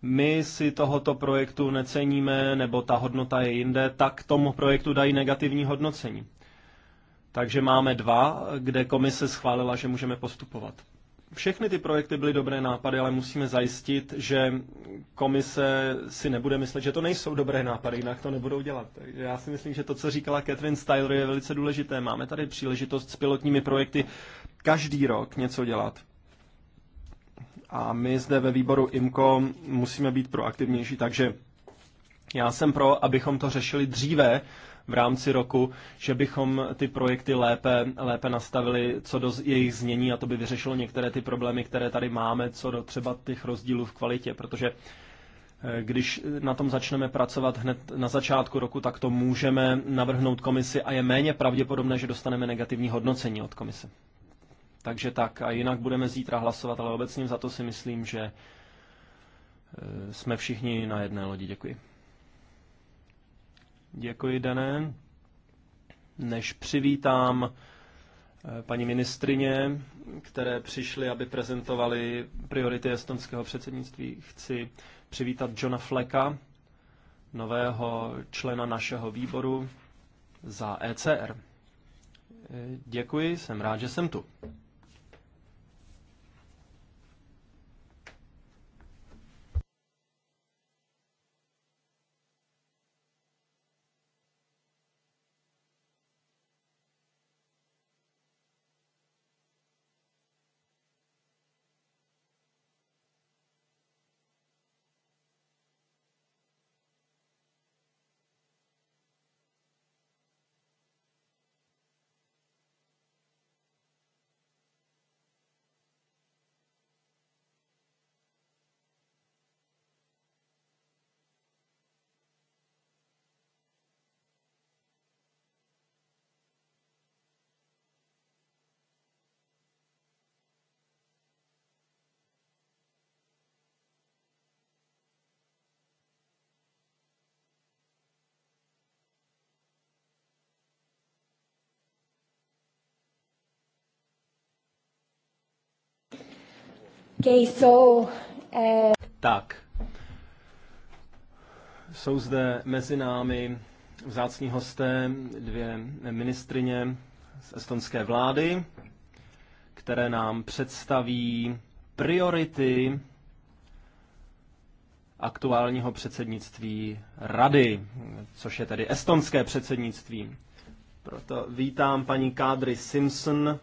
my si tohoto projektu neceníme, nebo ta hodnota je jinde, tak tomu projektu dají negativní hodnocení. Takže máme dva, kde komise schválila, že můžeme postupovat všechny ty projekty byly dobré nápady, ale musíme zajistit, že komise si nebude myslet, že to nejsou dobré nápady, jinak to nebudou dělat. Takže já si myslím, že to, co říkala Catherine Styler, je velice důležité. Máme tady příležitost s pilotními projekty každý rok něco dělat. A my zde ve výboru IMCO musíme být proaktivnější, takže já jsem pro, abychom to řešili dříve, v rámci roku, že bychom ty projekty lépe, lépe nastavili co do jejich znění a to by vyřešilo některé ty problémy, které tady máme, co do třeba těch rozdílů v kvalitě, protože eh, když na tom začneme pracovat hned na začátku roku, tak to můžeme navrhnout komisi a je méně pravděpodobné, že dostaneme negativní hodnocení od komise. Takže tak, a jinak budeme zítra hlasovat, ale obecně za to si myslím, že eh, jsme všichni na jedné lodi. Děkuji. Děkuji, Dané. Než přivítám eh, paní ministrině, které přišly, aby prezentovali priority estonského předsednictví, chci přivítat Johna Fleka, nového člena našeho výboru za ECR. Eh, děkuji, jsem rád, že jsem tu. Okay, jsou, eh... Tak. Jsou zde mezi námi vzácní hosté, dvě ministrině z estonské vlády, které nám představí priority aktuálního předsednictví rady, což je tedy estonské předsednictví. Proto vítám paní Kádry Simpson,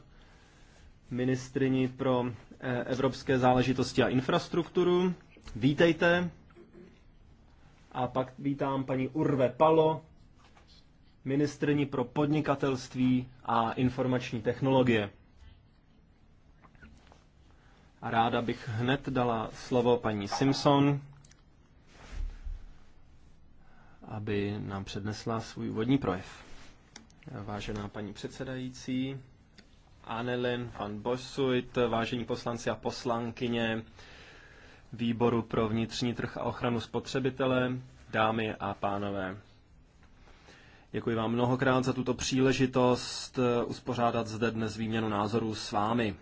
ministrini pro Eh, evropské záležitosti a infrastrukturu. Vítejte. A pak vítám paní Urve Palo, ministrní pro podnikatelství a informační technologie. A ráda bych hned dala slovo paní Simpson, aby nám přednesla svůj úvodní projev. Vážená paní předsedající, Anelin van Bosuit, vážení poslanci a poslankyně výboru pro vnitřní trh a ochranu spotřebitele, dámy a pánové. Děkuji vám mnohokrát za tuto příležitost eh, uspořádat zde dnes výměnu názorů s vámi.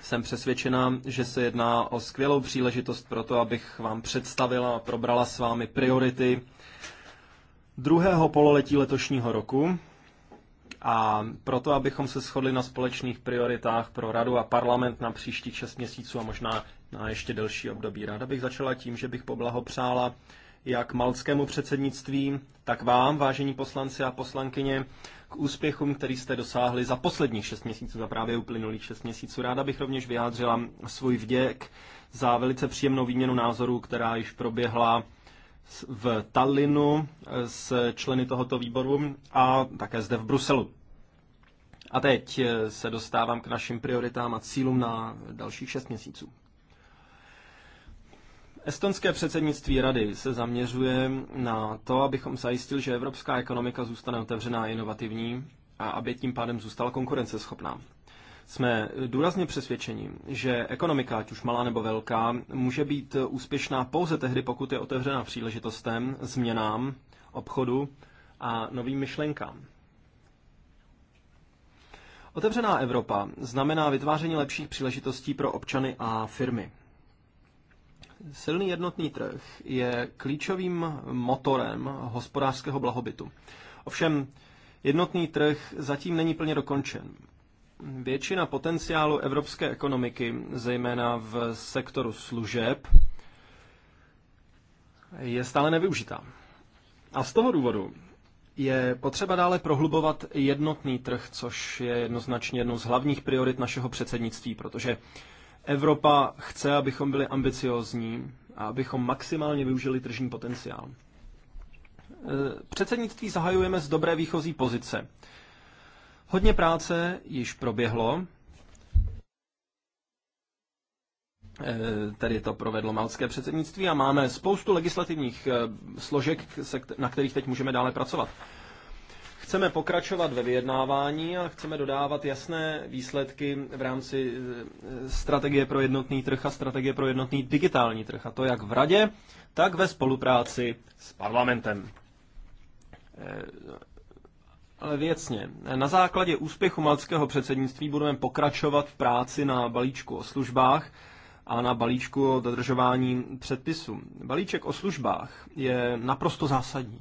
Jsem přesvědčena, že se jedná o skvělou příležitost pro to, abych vám představila a probrala s vámi priority druhého pololetí letošního roku, a proto, abychom se shodli na společných prioritách pro radu a parlament na příštích 6 měsíců a možná na ještě delší období. Ráda bych začala tím, že bych poblahopřála jak malckému předsednictví, tak vám, vážení poslanci a poslankyně, k úspěchům, který jste dosáhli za posledních šest měsíců, za právě uplynulých šest měsíců. Ráda bych rovněž vyjádřila svůj vděk za velice příjemnou výměnu názorů, která již proběhla v Tallinu eh, s členy tohoto výboru a také zde v Bruselu. A teď eh, se dostávám k našim prioritám a cílům na dalších šest měsíců. Estonské předsednictví rady se zaměřuje na to, abychom zajistili, že evropská ekonomika zůstane otevřená a inovativní a aby tím pádem zůstala konkurenceschopná. Jsme důrazně přesvědčeni, že ekonomika, ať už malá nebo velká, může být úspěšná pouze tehdy, pokud je otevřena příležitostem, změnám, obchodu a novým myšlenkám. Otevřená Evropa znamená vytváření lepších příležitostí pro občany a firmy. Silný jednotný trh je klíčovým motorem hospodářského blahobytu. Ovšem, jednotný trh zatím není plně dokončen. Většina potenciálu evropské ekonomiky, zejména v sektoru služeb, je stále nevyužitá. A z toho důvodu je potřeba dále prohlubovat jednotný trh, což je jednoznačně jednou z hlavních priorit našeho předsednictví, protože Evropa chce, abychom byli ambiciozní a abychom maximálně využili tržní potenciál. E, předsednictví zahajujeme z dobré výchozí pozice. Hodně práce již proběhlo. Eh, Tady to provedlo malské předsednictví a máme spoustu legislativních eh, složek, na kterých teď můžeme dále pracovat. Chceme pokračovat ve vyjednávání a chceme dodávat jasné výsledky v rámci eh, strategie pro jednotný trh a strategie pro jednotný digitální trh. A to jak v radě, tak ve spolupráci s parlamentem ale Věcně. Na základě úspěchu malckého předsednictví budeme pokračovat v práci na balíčku o službách a na balíčku o dodržování předpisů. Balíček o službách je naprosto zásadní.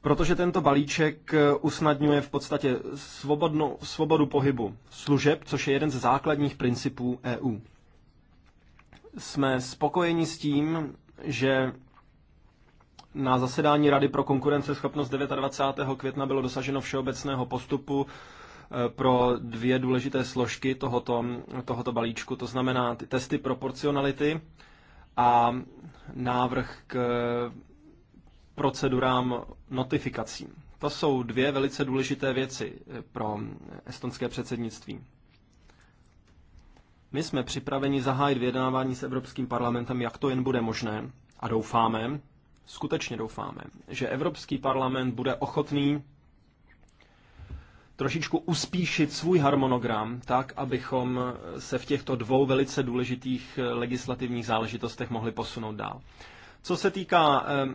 Protože tento balíček eh, usnadňuje v podstatě svobodno, svobodu pohybu služeb, což je jeden ze základních principů EU. Jsme spokojeni s tím, že na zasedání Rady pro konkurenceschopnost 29. května bylo dosaženo všeobecného postupu e, pro dvě důležité složky tohoto, tohoto balíčku, to znamená ty testy proporcionality a návrh k procedurám notifikací. To jsou dvě velice důležité věci e, pro estonské předsednictví. My jsme připraveni zahájit vyjednávání s Evropským parlamentem, jak to jen bude možné, a doufáme, skutečně doufáme, že Evropský parlament bude ochotný trošičku uspíšit svůj harmonogram tak, abychom se v těchto dvou velice důležitých eh, legislativních záležitostech mohli posunout dál. Co se týká eh,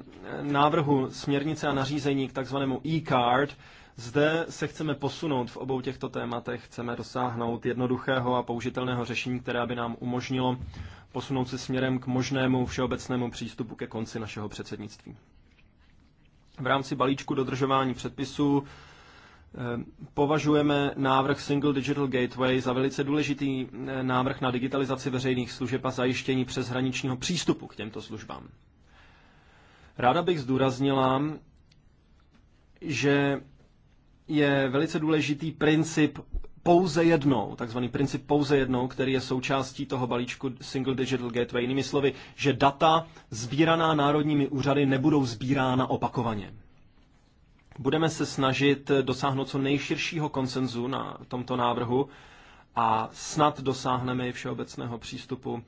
návrhu směrnice a nařízení k takzvanému e-card, zde se chceme posunout v obou těchto tématech, chceme dosáhnout jednoduchého a použitelného řešení, které by nám umožnilo posunout se směrem k možnému všeobecnému přístupu ke konci našeho předsednictví. V rámci balíčku dodržování předpisů eh, považujeme návrh Single Digital Gateway za velice důležitý eh, návrh na digitalizaci veřejných služeb a zajištění přeshraničního přístupu k těmto službám. Ráda bych zdůraznila, že je velice důležitý princip pouze jednou, takzvaný princip pouze jednou, který je součástí toho balíčku Single Digital Gateway. Jinými slovy, že data sbíraná národními úřady nebudou sbírána opakovaně. Budeme se snažit dosáhnout co nejširšího konsenzu na tomto návrhu a snad dosáhneme i všeobecného přístupu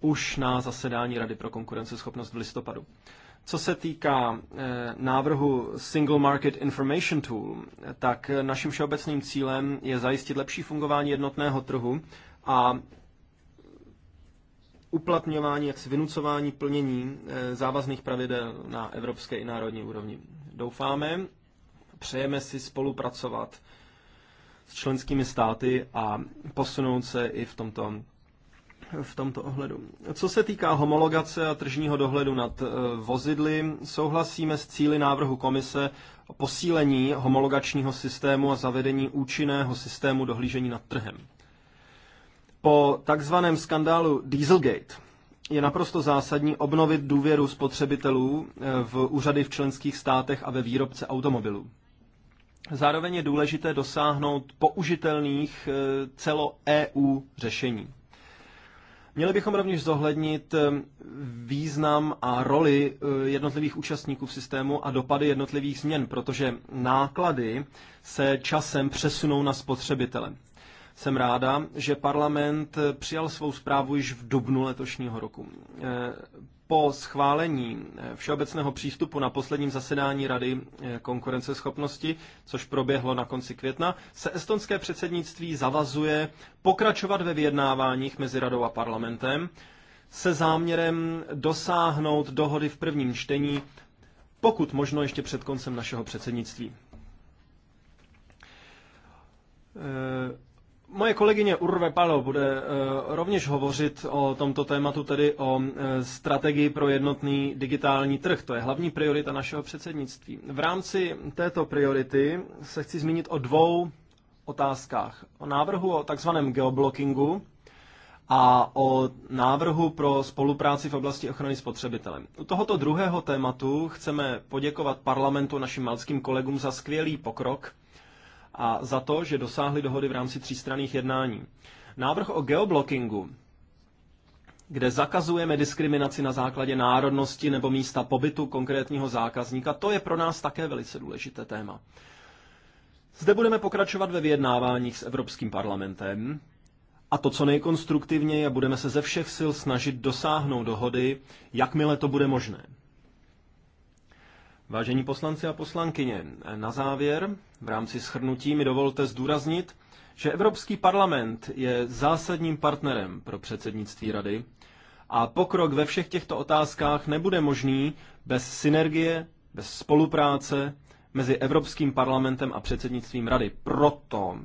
už na zasedání Rady pro konkurenceschopnost v listopadu. Co se týká eh, návrhu Single Market Information Tool, tak naším všeobecným cílem je zajistit lepší fungování jednotného trhu a uplatňování, jak si vynucování plnění eh, závazných pravidel na evropské i národní úrovni. Doufáme, přejeme si spolupracovat s členskými státy a posunout se i v tomto v tomto ohledu. Co se týká homologace a tržního dohledu nad eh, vozidly, souhlasíme s cíly návrhu komise o posílení homologačního systému a zavedení účinného systému dohlížení nad trhem. Po takzvaném skandálu Dieselgate je naprosto zásadní obnovit důvěru spotřebitelů eh, v úřady v členských státech a ve výrobce automobilů. Zároveň je důležité dosáhnout použitelných eh, celo EU řešení. Měli bychom rovněž zohlednit eh, význam a roli eh, jednotlivých účastníků v systému a dopady jednotlivých změn, protože náklady se časem přesunou na spotřebitele. Jsem ráda, že parlament eh, přijal svou zprávu již v dubnu letošního roku. Po schválení eh, všeobecného přístupu na posledním zasedání Rady eh, konkurenceschopnosti, což proběhlo na konci května, se estonské předsednictví zavazuje pokračovat ve vyjednáváních mezi Radou a parlamentem se záměrem dosáhnout dohody v prvním čtení, pokud možno ještě před koncem našeho předsednictví. E Moje kolegyně Urve Palo bude eh, rovněž hovořit o tomto tématu, tedy o eh, strategii pro jednotný digitální trh. To je hlavní priorita našeho předsednictví. V rámci této priority se chci zmínit o dvou otázkách. O návrhu o takzvaném geoblockingu a o návrhu pro spolupráci v oblasti ochrany spotřebitele. U tohoto druhého tématu chceme poděkovat parlamentu našim malským kolegům za skvělý pokrok – a za to, že dosáhli dohody v rámci třístranných jednání. Návrh o geoblockingu, kde zakazujeme diskriminaci na základě národnosti nebo místa pobytu konkrétního zákazníka, to je pro nás také velice důležité téma. Zde budeme pokračovat ve vyjednáváních s Evropským parlamentem a to, co nejkonstruktivněji, budeme se ze všech sil snažit dosáhnout dohody, jakmile to bude možné. Vážení poslanci a poslankyně, na závěr v rámci shrnutí mi dovolte zdůraznit, že Evropský parlament je zásadním partnerem pro předsednictví Rady a pokrok ve všech těchto otázkách nebude možný bez synergie, bez spolupráce mezi Evropským parlamentem a předsednictvím Rady. Proto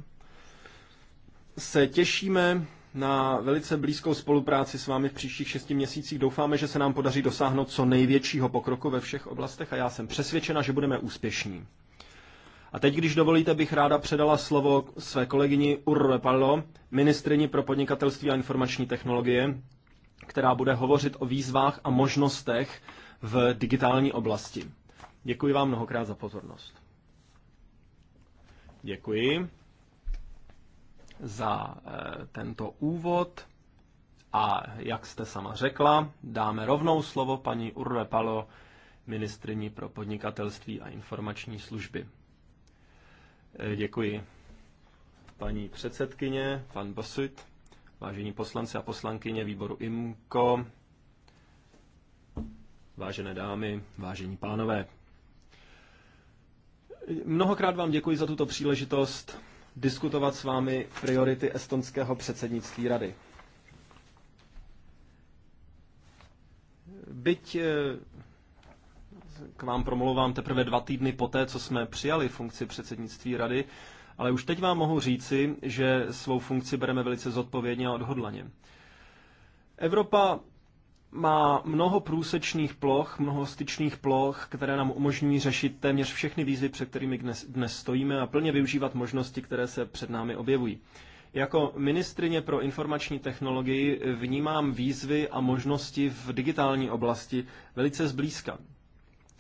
se těšíme na velice blízkou spolupráci s vámi v příštích šesti měsících. Doufáme, že se nám podaří dosáhnout co největšího pokroku ve všech oblastech a já jsem přesvědčena, že budeme úspěšní. A teď, když dovolíte, bych ráda předala slovo své kolegyni Urve Pallo, ministrině pro podnikatelství a informační technologie, která bude hovořit o výzvách a možnostech v digitální oblasti. Děkuji vám mnohokrát za pozornost. Děkuji za e, tento úvod a jak jste sama řekla, dáme rovnou slovo paní Urve Palo, ministrině pro podnikatelství a informační služby. E, děkuji. Paní předsedkyně, pan Bosuit, vážení poslanci a poslankyně výboru IMKO, vážené dámy, vážení pánové. Mnohokrát vám děkuji za tuto příležitost diskutovat s vámi priority estonského předsednictví rady. Byť eh, k vám promluvám teprve dva týdny poté, co jsme přijali funkci předsednictví rady, ale už teď vám mohu říci, že svou funkci bereme velice zodpovědně a odhodlaně. Evropa má mnoho průsečných ploch, mnoho styčných ploch, které nám umožňují řešit téměř všechny výzvy, před kterými dnes, dnes stojíme a plně využívat možnosti, které se před námi objevují. Jako ministrině pro informační technologii vnímám výzvy a možnosti v digitální oblasti velice zblízka.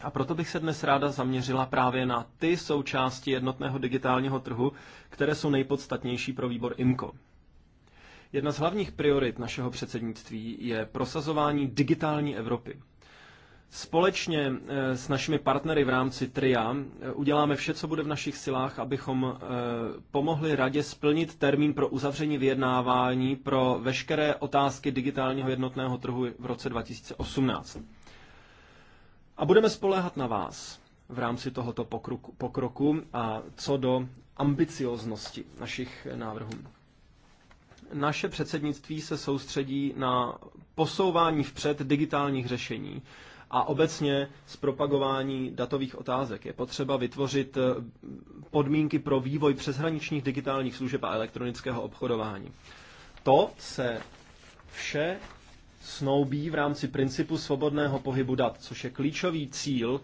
A proto bych se dnes ráda zaměřila právě na ty součásti jednotného digitálního trhu, které jsou nejpodstatnější pro výbor IMCO. Jedna z hlavních priorit našeho předsednictví je prosazování digitální Evropy. Společně eh, s našimi partnery v rámci TRIA eh, uděláme vše, co bude v našich silách, abychom eh, pomohli radě splnit termín pro uzavření vyjednávání pro veškeré otázky digitálního jednotného trhu v roce 2018. A budeme spoléhat na vás v rámci tohoto pokroku, a co do ambicioznosti našich návrhů. Naše předsednictví se soustředí na posouvání vpřed digitálních řešení a obecně z propagování datových otázek. Je potřeba vytvořit eh, podmínky pro vývoj přeshraničních digitálních služeb a elektronického obchodování. To se vše snoubí v rámci principu svobodného pohybu dat, což je klíčový cíl,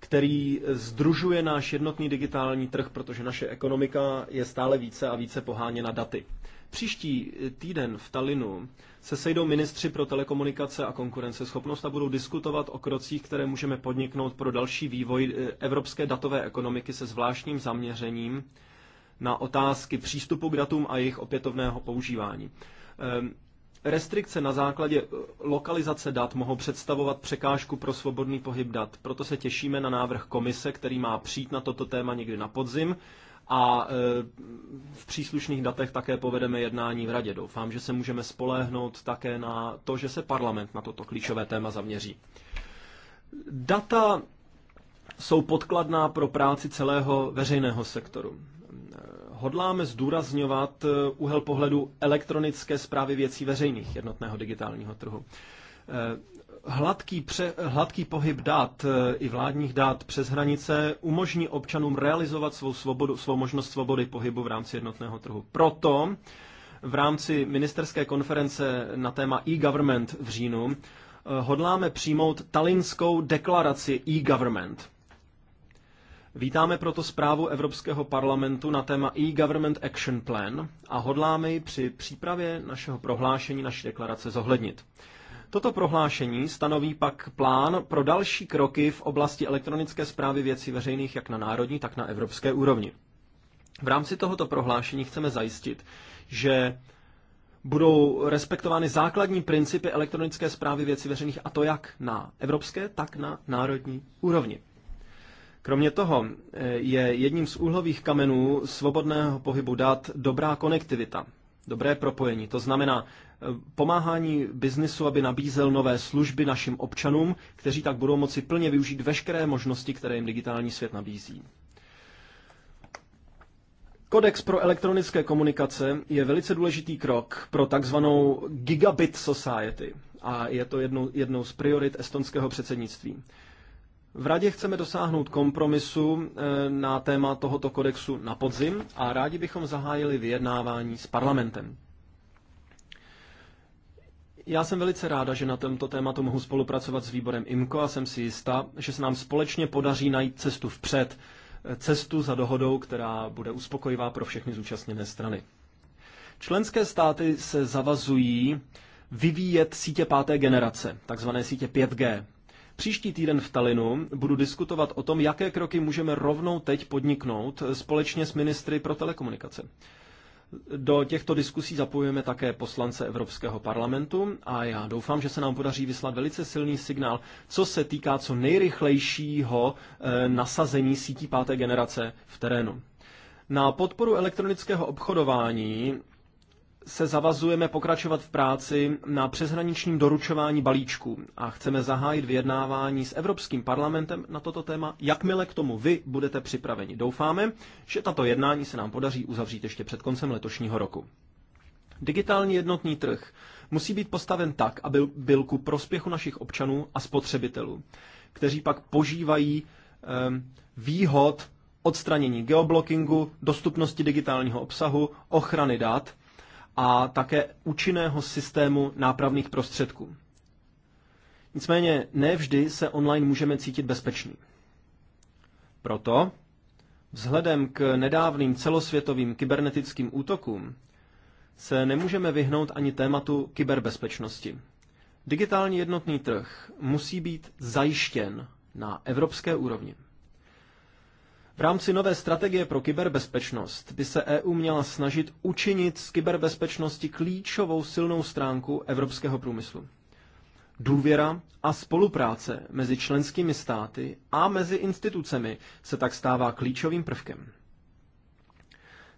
který eh, združuje náš jednotný digitální trh, protože naše ekonomika je stále více a více poháněna daty. Příští týden v Talinu se sejdou ministři pro telekomunikace a konkurenceschopnost a budou diskutovat o krocích, které můžeme podniknout pro další vývoj eh, evropské datové ekonomiky se zvláštním zaměřením na otázky přístupu k datům a jejich opětovného používání. Ehm, restrikce na základě eh, lokalizace dat mohou představovat překážku pro svobodný pohyb dat. Proto se těšíme na návrh komise, který má přijít na toto téma někdy na podzim a e, v příslušných datech také povedeme jednání v radě. Doufám, že se můžeme spolehnout také na to, že se parlament na toto klíčové téma zaměří. Data jsou podkladná pro práci celého veřejného sektoru. E, hodláme zdůrazňovat e, úhel pohledu elektronické zprávy věcí veřejných jednotného digitálního trhu. Hladký, pře, hladký pohyb dát e, i vládních dát přes hranice umožní občanům realizovat svou, svobodu, svou možnost svobody pohybu v rámci jednotného trhu. Proto v rámci ministerské konference na téma e-government v říjnu e, hodláme přijmout talinskou deklaraci e-government. Vítáme proto zprávu Evropského parlamentu na téma e-government action plan a hodláme ji při přípravě našeho prohlášení naší deklarace zohlednit. Toto prohlášení stanoví pak plán pro další kroky v oblasti elektronické zprávy věcí veřejných jak na národní, tak na evropské úrovni. V rámci tohoto prohlášení chceme zajistit, že budou respektovány základní principy elektronické zprávy věcí veřejných, a to jak na evropské, tak na národní úrovni. Kromě toho eh, je jedním z úhlových kamenů svobodného pohybu dat dobrá konektivita, dobré propojení. To znamená pomáhání biznisu, aby nabízel nové služby našim občanům, kteří tak budou moci plně využít veškeré možnosti, které jim digitální svět nabízí. Kodex pro elektronické komunikace je velice důležitý krok pro takzvanou Gigabit Society a je to jednou, jednou z priorit estonského předsednictví. V radě chceme dosáhnout kompromisu eh, na téma tohoto kodexu na podzim a rádi bychom zahájili vyjednávání s parlamentem. Já jsem velice ráda, že na tomto tématu mohu spolupracovat s výborem IMCO a jsem si jistá, že se nám společně podaří najít cestu vpřed, cestu za dohodou, která bude uspokojivá pro všechny zúčastněné strany. Členské státy se zavazují vyvíjet sítě páté generace, takzvané sítě 5G. Příští týden v Talinu budu diskutovat o tom, jaké kroky můžeme rovnou teď podniknout společně s ministry pro telekomunikace. Do těchto diskusí zapojujeme také poslance Evropského parlamentu a já doufám, že se nám podaří vyslat velice silný signál, co se týká co nejrychlejšího eh, nasazení sítí páté generace v terénu. Na podporu elektronického obchodování se zavazujeme pokračovat v práci na přeshraničním doručování balíčků a chceme zahájit vyjednávání s Evropským parlamentem na toto téma, jakmile k tomu vy budete připraveni. Doufáme, že tato jednání se nám podaří uzavřít ještě před koncem letošního roku. Digitální jednotný trh musí být postaven tak, aby byl ku prospěchu našich občanů a spotřebitelů, kteří pak požívají ehm, výhod odstranění geoblockingu, dostupnosti digitálního obsahu, ochrany dat a také účinného systému nápravných prostředků. Nicméně nevždy se online můžeme cítit bezpečný. Proto, vzhledem k nedávným celosvětovým kybernetickým útokům, se nemůžeme vyhnout ani tématu kyberbezpečnosti. Digitální jednotný trh musí být zajištěn na evropské úrovni. V rámci nové strategie pro kyberbezpečnost by se EU měla snažit učinit z kyberbezpečnosti klíčovou silnou stránku evropského průmyslu. Důvěra a spolupráce mezi členskými státy a mezi institucemi se tak stává klíčovým prvkem.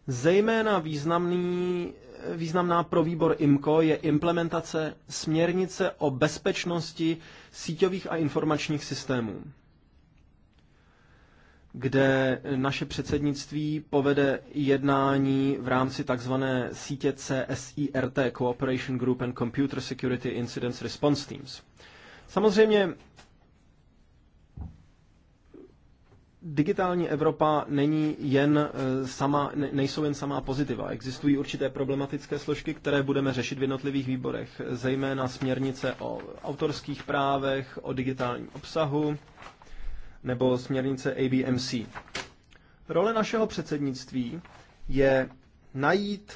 Zejména významný, významná pro výbor IMCO je implementace směrnice o bezpečnosti síťových a informačních systémů kde naše předsednictví povede jednání v rámci takzvané sítě CSIRT, Cooperation Group and Computer Security Incidents Response Teams. Samozřejmě digitální Evropa není jen eh, sama, nejsou jen samá pozitiva. Existují určité problematické složky, které budeme řešit v jednotlivých výborech, zejména směrnice o autorských právech, o digitálním obsahu, nebo směrnice ABMC. Role našeho předsednictví je najít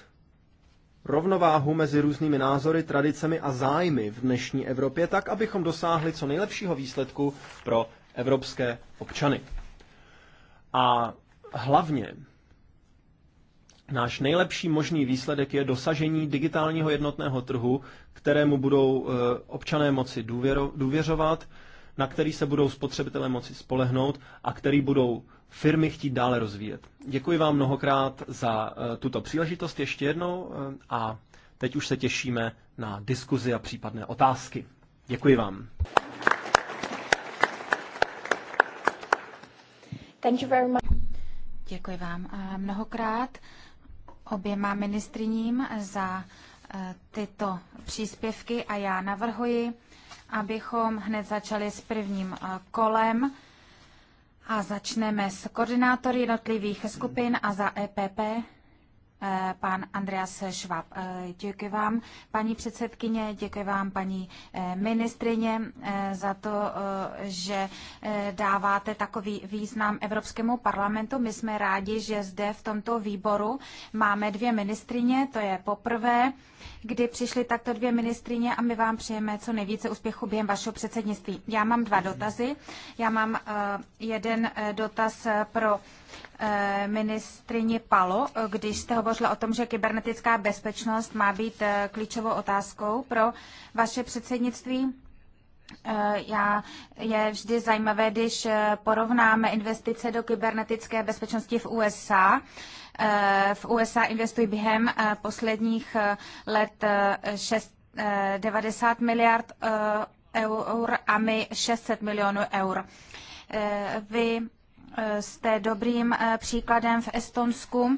rovnováhu mezi různými názory, tradicemi a zájmy v dnešní Evropě, tak abychom dosáhli co nejlepšího výsledku pro evropské občany. A hlavně náš nejlepší možný výsledek je dosažení digitálního jednotného trhu, kterému budou eh, občané moci důvěřovat na který se budou spotřebitelé moci spolehnout a který budou firmy chtít dále rozvíjet. Děkuji vám mnohokrát za eh, tuto příležitost ještě jednou eh, a teď už se těšíme na diskuzi a případné otázky. Děkuji vám. Thank you very much. Děkuji vám eh, mnohokrát oběma ministriním za tyto příspěvky a já navrhuji, abychom hned začali s prvním eh, kolem a začneme s koordinátory jednotlivých skupin a za EPP eh, pan Andreas Schwab. Eh, děkuji vám, paní předsedkyně, děkuji vám, paní ministrině, za to, že dáváte takový význam Evropskému parlamentu. My jsme rádi, že zde v tomto výboru máme dvě ministrině, to je poprvé kdy přišly takto dvě ministrině a my vám přejeme co nejvíce úspěchu během vašeho předsednictví. Já mám dva dotazy. Já mám eh, jeden eh, dotaz eh, pro ministrině Palo, když jste hovořila o tom, že kybernetická bezpečnost má být klíčovou otázkou pro vaše předsednictví. Já, je vždy zajímavé, když porovnáme investice do kybernetické bezpečnosti v USA Eh, v USA investují během eh, posledních eh, let 6, 90 miliard eur a my 600 milionů eur. Vy jste dobrým příkladem v Estonsku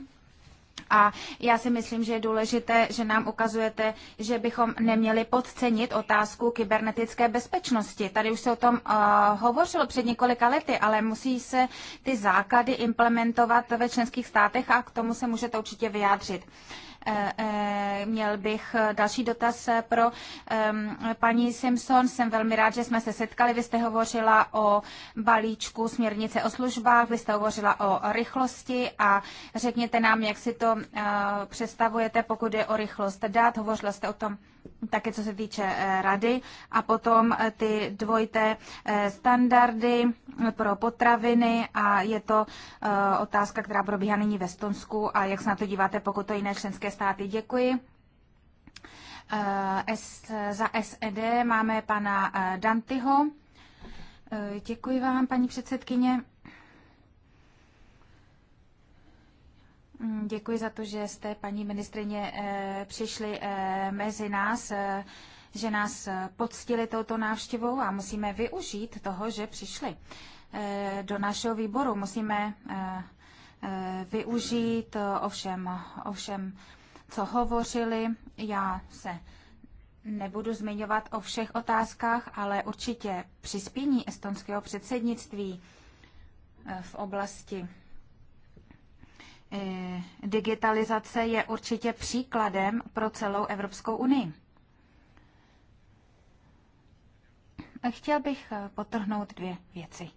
a já si myslím, že je důležité, že nám ukazujete, že bychom neměli podcenit otázku kybernetické bezpečnosti. Tady už se o tom uh, hovořilo před několika lety, ale musí se ty základy implementovat ve členských státech a k tomu se můžete určitě vyjádřit. Uh, Eh, eh, měl bych eh, další dotaz pro paní Simpson. Jsem velmi rád, že jsme se setkali. Vy jste hovořila o balíčku směrnice o službách, vy jste hovořila o rychlosti a řekněte nám, jak si to představujete, pokud je o rychlost dát. Hovořila jste o tom také co se týče eh, rady, a potom eh, ty dvojité eh, standardy pro potraviny a je to otázka, která probíhá nyní ve Stonsku a jak se na to díváte, pokud to jiné členské státy. Děkuji. S, za SED máme pana Dantyho. Děkuji vám, paní předsedkyně. Mm, děkuji za to, že jste, paní ministrině, eh, přišli eh, mezi nás, eh, že nás poctili touto návštěvou a musíme využít toho, že přišli do našeho výboru. Musíme využít ovšem, ovšem co hovořili. Já se nebudu zmiňovat o všech otázkách, ale určitě přispění estonského předsednictví v oblasti Eh, digitalizace je určitě příkladem pro celou Evropskou unii. Chtěl bych eh, potrhnout dvě věci.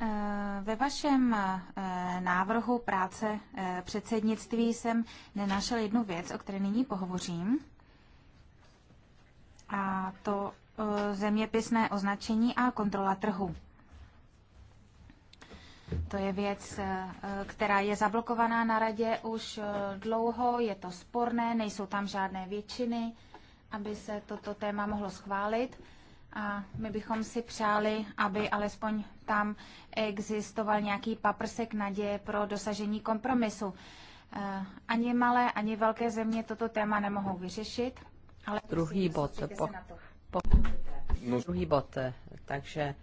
Eh, ve vašem návrhu práce předsednictví jsem nenašel jednu věc, o které nyní pohovořím, a to zeměpisné označení a kontrola trhu. To je věc, eh, eh, která je zablokovaná na radě už eh, dlouho, je to sporné, nejsou tam žádné většiny, aby se toto téma mohlo schválit. A my bychom si přáli, aby alespoň tam existoval nějaký paprsek naděje pro dosažení kompromisu. Ani malé, ani velké země toto téma nemohou vyřešit. Ale druhý bod. Po, po, druhý bod. Takže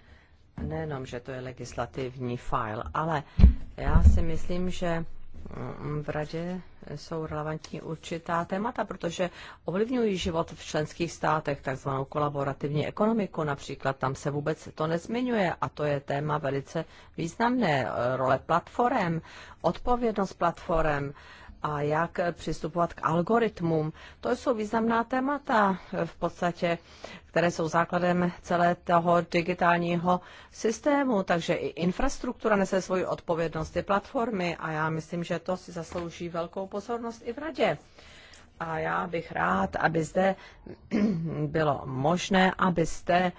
nejenom, že to je legislativní file, ale já si myslím, že mm, v radě jsou relevantní určitá témata, protože ovlivňují život v členských státech, takzvanou kolaborativní ekonomiku například, tam se vůbec to nezmiňuje a to je téma velice významné, role platform, odpovědnost platform, a jak přistupovat k algoritmům. To jsou významná témata v podstatě, které jsou základem celé toho digitálního systému. Takže i infrastruktura nese svoji odpovědnost, i platformy a já myslím, že to si zaslouží velkou pozornost i v radě. A já bych rád, aby zde bylo možné, abyste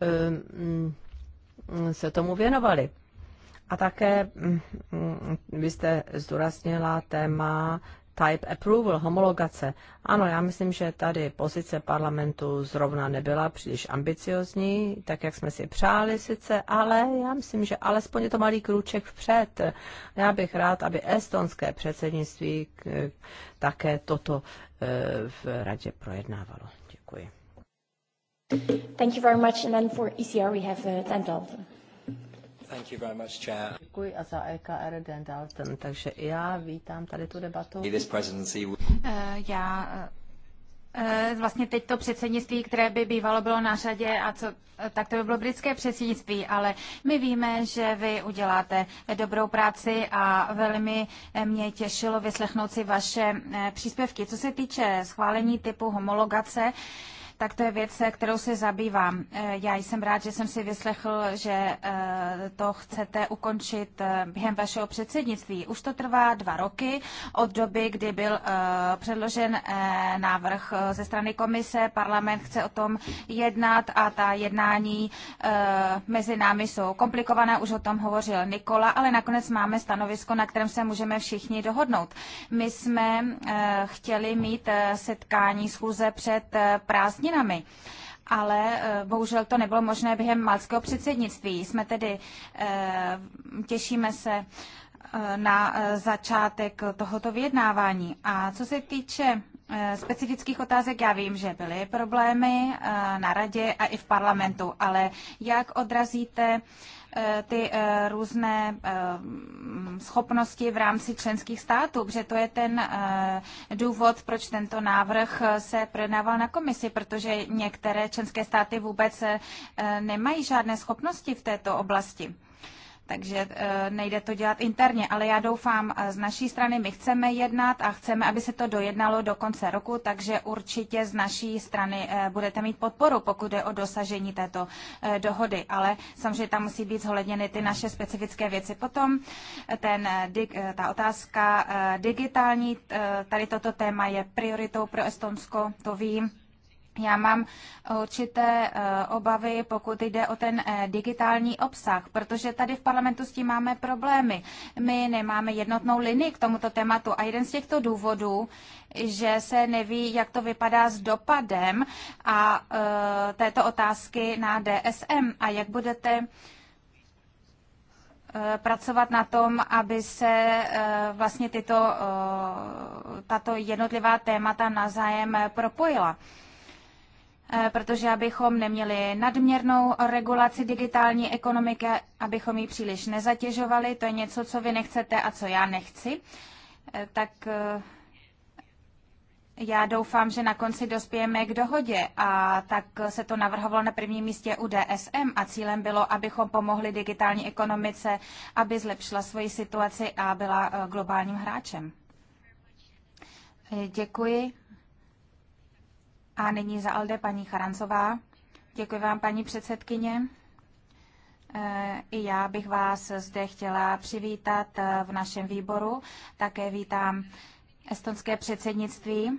eh, mm, se tomu věnovali. A také mm, mm, vy jste zdůraznila téma type approval, homologace. Ano, já myslím, že tady pozice parlamentu zrovna nebyla příliš ambiciozní, tak jak jsme si přáli sice, ale já myslím, že alespoň je to malý krůček vpřed. Já bych rád, aby estonské předsednictví také toto e, v radě projednávalo. Děkuji. Thank you very much. And then for ECR we have uh, Děkuji a za EKR Dan Dalton. Takže já vítám tady tu debatu. This presidency... Uh, já eh, eh, Vlastně teď to předsednictví, které by bývalo bylo na řadě, a co, tak to by bylo britské předsednictví, ale my víme, že vy uděláte dobrou práci a velmi mě těšilo vyslechnout si vaše příspěvky. Co se týče schválení typu homologace, tak to je věc, eh, kterou se zabývám. Eh, já jsem rád, že jsem si vyslechl, že eh, to chcete ukončit během vašeho předsednictví. Už to trvá dva roky od doby, kdy byl předložen návrh ze strany komise. Parlament chce o tom jednat a ta jednání mezi námi jsou komplikovaná. Už o tom hovořil Nikola, ale nakonec máme stanovisko, na kterém se můžeme všichni dohodnout. My jsme chtěli mít setkání schůze před prázdninami rodinami ale eh, bohužel to nebylo možné během malského předsednictví. Jsme tedy, eh, těšíme se eh, na začátek tohoto vyjednávání. A co se týče specifických otázek, já vím, že byly problémy na radě a i v parlamentu, ale jak odrazíte Eh, ty eh, různé eh, schopnosti v rámci členských států, protože to je ten důvod, proč tento návrh se projednával na komisi, protože některé členské státy vůbec nemají žádné schopnosti v této oblasti. Takže eh, nejde to dělat interně, ale já doufám, eh, z naší strany my chceme jednat a chceme, aby se to dojednalo do konce roku, takže určitě z naší strany eh, budete mít podporu, pokud je o dosažení této dohody. Ale samozřejmě tam musí být zohledněny ty naše specifické věci. Potom ten, ta otázka digitální, tady toto téma je prioritou pro Estonsko, to vím já mám eh, určité eh, obavy, pokud jde o ten eh, digitální obsah, protože tady v parlamentu s tím máme problémy. My nemáme jednotnou linii k tomuto tématu a jeden z těchto důvodů, že se neví, jak to vypadá s dopadem a této otázky na DSM a jak budete pracovat na tom, aby se vlastně tyto, tato jednotlivá témata nazájem propojila. Eh, protože abychom neměli nadměrnou regulaci digitální ekonomiky, abychom ji příliš nezatěžovali. To je něco, co vy nechcete a co já nechci. Eh, tak eh, já doufám, že na konci dospějeme k dohodě a tak se to navrhovalo na prvním místě u DSM a cílem bylo, abychom pomohli digitální ekonomice, aby zlepšila svoji situaci a byla globálním hráčem. Děkuji. A nyní za Alde paní Charancová. Děkuji vám, paní předsedkyně. Eh, I já bych vás zde chtěla přivítat eh, v našem výboru. Také vítám estonské předsednictví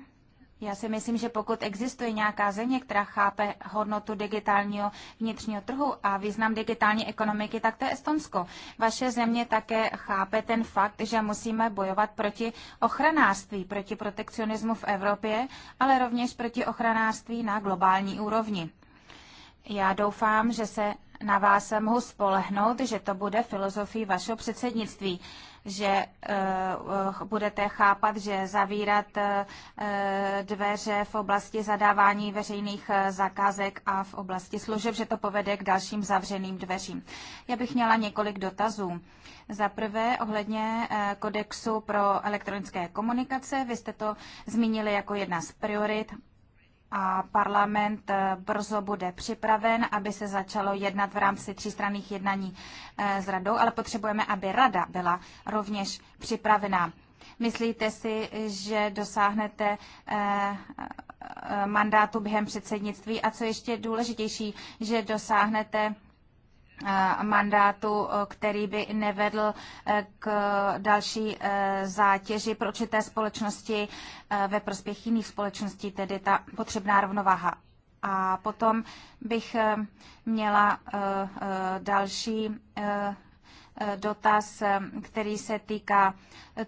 já si myslím, že pokud existuje nějaká země, která chápe hodnotu digitálního vnitřního trhu a význam digitální ekonomiky, tak to je Estonsko. Vaše země také chápe ten fakt, že musíme bojovat proti ochranářství, proti protekcionismu v Evropě, ale rovněž proti ochranářství na globální úrovni. Já doufám, že se na vás mohu spolehnout, že to bude filozofií vašeho předsednictví že eh, eh, budete chápat, že zavírat eh, dveře v oblasti zadávání veřejných zakázek a v oblasti služeb, že to povede k dalším zavřeným dveřím. Já bych měla několik dotazů. Za prvé ohledně kodexu pro elektronické komunikace. Vy jste to zmínili jako jedna z priorit a parlament eh, brzo bude připraven, aby se začalo jednat v rámci třístranných jednání eh, s radou, ale potřebujeme, aby rada byla rovněž připravená. Myslíte si, že dosáhnete eh, mandátu během předsednictví a co ještě důležitější, že dosáhnete Eh, mandátu, eh, který by nevedl eh, k další zátěži pro určité společnosti ve prospěch jiných společností, tedy ta potřebná rovnováha. A potom bych měla další dotaz, který se týká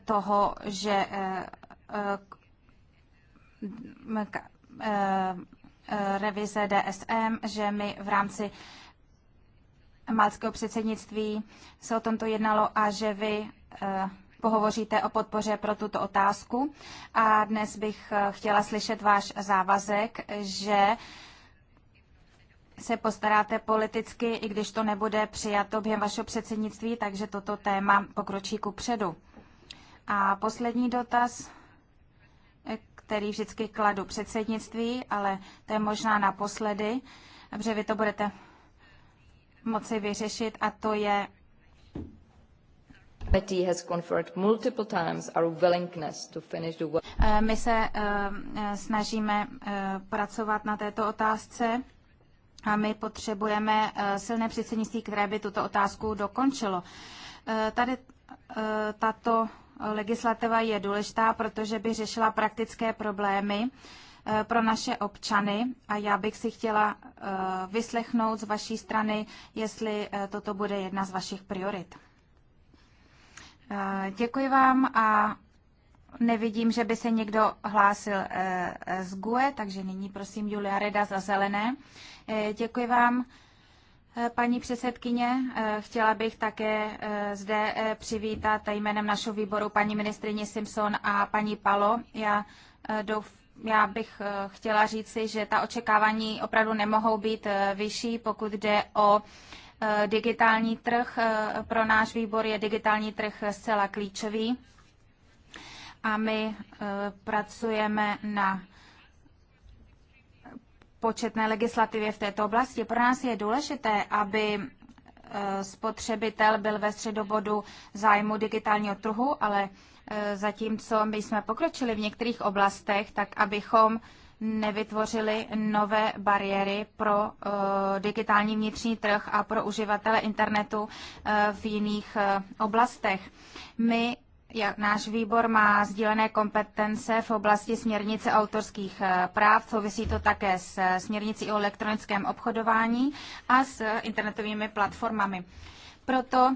toho, že revize DSM, že my v rámci maltského předsednictví se o tomto jednalo a že vy eh, pohovoříte o podpoře pro tuto otázku. A dnes bych eh, chtěla slyšet váš závazek, že se postaráte politicky, i když to nebude přijato během vašeho předsednictví, takže toto téma pokročí ku předu. A poslední dotaz, eh, který vždycky kladu předsednictví, ale to je možná naposledy, protože vy to budete moci vyřešit a to je my se eh, snažíme eh, pracovat na této otázce a my potřebujeme eh, silné předsednictví, které by tuto otázku dokončilo. Tady tato legislativa je důležitá, protože by řešila praktické problémy, Eh, pro naše občany a já bych si chtěla eh, vyslechnout z vaší strany, jestli eh, toto bude jedna z vašich priorit. Děkuji vám a nevidím, že by se někdo hlásil z GUE, takže nyní prosím Julia Reda za zelené. Děkuji vám. Paní předsedkyně, chtěla bych také zde přivítat jménem našeho výboru paní ministrině Simpson a paní Palo. Já doufám, já bych eh, chtěla říci, že ta očekávání opravdu nemohou být eh, vyšší, pokud jde o eh, digitální trh. Pro náš výbor je digitální trh zcela klíčový a my pracujeme na početné legislativě v této oblasti. Pro nás je důležité, aby spotřebitel byl ve středobodu zájmu digitálního trhu, ale Eh, zatímco my jsme pokročili v některých oblastech, tak abychom nevytvořili nové bariéry pro uh, digitální vnitřní trh a pro uživatele internetu uh, v jiných uh, oblastech. My jak náš výbor má sdílené kompetence v oblasti směrnice autorských práv, souvisí to také s směrnicí o elektronickém obchodování a s internetovými platformami. Proto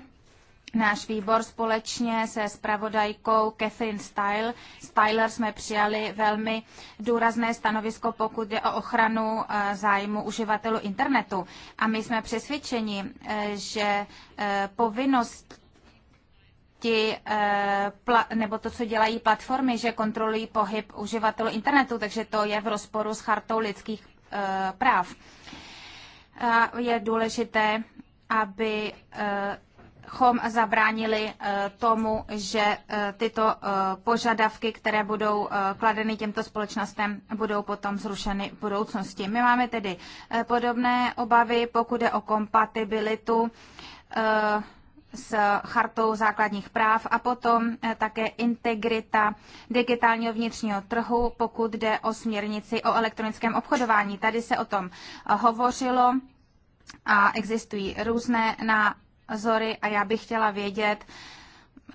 Náš výbor společně se spravodajkou Catherine Style, Styler jsme přijali velmi důrazné stanovisko, pokud je o ochranu eh, zájmu uživatelů internetu. A my jsme přesvědčeni, eh, že eh, povinnost nebo to, co dělají platformy, že kontrolují pohyb uživatelů internetu, takže to je v rozporu s chartou lidských práv. A je důležité, aby chom zabránili eh, tomu, že eh, tyto eh, požadavky, které budou kladeny těmto společnostem, budou potom zrušeny v budoucnosti. My máme tedy podobné obavy, pokud je o kompatibilitu s chartou základních práv a potom také integrita digitálního vnitřního trhu, pokud jde o směrnici o elektronickém obchodování. Tady se o tom hovořilo a existují různé na Zory a já bych chtěla vědět,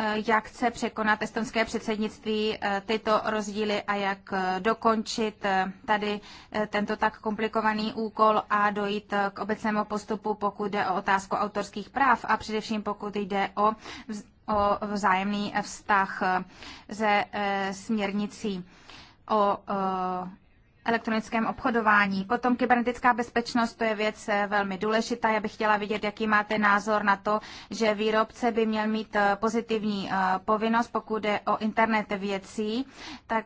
eh, jak chce překonat estonské předsednictví eh, tyto rozdíly a jak eh, dokončit tady tento tak komplikovaný úkol a dojít k obecnému postupu, pokud jde o otázku autorských práv a především pokud jde o, o vzájemný vztah ze směrnicí o elektronickém obchodování. Potom kybernetická bezpečnost, to je věc eh, velmi důležitá. Já bych chtěla vidět, jaký máte názor na to, že výrobce by měl mít eh, pozitivní eh, povinnost, pokud je o internet věcí, tak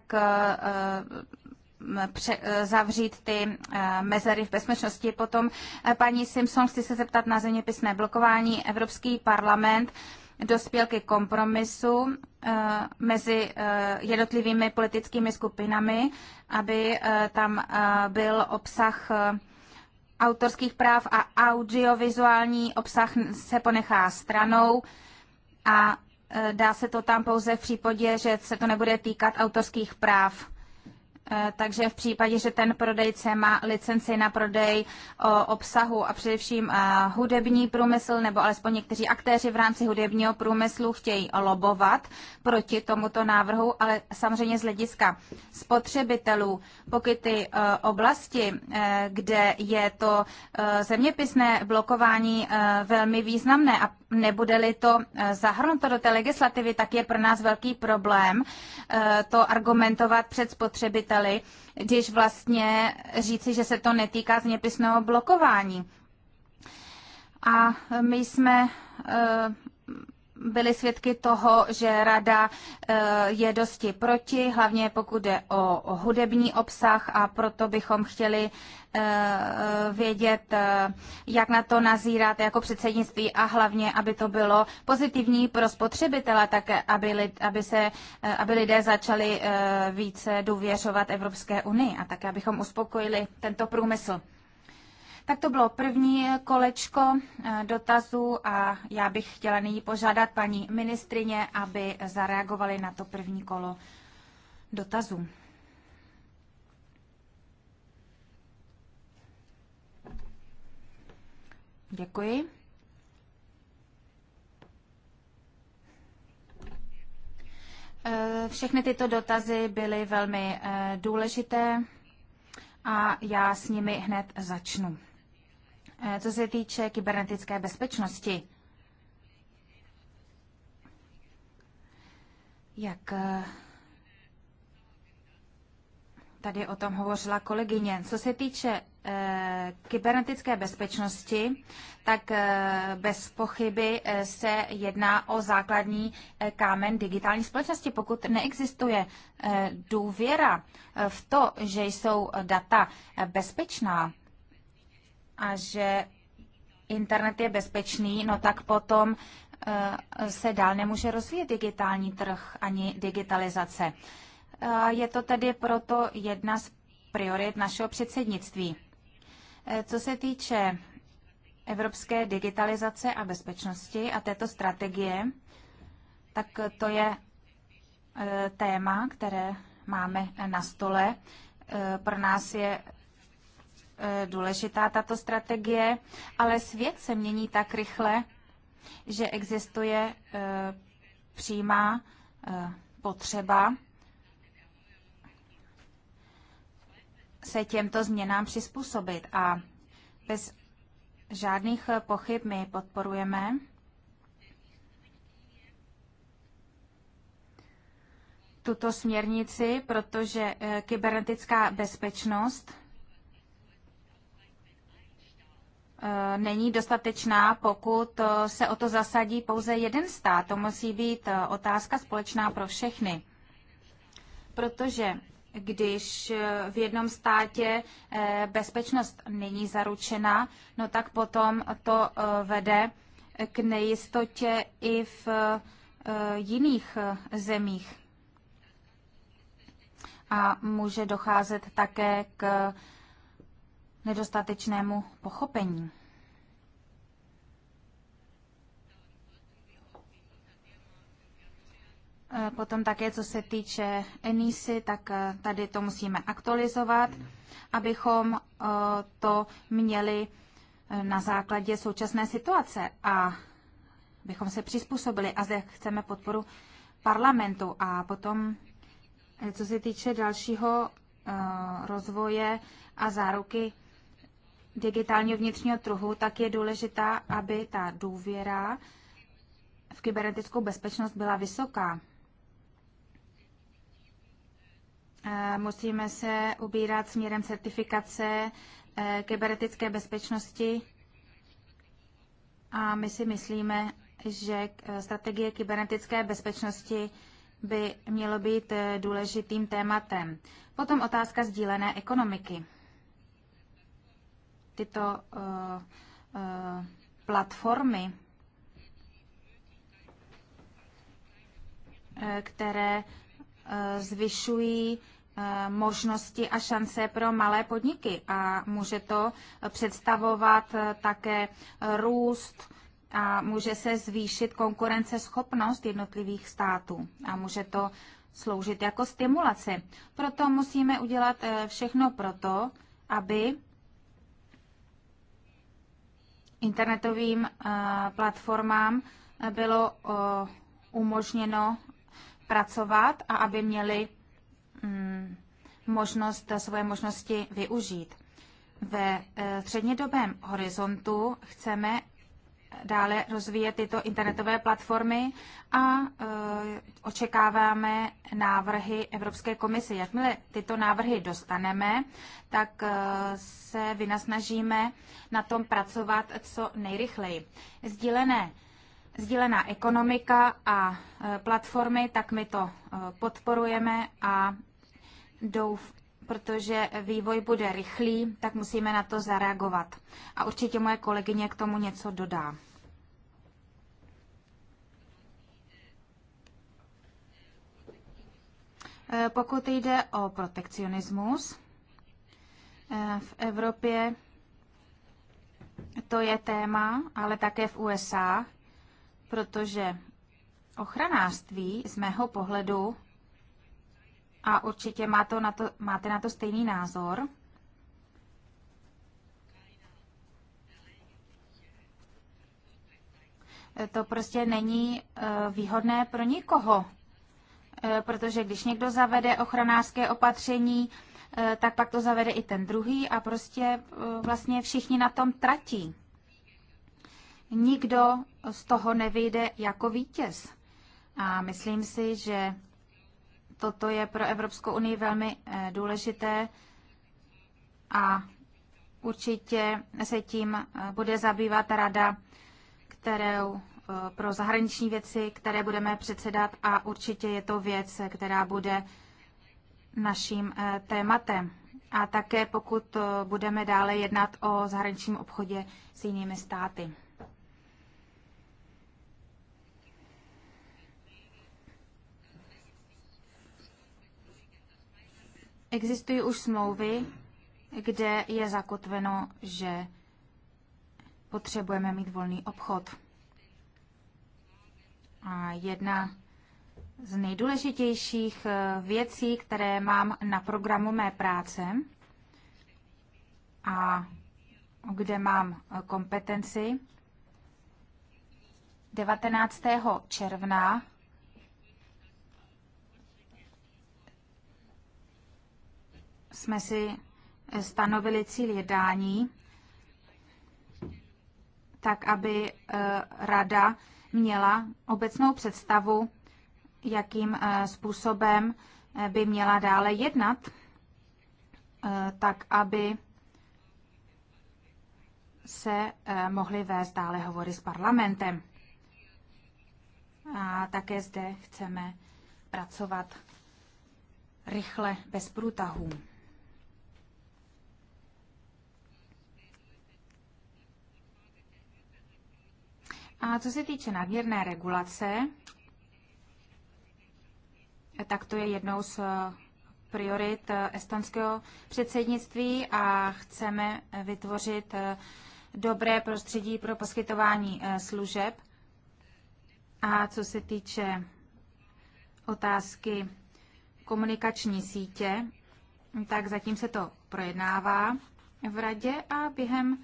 pře- zavřít ty mezery v bezpečnosti. Potom paní Simpson, chci se zeptat na zeměpisné blokování. Evropský parlament dospěl ke kompromisu Eh, mezi eh, jednotlivými politickými skupinami, aby eh, tam byl obsah autorských práv a audiovizuální obsah se ponechá stranou a dá se to tam pouze v případě, že se to nebude týkat autorských práv. Eh, takže v případě, že ten prodejce má licenci na prodej obsahu a především eh, hudební průmysl, nebo alespoň někteří aktéři v rámci hudebního průmyslu chtějí lobovat proti tomuto návrhu, ale samozřejmě z hlediska spotřebitelů, pokud ty eh, oblasti, kde je to zeměpisné blokování velmi významné a nebude-li to zahrnuto do té legislativy, tak je pro nás velký problém to argumentovat před spotřebitelem neměli, když vlastně říci, že se to netýká zněpisného blokování. A my jsme eh, byli svědky toho, že rada eh, je dosti proti, hlavně pokud jde o hudební obsah a proto bychom chtěli eh, eh, vědět, jak na to nazíráte jako předsednictví a hlavně, aby to bylo pozitivní pro spotřebitele, také aby, lid, aby, se, aby lidé začali více důvěřovat Evropské unii a také abychom uspokojili tento průmysl. Tak to bylo první kolečko eh, dotazů a já bych chtěla nyní požádat paní ministrině, aby zareagovali na to první kolo dotazů. Děkuji. Eh, všechny tyto dotazy byly velmi eh, důležité a já s nimi hned začnu. Eh, co se týče kybernetické bezpečnosti, jak eh, tady o tom hovořila kolegyně, co se týče eh, kybernetické bezpečnosti, tak bez pochyby se jedná o základní kámen digitální společnosti. Pokud neexistuje důvěra v to, že jsou data bezpečná, a že internet je bezpečný, no tak potom eh, se dál nemůže rozvíjet digitální trh ani digitalizace. Eh, je to tedy proto jedna z priorit našeho předsednictví. Eh, co se týče evropské digitalizace a bezpečnosti a této strategie, tak to je téma, které máme na stole. Pro nás je Eh, důležitá tato strategie, ale svět se mění tak rychle, že existuje eh, přímá eh, potřeba se těmto změnám přizpůsobit. A bez žádných pochyb my podporujeme tuto směrnici, protože kybernetická bezpečnost Eh, není dostatečná, pokud eh, se o to zasadí pouze jeden stát. To musí být eh, otázka společná pro všechny. Protože když v jednom státě bezpečnost není zaručena, no tak potom to vede k nejistotě i v jiných zemích. A může docházet také k nedostatečnému pochopení. E, potom také, co se týče ENISy, tak e, tady to musíme aktualizovat, abychom e, to měli na základě současné situace a bychom se přizpůsobili a zde chceme podporu parlamentu. A potom, co se týče dalšího rozvoje a záruky digitálního vnitřního trhu, tak je důležitá, aby ta důvěra v kybernetickou bezpečnost byla vysoká. Eh, musíme se ubírat směrem certifikace eh, kybernetické bezpečnosti a my si myslíme, že eh, strategie kybernetické bezpečnosti by mělo být důležitým tématem. Potom otázka sdílené ekonomiky tyto eh, eh, platformy, eh, které zvyšují možnosti a šance pro malé podniky a může to představovat také růst a může se zvýšit konkurenceschopnost jednotlivých států a může to sloužit jako stimulace. Proto musíme udělat všechno proto, aby internetovým eh, platformám eh, bylo eh, umožněno pracovat a aby měli mm, možnost svoje možnosti využít. Ve střednědobém horizontu chceme dále rozvíjet tyto internetové platformy a e, očekáváme návrhy Evropské komise. Jakmile tyto návrhy dostaneme, tak e, se vynasnažíme na tom pracovat co nejrychleji. Sdílené Sdílená ekonomika a eh, platformy, tak my to podporujeme a douf, protože vývoj bude rychlý, tak musíme na to zareagovat. A určitě moje kolegyně k tomu něco dodá. E, pokud jde o protekcionismus, e, v Evropě to je téma, ale také v USA, protože ochranářství z mého pohledu a určitě má to na to, máte na to stejný názor. To prostě není eh, výhodné pro nikoho, eh, protože když někdo zavede ochranářské opatření, eh, tak pak to zavede i ten druhý a prostě vlastně všichni na tom tratí. Nikdo z toho nevyjde jako vítěz. A myslím si, že Toto je pro Evropskou unii velmi eh, důležité a určitě se tím eh, bude zabývat rada, kterou eh, pro zahraniční věci, které budeme předsedat a určitě je to věc, která bude naším tématem. A také pokud budeme dále jednat o zahraničním obchodě s jinými státy. Existují už smlouvy, kde je zakotveno, že potřebujeme mít volný obchod. A jedna z nejdůležitějších eh, věcí, které mám na programu mé práce a kde mám eh, kompetenci, 19. června jsme si eh, stanovili cíl jednání, tak aby eh, rada měla obecnou představu, jakým eh, způsobem by měla dále jednat, tak aby se mohly vést dále hovory s parlamentem. A také zde chceme pracovat rychle, bez průtahů. A co se týče nadměrné regulace, tak to je jednou z eh, priorit eh, estonského předsednictví a chceme vytvořit eh, dobré prostředí pro poskytování služeb. A co se týče otázky komunikační sítě, tak zatím se to projednává v radě a během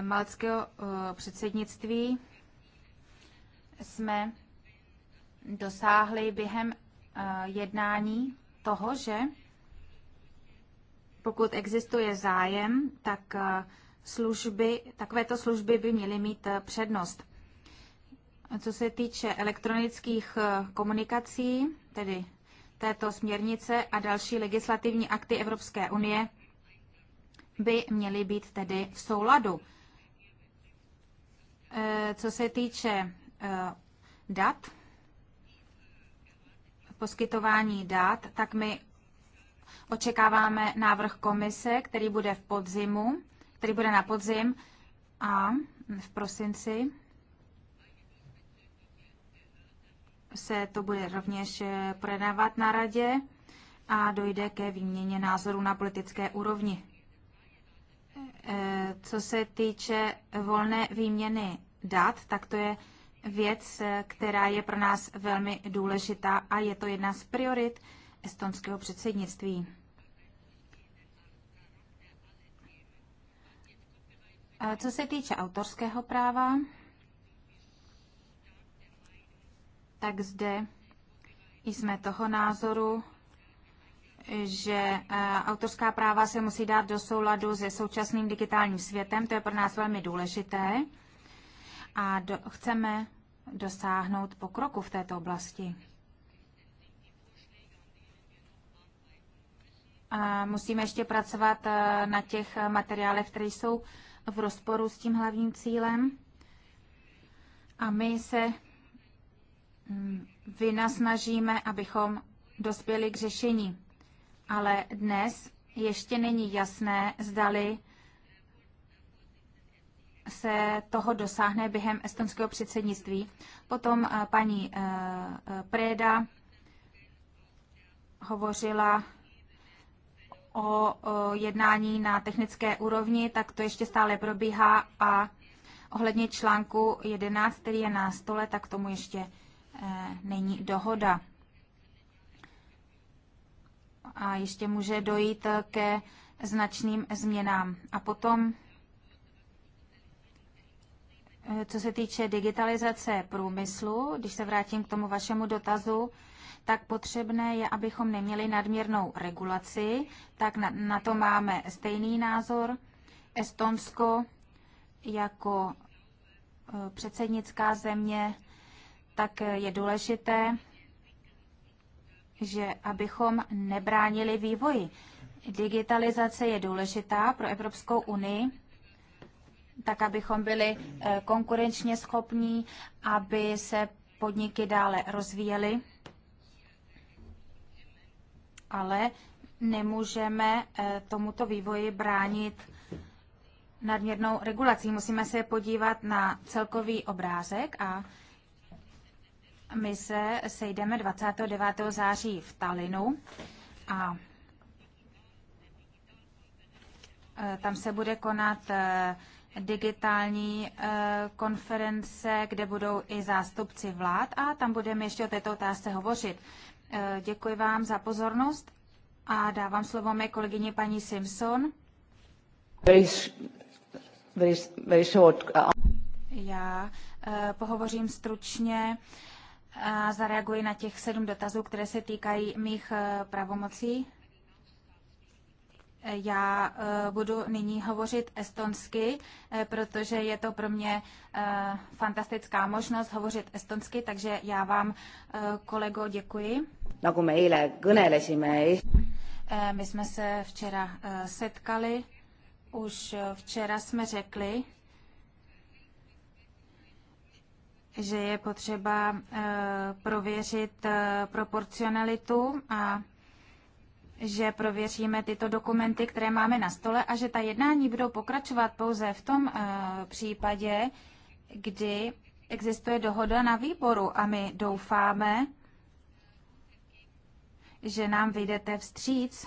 malckého předsednictví jsme dosáhli během eh, jednání toho, že pokud existuje zájem, tak eh, služby, takovéto služby by měly mít eh, přednost. Co se týče elektronických komunikací, tedy této směrnice a další legislativní akty Evropské unie, by měly být tedy v souladu. Co se týče Eh, dat, poskytování dat, tak my očekáváme návrh komise, který bude v podzimu, který bude na podzim a v prosinci se to bude rovněž eh, projednávat na radě a dojde ke výměně názorů na politické úrovni. Eh, co se týče volné výměny dat, tak to je věc, která je pro nás velmi důležitá a je to jedna z priorit estonského předsednictví. Co se týče autorského práva, tak zde jsme toho názoru, že autorská práva se musí dát do souladu se současným digitálním světem. To je pro nás velmi důležité. A do, chceme dosáhnout pokroku v této oblasti. A musíme ještě pracovat eh, na těch materiálech, které jsou v rozporu s tím hlavním cílem. A my se mm, vynasnažíme, abychom dospěli k řešení. Ale dnes ještě není jasné, zdali se toho dosáhne během estonského předsednictví. Potom eh, paní eh, eh, Preda hovořila o jednání na technické úrovni, tak to ještě stále probíhá a ohledně článku 11, který je na stole, tak tomu ještě není dohoda. A ještě může dojít ke značným změnám. A potom co se týče digitalizace průmyslu, když se vrátím k tomu vašemu dotazu, tak potřebné je, abychom neměli nadměrnou regulaci, tak na, na to máme stejný názor. Estonsko jako eh, předsednická země, tak je důležité, že abychom nebránili vývoji. Digitalizace je důležitá pro Evropskou unii, tak abychom byli eh, konkurenčně schopní, aby se podniky dále rozvíjely. Ale nemůžeme eh, tomuto vývoji bránit nadměrnou regulací. Musíme se podívat na celkový obrázek a my se sejdeme 29. září v Talinu a eh, tam se bude konat digitální eh, konference, kde budou i zástupci vlád a tam budeme ještě o této otázce hovořit. Eh, děkuji vám za pozornost a dávám slovo mé kolegyně paní Simpson. Uh, Já eh, pohovořím stručně a zareaguji na těch sedm dotazů, které se týkají mých pravomocí. Já eh, budu nyní hovořit estonsky, eh, protože je to pro mě eh, fantastická možnost hovořit estonsky, takže já vám, kolego, děkuji. Nagu me eile kõnelesime. My jsme se včera setkali, už včera jsme řekli, že je potřeba prověřit proporcionalitu a že prověříme tyto dokumenty, které máme na stole a že ta jednání budou pokračovat pouze v tom uh, případě, kdy existuje dohoda na výboru a my doufáme, že nám vyjdete vstříc.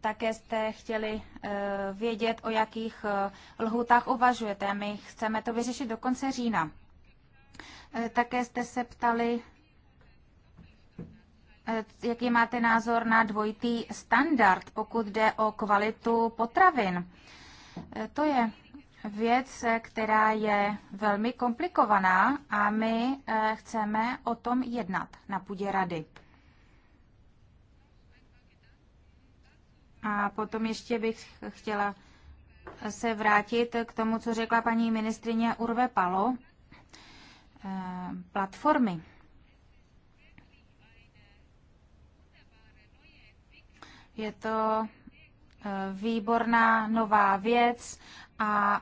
Také jste chtěli uh, vědět, o jakých uh, lhůtách uvažujete. My chceme to vyřešit do konce října. Uh, také jste se ptali, Eh, jaký máte názor na dvojitý standard, pokud jde o kvalitu potravin. Eh, to je věc, eh, která je velmi komplikovaná a my chceme o tom jednat na půdě rady. A potom ještě bych chtěla se vrátit k tomu, co řekla paní ministrině Urve Palo, platformy. Je to eh, výborná nová věc a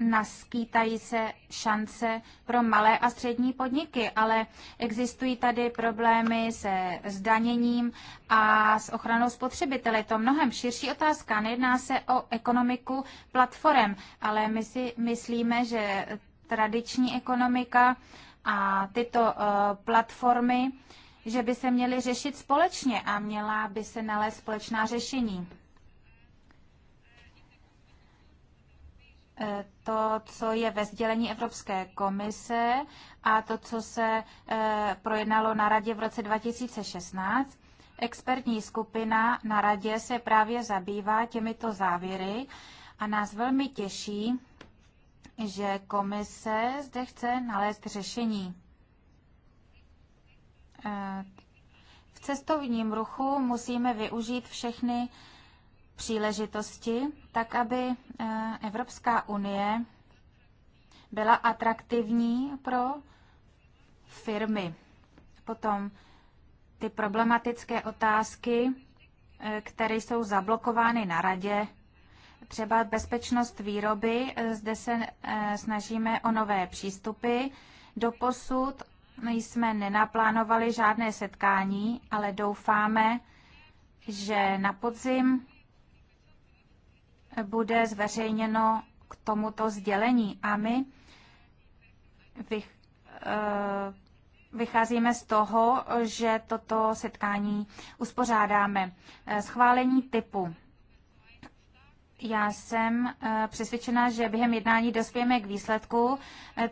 naskýtají se šance pro malé a střední podniky, ale existují tady problémy se zdaněním a s ochranou spotřebitele. Je to mnohem širší otázka. Nejedná se o ekonomiku platform, ale my si myslíme, že tradiční ekonomika a tyto eh, platformy že by se měly řešit společně a měla by se nalézt společná řešení. E, to, co je ve sdělení Evropské komise a to, co se e, projednalo na radě v roce 2016, Expertní skupina na radě se právě zabývá těmito závěry a nás velmi těší, že komise zde chce nalézt řešení. Eh, v cestovním ruchu musíme využít všechny příležitosti, tak aby eh, Evropská unie byla atraktivní pro firmy. Potom ty problematické otázky, eh, které jsou zablokovány na radě, třeba bezpečnost výroby, zde se snažíme o nové přístupy. Doposud my jsme nenaplánovali žádné setkání, ale doufáme, že na podzim bude zveřejněno k tomuto sdělení. A my vych, eh, vycházíme z toho, že toto setkání uspořádáme. Eh, schválení typu. Já jsem eh, přesvědčena, že během jednání dospějeme k výsledku,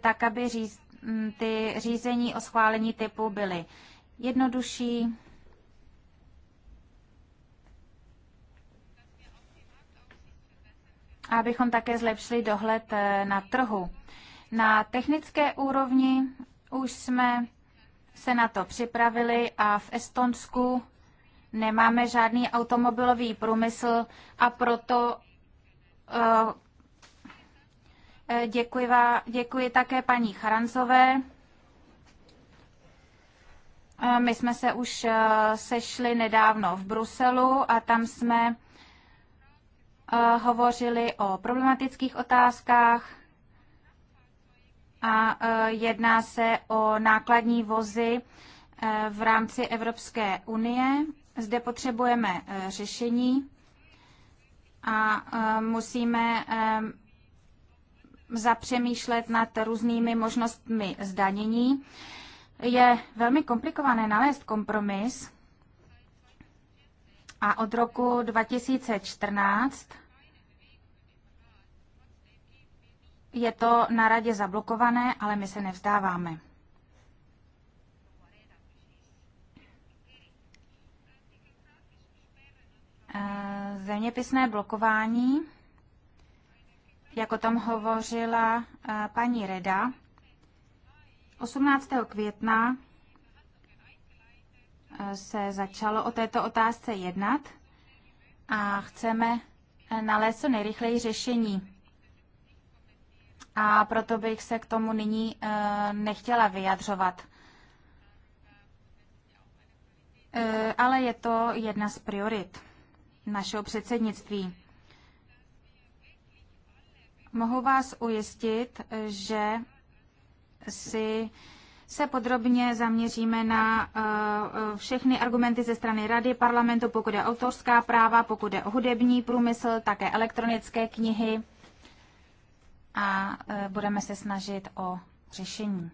tak aby říct, Mm, ty řízení o schválení typu byly jednodušší. abychom také zlepšili dohled eh, na trhu. Na technické úrovni už jsme se na to připravili a v Estonsku nemáme žádný automobilový průmysl a proto eh, Eh, děkuji, vám, děkuji také paní Charancové. Eh, my jsme se už eh, sešli nedávno v Bruselu a tam jsme hovořili o problematických otázkách a jedná se o nákladní vozy v rámci Evropské unie. Zde potřebujeme řešení a musíme zapřemýšlet nad různými možnostmi zdanění. Je velmi komplikované nalézt kompromis a od roku 2014 je to na radě zablokované, ale my se nevzdáváme. Eh, zeměpisné blokování jak o tom hovořila eh, paní Reda. 18. května eh, se začalo o této otázce jednat a chceme eh, nalézt co nejrychleji řešení. A proto bych se k tomu nyní nechtěla vyjadřovat. Ale je to jedna z priorit našeho předsednictví. Mohu vás ujistit, že si se podrobně zaměříme na eh, všechny argumenty ze strany Rady parlamentu, pokud je autorská práva, pokud je o hudební průmysl, také elektronické knihy a eh, budeme se snažit o řešení.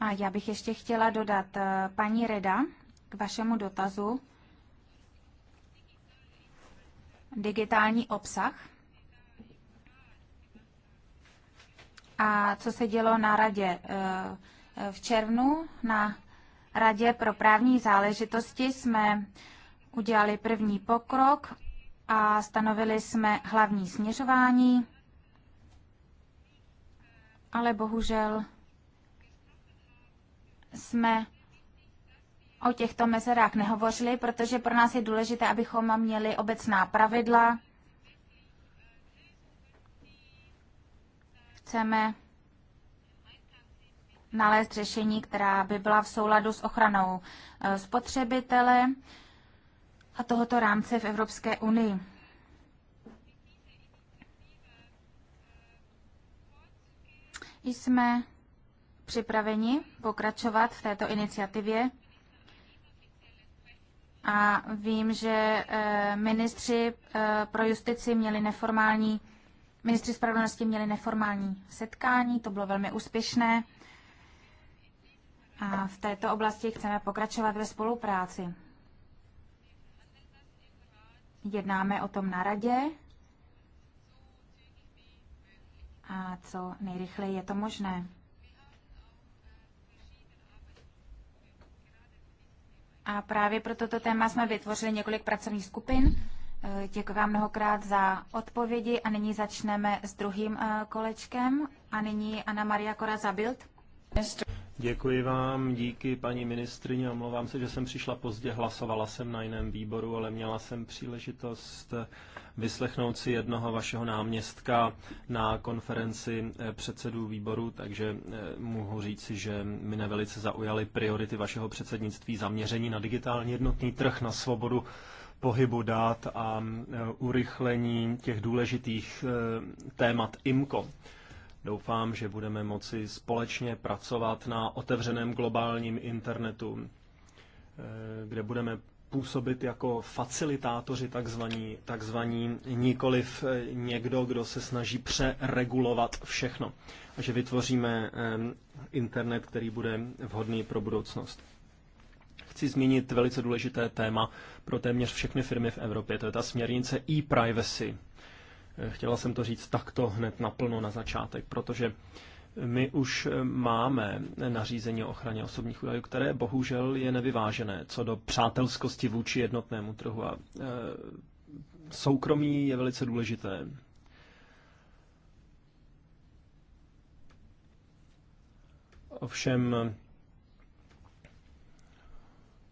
A já bych ještě chtěla dodat eh, paní Reda k vašemu dotazu digitální obsah a co se dělo na radě. Eh, v červnu na radě pro právní záležitosti jsme udělali první pokrok a stanovili jsme hlavní směřování, ale bohužel jsme o těchto mezerách nehovořili, protože pro nás je důležité, abychom měli obecná pravidla. Chceme nalézt řešení, která by byla v souladu s ochranou eh, spotřebitele a tohoto rámce v Evropské unii. Jsme připraveni pokračovat v této iniciativě. A vím, že eh, ministři eh, pro justici měli neformální, ministři spravedlnosti měli neformální setkání, to bylo velmi úspěšné. A v této oblasti chceme pokračovat ve spolupráci. Jednáme o tom na radě a co nejrychleji je to možné. A právě pro toto téma jsme vytvořili několik pracovních skupin. Eh, Děkuji vám mnohokrát za odpovědi a nyní začneme s druhým eh, kolečkem. A nyní Anna Maria Korazabild. Děkuji vám, díky paní ministrině. Omlouvám se, že jsem přišla pozdě, hlasovala jsem na jiném výboru, ale měla jsem příležitost vyslechnout si jednoho vašeho náměstka na konferenci eh, předsedů výboru, takže eh, mohu říci, že mi nevelice zaujaly priority vašeho předsednictví, zaměření na digitální jednotný trh, na svobodu pohybu dát a eh, urychlení těch důležitých témat IMCO. Doufám, že budeme moci společně pracovat na otevřeném globálním internetu, eh, kde budeme působit jako facilitátoři takzvaní, takzvaní nikoliv eh, někdo, kdo se snaží přeregulovat všechno. A že vytvoříme eh, internet, který bude vhodný pro budoucnost. Chci zmínit velice důležité téma pro téměř všechny firmy v Evropě, to je ta směrnice e-privacy. Chtěla jsem to říct takto hned naplno na začátek, protože my už máme nařízení o ochraně osobních údajů, které bohužel je nevyvážené co do přátelskosti vůči jednotnému trhu. A e, soukromí je velice důležité. Ovšem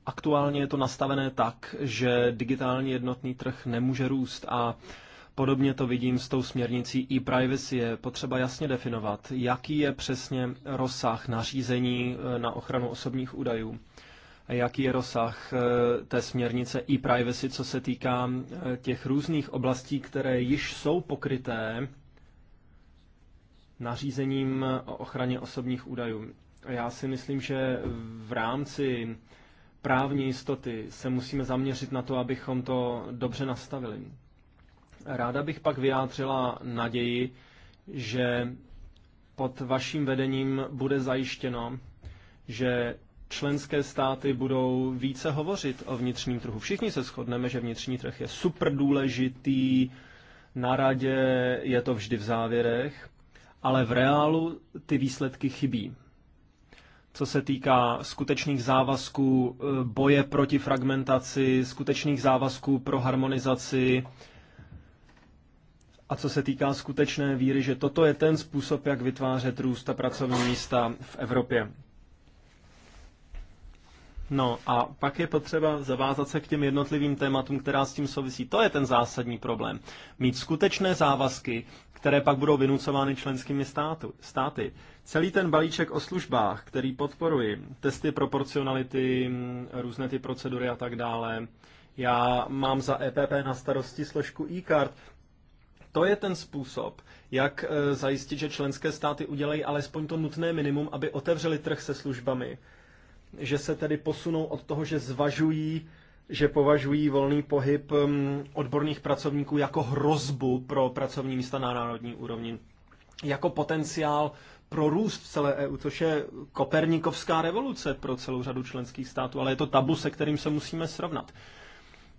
aktuálně je to nastavené tak, že digitální jednotný trh nemůže růst a Podobně to vidím s tou směrnicí e-privacy. Je potřeba jasně definovat, jaký je přesně rozsah nařízení e, na ochranu osobních údajů, jaký je rozsah e, té směrnice e-privacy, co se týká e, těch různých oblastí, které již jsou pokryté nařízením o ochraně osobních údajů. Já si myslím, že v rámci právní jistoty se musíme zaměřit na to, abychom to dobře nastavili. Ráda bych pak vyjádřila naději, že pod vaším vedením bude zajištěno, že členské státy budou více hovořit o vnitřním trhu. Všichni se shodneme, že vnitřní trh je super důležitý, na radě je to vždy v závěrech, ale v reálu ty výsledky chybí. Co se týká skutečných závazků eh, boje proti fragmentaci, skutečných závazků pro harmonizaci, a co se týká skutečné víry, že toto je ten způsob, jak vytvářet růst a pracovní místa v Evropě. No a pak je potřeba zavázat se k těm jednotlivým tématům, která s tím souvisí. To je ten zásadní problém. Mít skutečné závazky, které pak budou vynucovány členskými státu, státy. Celý ten balíček o službách, který podporuji, testy proporcionality, různé ty procedury a tak dále. Já mám za EPP na starosti složku e-card. To je ten způsob, jak eh, zajistit, že členské státy udělají alespoň to nutné minimum, aby otevřeli trh se službami. Že se tedy posunou od toho, že zvažují, že považují volný pohyb hm, odborných pracovníků jako hrozbu pro pracovní místa na národní úrovni, jako potenciál pro růst v celé EU, což je kopernikovská revoluce pro celou řadu členských států, ale je to tabu, se kterým se musíme srovnat.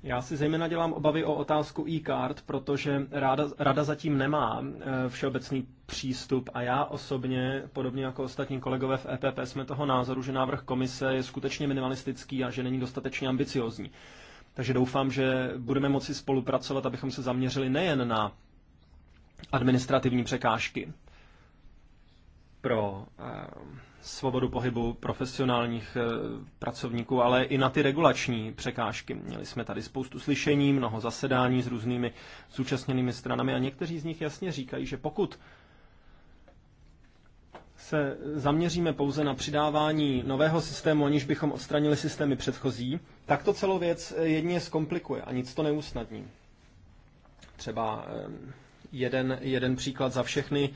Já si zejména dělám obavy o otázku e-card, protože ráda, rada zatím nemá eh, všeobecný přístup a já osobně, podobně jako ostatní kolegové v EPP, jsme toho názoru, že návrh komise je skutečně minimalistický a že není dostatečně ambiciozní. Takže doufám, že budeme moci spolupracovat, abychom se zaměřili nejen na administrativní překážky pro eh, svobodu pohybu profesionálních eh, pracovníků, ale i na ty regulační překážky. Měli jsme tady spoustu slyšení, mnoho zasedání s různými zúčastněnými stranami a někteří z nich jasně říkají, že pokud se zaměříme pouze na přidávání nového systému, aniž bychom odstranili systémy předchozí, tak to celou věc eh, jedně zkomplikuje a nic to neusnadní. Třeba eh, jeden, jeden příklad za všechny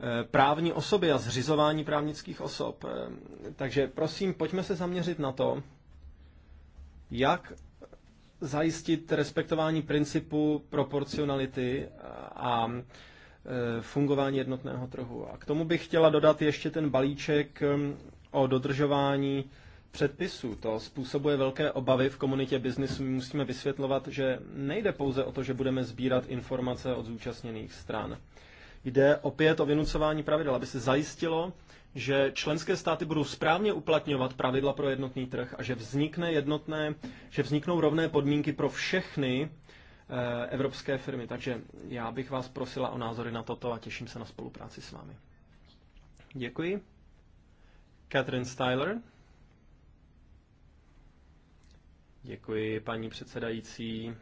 Eh, právní osoby a zřizování právnických osob. Eh, takže prosím, pojďme se zaměřit na to, jak zajistit respektování principu proporcionality a eh, fungování jednotného trhu. A k tomu bych chtěla dodat ještě ten balíček o dodržování předpisů. To způsobuje velké obavy v komunitě biznisu. My musíme vysvětlovat, že nejde pouze o to, že budeme sbírat informace od zúčastněných stran. Jde opět o vynucování pravidel, aby se zajistilo, že členské státy budou správně uplatňovat pravidla pro jednotný trh a že vznikne jednotné, že vzniknou rovné podmínky pro všechny eh, evropské firmy. Takže já bych vás prosila o názory na toto a těším se na spolupráci s vámi. Děkuji. Catherine Styler. Děkuji, paní předsedající.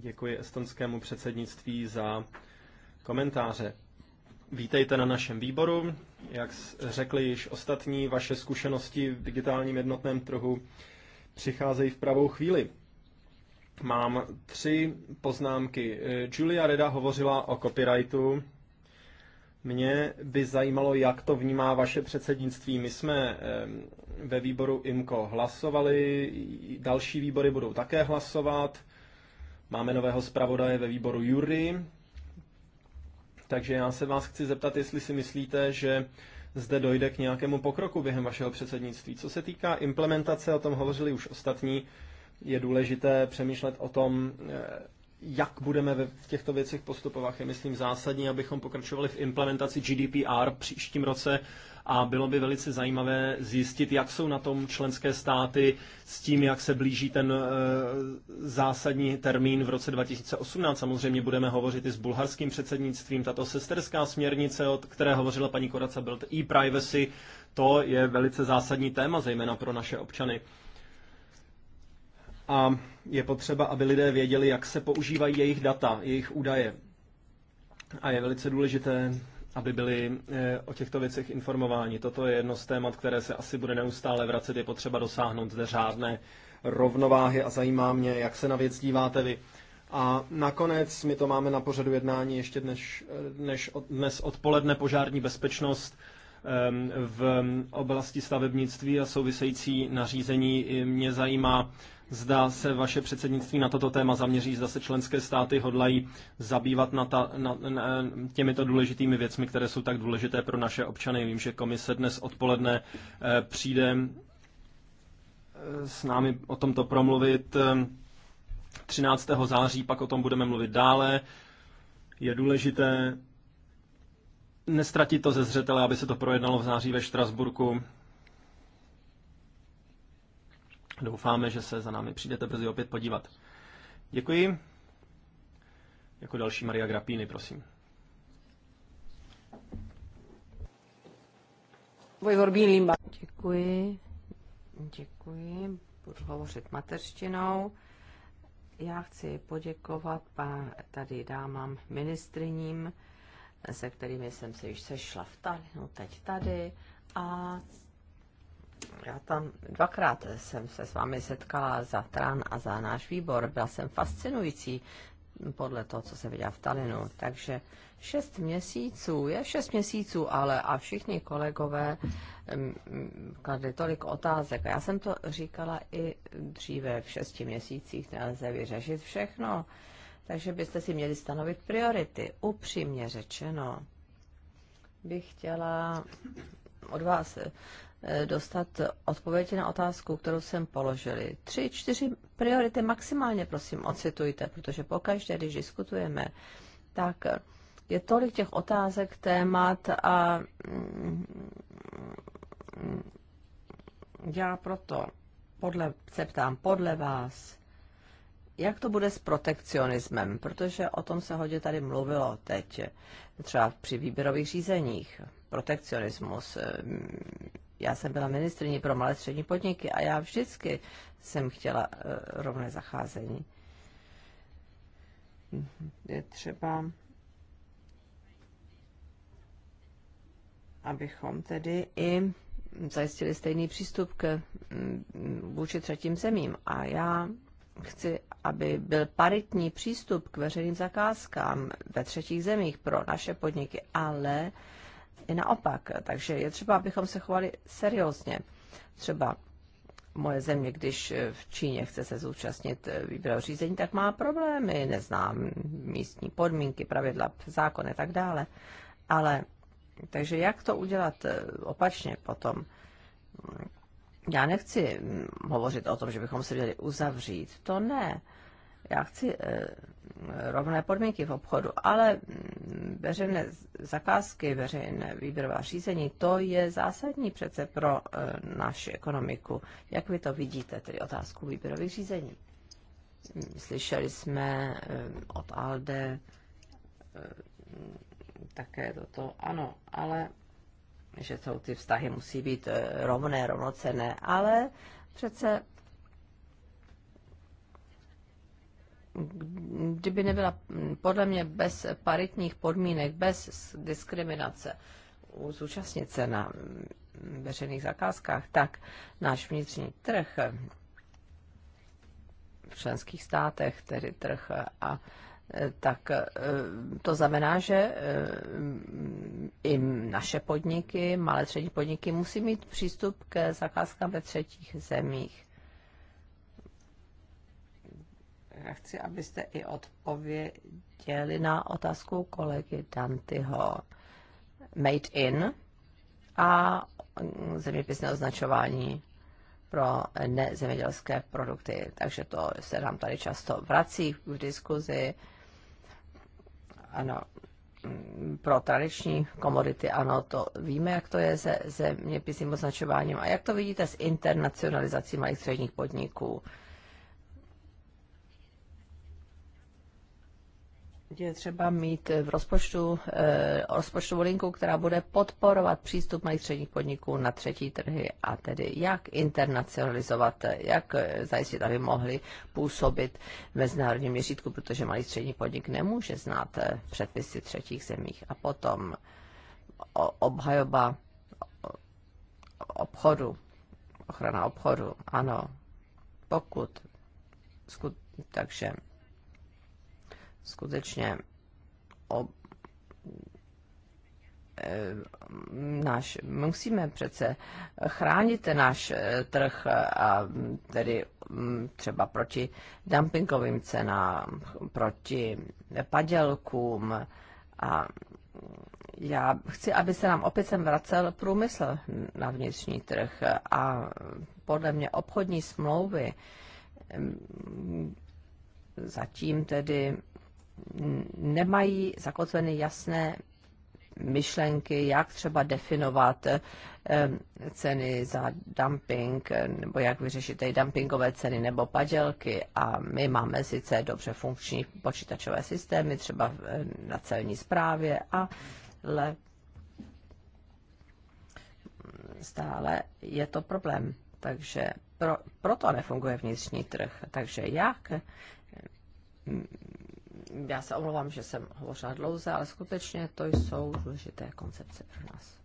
Děkuji estonskému předsednictví za komentáře. Vítejte na našem výboru. Jak řekli již ostatní, vaše zkušenosti v digitálním jednotném trhu přicházejí v pravou chvíli. Mám tři poznámky. Julia Reda hovořila o copyrightu. Mě by zajímalo, jak to vnímá vaše předsednictví. My jsme ve výboru IMCO hlasovali, další výbory budou také hlasovat. Máme nového zpravodaje ve výboru Jury, takže já se vás chci zeptat, jestli si myslíte, že zde dojde k nějakému pokroku během vašeho předsednictví. Co se týká implementace, o tom hovořili už ostatní, je důležité přemýšlet o tom, eh, jak budeme v těchto věcech postupovat. Je myslím zásadní, abychom pokračovali v implementaci GDPR příštím roce a bylo by velice zajímavé zjistit, jak jsou na tom členské státy s tím, jak se blíží ten eh, zásadní termín v roce 2018. Samozřejmě budeme hovořit i s bulharským předsednictvím. Tato sesterská směrnice, od které hovořila paní Koraca, byl e-privacy, to je velice zásadní téma, zejména pro naše občany a je potřeba, aby lidé věděli, jak se používají jejich data, jejich údaje. A je velice důležité aby byli eh, o těchto věcech informováni. Toto je jedno z témat, které se asi bude neustále vracet. Je potřeba dosáhnout zde řádné rovnováhy a zajímá mě, jak se na věc díváte vy. A nakonec my to máme na pořadu jednání ještě dnes, než od, dnes odpoledne požární bezpečnost ehm, v oblasti stavebnictví a související nařízení. Mě zajímá, zda se vaše předsednictví na toto téma zaměří, zda se členské státy hodlají zabývat na ta, na, na, těmito důležitými věcmi, které jsou tak důležité pro naše občany. Vím, že komise dnes odpoledne eh, přijde eh, s námi o tomto promluvit 13. Eh, září, pak o tom budeme mluvit dále. Je důležité nestratit to ze zřetele, aby se to projednalo v září ve Štrasburku Doufáme, že se za námi přijdete brzy opět podívat. Děkuji. Jako další Maria Grapíny, prosím. Děkuji. Děkuji. Budu hovořit mateřštinou. Já chci poděkovat pán, tady dámám ministriním, se kterými jsem se již sešla v Talinu, teď tady. A já tam dvakrát jsem se s vámi setkala za TRAN a za náš výbor. Byla jsem fascinující podle toho, co se viděla v Talinu. Takže šest měsíců, je šest měsíců, ale a všichni kolegové mm, mm, kladli tolik otázek. A já jsem to říkala i dříve, v šesti měsících nelze vyřešit všechno. Takže byste si měli stanovit priority. Upřímně řečeno bych chtěla od vás Eh, dostat odpověď na otázku, kterou jsem položili. Tři, čtyři priority maximálně, prosím, ocitujte, protože pokaždé, když diskutujeme, tak je tolik těch otázek, témat a mm, já proto podle, se ptám, podle vás, jak to bude s protekcionismem, protože o tom se hodně tady mluvilo teď, třeba při výběrových řízeních. Protekcionismus, eh, já jsem byla ministrní pro malé střední podniky a já vždycky jsem chtěla eh, rovné zacházení. Je třeba, abychom tedy i zajistili stejný přístup k mm, vůči třetím zemím. A já chci, aby byl paritní přístup k veřejným zakázkám ve třetích zemích pro naše podniky, ale i naopak. Takže je třeba, abychom se chovali seriózně. Třeba moje země, když v Číně chce se zúčastnit výběrového řízení, tak má problémy, neznám místní podmínky, pravidla, zákony a tak dále. Ale takže jak to udělat eh, opačně potom? Já nechci hm, hovořit o tom, že bychom se měli uzavřít, to ne. Já chci eh, rovné podmínky v obchodu, ale mm, veřejné zakázky, veřejné výběrová řízení, to je zásadní přece pro eh, naši ekonomiku. Jak vy to vidíte, tedy otázku výběrových řízení? Mm, slyšeli jsme eh, od Alde mm, také toto, ano, ale že jsou ty vztahy musí být rovné, rovnocené, ale přece kdyby nebyla mm, podle mě bez paritních podmínek, bez diskriminace zúčastnit se na mm, veřejných zakázkách, tak náš vnitřní trh mm, v členských státech, tedy trh a tak e, to znamená, že e, i naše podniky, malé střední podniky musí mít přístup k zakázkám ve třetích zemích. chci, abyste i odpověděli na otázku kolegy Dantyho Made in a zeměpisné označování pro nezemědělské produkty. Takže to se nám tady často vrací v diskuzi. Ano, pro tradiční komodity, ano, to víme, jak to je se zeměpisným označováním a jak to vidíte s internacionalizací malých středních podniků. je třeba mít v rozpočtu eh, rozpočtovou linku, která bude podporovat přístup malých středních podniků na třetí trhy a tedy jak internacionalizovat, jak eh, zajistit, aby mohli působit v mezinárodním měřítku, protože malý střední podnik nemůže znát eh, předpisy třetích zemích. A potom obhajoba obchodu, ochrana obchodu, ano, pokud, skut, takže skutečně ob... Eh, náš, musíme přece chránit náš eh, trh a mm, tedy mm, třeba proti dumpingovým cenám, proti padělkům a já chci, aby se nám opět sem vracel průmysl na vnitřní trh a podle mě obchodní smlouvy mm, zatím tedy nemají zakotveny jasné myšlenky, jak třeba definovat eh, ceny za dumping, nebo jak vyřešit ty dumpingové ceny nebo padělky. A my máme sice dobře funkční počítačové systémy, třeba eh, na celní správě, ale stále je to problém. Takže pro, proto nefunguje vnitřní trh. Takže jak eh, já se omlouvám, že jsem hovořila dlouze, ale skutečně to jsou důležité koncepce pro nás.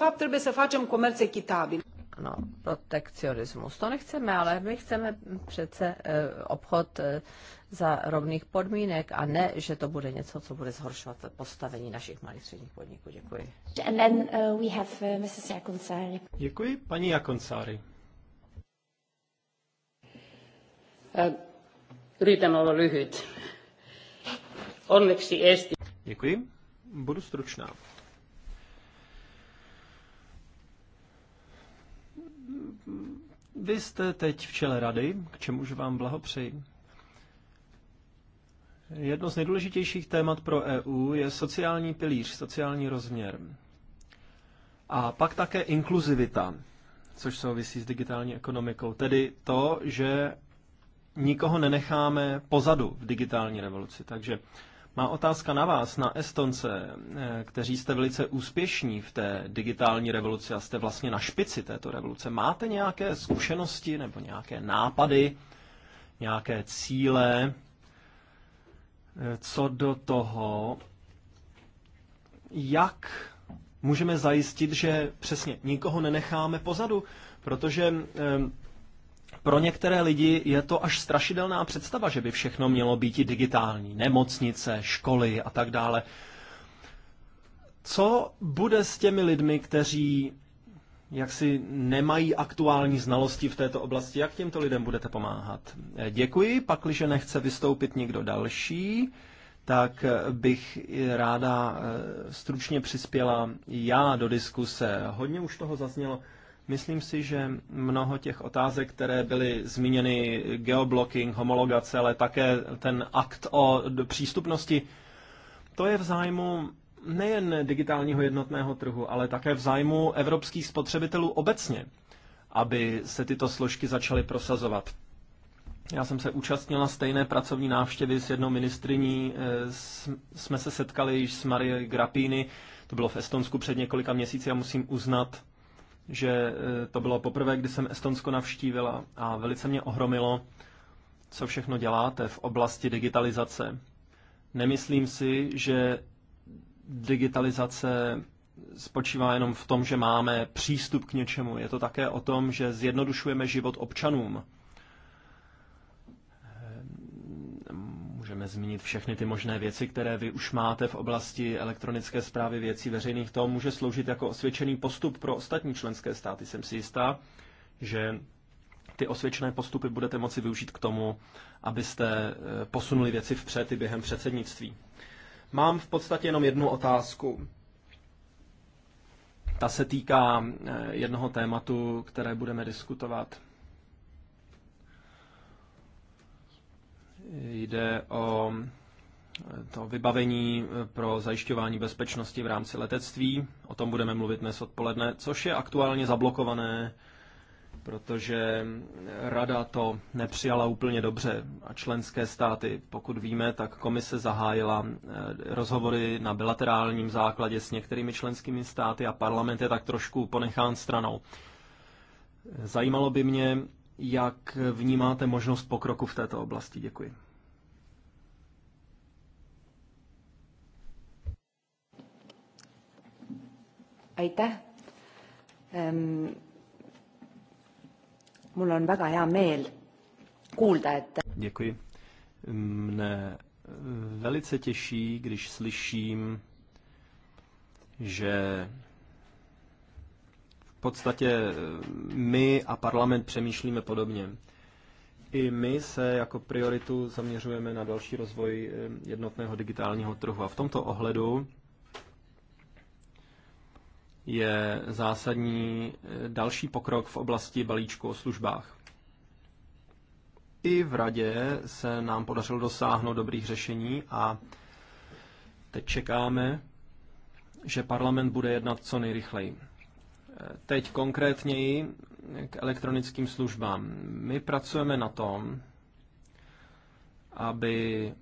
No, facem protekcionismus. To nechceme, ale my chceme přece eh, obchod eh, za rovných podmínek a ne, že to bude něco, co bude zhoršovat postavení našich malých středních podniků. Děkuji. And then uh, we have uh, Mrs. Děkuji, paní Jakoncári. Uh, yritän olla lyhyt. Onneksi esti. Děkuji. Budu stručná. Vy jste teď v čele rady, k čemuž vám blahopřeji. Jedno z nejdůležitějších témat pro EU je sociální pilíř, sociální rozměr. A pak také inkluzivita, což souvisí s digitální ekonomikou. Tedy to, že nikoho nenecháme pozadu v digitální revoluci. Takže má otázka na vás, na Estonce, eh, kteří jste velice úspěšní v té digitální revoluci a jste vlastně na špici této revoluce. Máte nějaké zkušenosti nebo nějaké nápady, nějaké cíle, eh, co do toho, jak můžeme zajistit, že přesně nikoho nenecháme pozadu, protože eh, pro některé lidi je to až strašidelná představa, že by všechno mělo být digitální. Nemocnice, školy a tak dále. Co bude s těmi lidmi, kteří jaksi nemají aktuální znalosti v této oblasti? Jak těmto lidem budete pomáhat? Děkuji. Pakliže nechce vystoupit někdo další, tak bych ráda e, stručně přispěla já do diskuse. Hodně už toho zaznělo Myslím si, že mnoho těch otázek, které byly zmíněny, geoblocking, homologace, ale také ten akt o přístupnosti, to je v zájmu nejen digitálního jednotného trhu, ale také v zájmu evropských spotřebitelů obecně, aby se tyto složky začaly prosazovat. Já jsem se účastnila stejné pracovní návštěvy s jednou ministriní. Eh, jsme se setkali již s Marie Grapíny, to bylo v Estonsku před několika měsíci a musím uznat, že eh, to bylo poprvé, kdy jsem Estonsko navštívila a velice mě ohromilo, co všechno děláte v oblasti digitalizace. Nemyslím si, že digitalizace spočívá jenom v tom, že máme přístup k něčemu. Je to také o tom, že zjednodušujeme život občanům. nezmínit zmínit všechny ty možné věci, které vy už máte v oblasti elektronické zprávy věcí veřejných. To může sloužit jako osvědčený postup pro ostatní členské státy. Jsem si jistá, že ty osvědčené postupy budete moci využít k tomu, abyste eh, posunuli věci vpřed i během předsednictví. Mám v podstatě jenom jednu otázku. Ta se týká eh, jednoho tématu, které budeme diskutovat. Jde o to vybavení eh, pro zajišťování bezpečnosti v rámci letectví. O tom budeme mluvit dnes odpoledne, což je aktuálně zablokované, protože rada to nepřijala úplně dobře a členské státy, pokud víme, tak komise zahájila eh, rozhovory na bilaterálním základě s některými členskými státy a parlament je tak trošku ponechán stranou. Zajímalo by mě, jak vnímáte možnost pokroku v této oblasti? Děkuji. aitäh ähm,. mul on väga hea meel kuulda, et. Děkuji. Mne eh, velice těší, když slyším, že podstatě eh, my a parlament přemýšlíme podobně. I my se jako prioritu zaměřujeme na další rozvoj eh, jednotného digitálního trhu. A v tomto ohledu je zásadní eh, další pokrok v oblasti balíčku o službách. I v radě se nám podařilo dosáhnout dobrých řešení a teď čekáme, že parlament bude jednat co nejrychleji. Teď konkrétněji k elektronickým službám. My pracujeme na tom, aby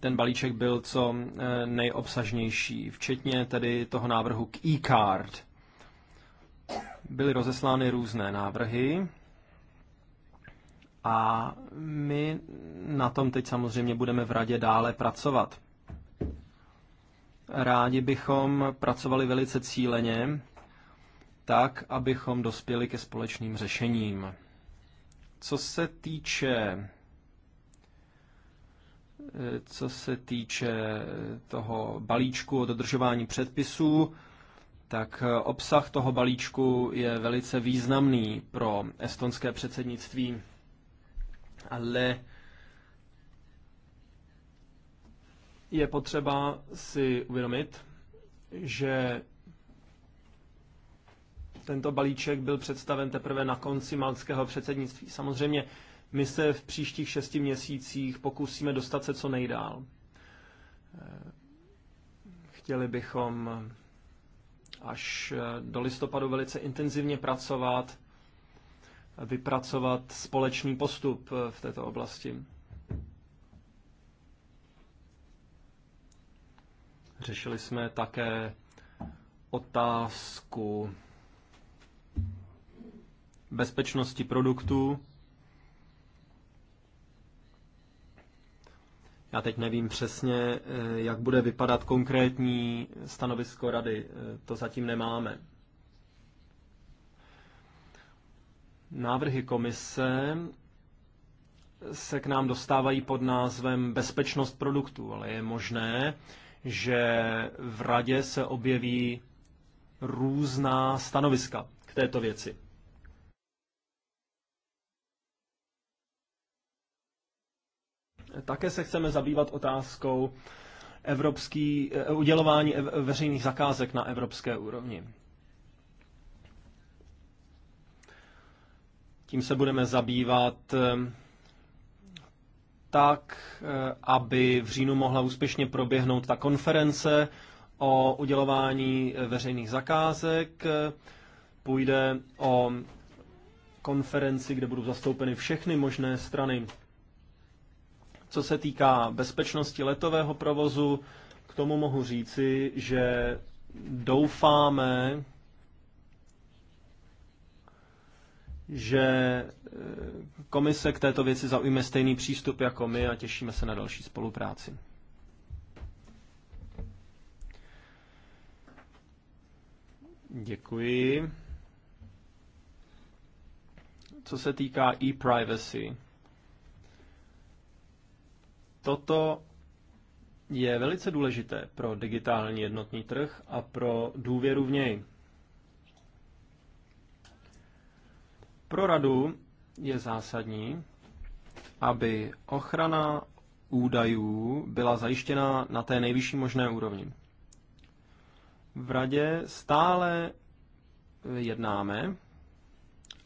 ten balíček byl co eh, nejobsažnější, včetně tedy toho návrhu k e-card. Byly rozeslány různé návrhy a my na tom teď samozřejmě budeme v radě dále pracovat. Rádi bychom pracovali velice cíleně tak, abychom dospěli ke společným řešením. Co se týče eh, co se týče eh, toho balíčku o dodržování předpisů, tak eh, obsah toho balíčku je velice významný pro estonské předsednictví, ale je potřeba si uvědomit, že tento balíček byl představen teprve na konci malckého předsednictví. Samozřejmě my se v příštích šesti měsících pokusíme dostat se co nejdál. Eh, chtěli bychom až eh, do listopadu velice intenzivně pracovat, vypracovat společný postup eh, v této oblasti. Řešili jsme také otázku bezpečnosti produktů. Já teď nevím přesně, eh, jak bude vypadat konkrétní stanovisko rady. Eh, to zatím nemáme. Návrhy komise se k nám dostávají pod názvem bezpečnost produktů, ale je možné, že v radě se objeví různá stanoviska k této věci. Také se chceme zabývat otázkou evropský, eh, udělování veřejných zakázek na evropské úrovni. Tím se budeme zabývat eh, tak, eh, aby v říjnu mohla úspěšně proběhnout ta konference o udělování veřejných zakázek. Půjde o konferenci, kde budou zastoupeny všechny možné strany co se týká bezpečnosti letového provozu, k tomu mohu říci, že doufáme, že eh, komise k této věci zaujme stejný přístup jako my a těšíme se na další spolupráci. Děkuji. Co se týká e-privacy, Toto je velice důležité pro digitální jednotný trh a pro důvěru v něj. Pro radu je zásadní, aby ochrana údajů byla zajištěna na té nejvyšší možné úrovni. V radě stále jednáme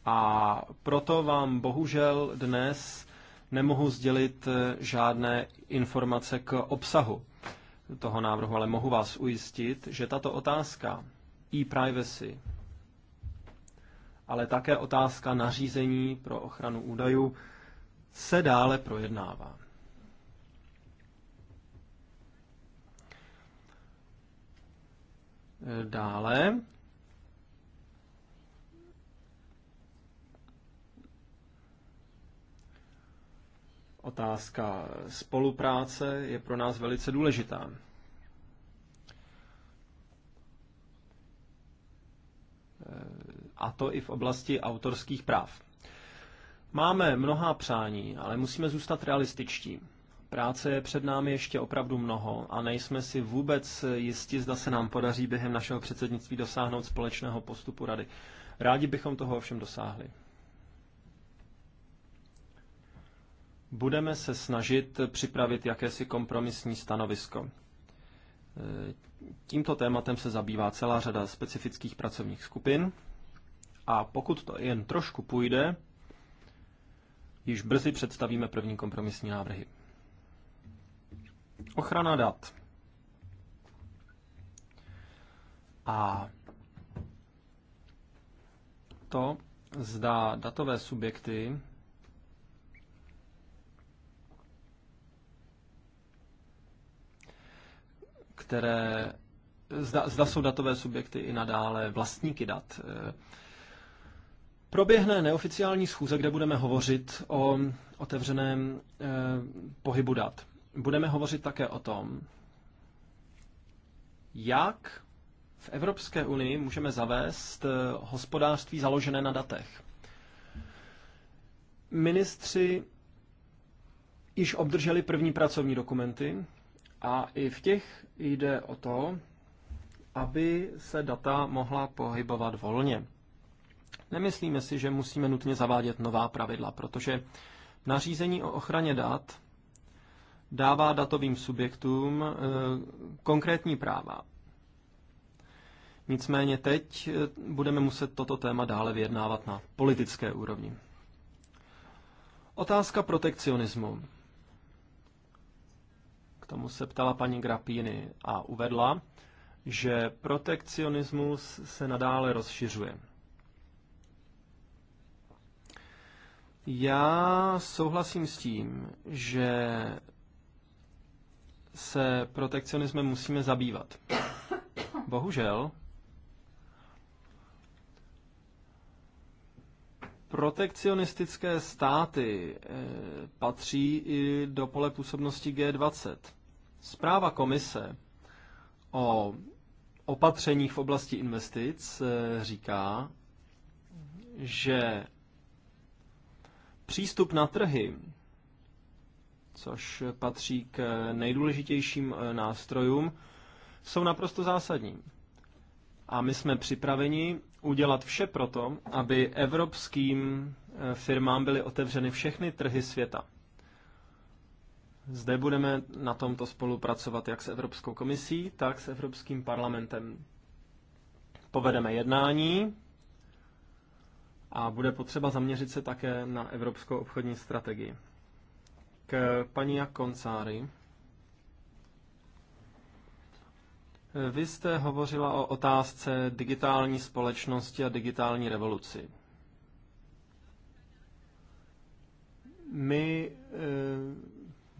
a proto vám bohužel dnes nemohu sdělit eh, žádné informace k obsahu toho návrhu, ale mohu vás ujistit, že tato otázka e-privacy, ale také otázka nařízení pro ochranu údajů se dále projednává. Dále Otázka spolupráce je pro nás velice důležitá. E, a to i v oblasti autorských práv. Máme mnohá přání, ale musíme zůstat realističtí. Práce je před námi ještě opravdu mnoho a nejsme si vůbec jisti, zda se nám podaří během našeho předsednictví dosáhnout společného postupu rady. Rádi bychom toho ovšem dosáhli. Budeme se snažit připravit jakési kompromisní stanovisko. Tímto tématem se zabývá celá řada specifických pracovních skupin a pokud to jen trošku půjde, již brzy představíme první kompromisní návrhy. Ochrana dat. A to, zda datové subjekty které, zda, zda jsou datové subjekty i nadále vlastníky dat. Eh, proběhne neoficiální schůze, kde budeme hovořit o otevřeném eh, pohybu dat. Budeme hovořit také o tom, jak v Evropské unii můžeme zavést eh, hospodářství založené na datech. Ministři již obdrželi první pracovní dokumenty, a i v těch jde o to, aby se data mohla pohybovat volně. Nemyslíme si, že musíme nutně zavádět nová pravidla, protože nařízení o ochraně dat dává datovým subjektům eh, konkrétní práva. Nicméně teď eh, budeme muset toto téma dále vyjednávat na politické úrovni. Otázka protekcionismu tomu se ptala paní Grapíny a uvedla, že protekcionismus se nadále rozšiřuje. Já souhlasím s tím, že se protekcionismem musíme zabývat. Bohužel, protekcionistické státy eh, patří i do pole působnosti G20. Zpráva komise o opatřeních v oblasti investic eh, říká, že přístup na trhy, což patří k nejdůležitějším eh, nástrojům, jsou naprosto zásadní. A my jsme připraveni udělat vše proto, aby evropským eh, firmám byly otevřeny všechny trhy světa. Zde budeme na tomto spolupracovat jak s Evropskou komisí, tak s Evropským parlamentem. Povedeme jednání a bude potřeba zaměřit se také na Evropskou obchodní strategii. K paní Jakoncáry. Vy jste hovořila o otázce digitální společnosti a digitální revoluci. My eh,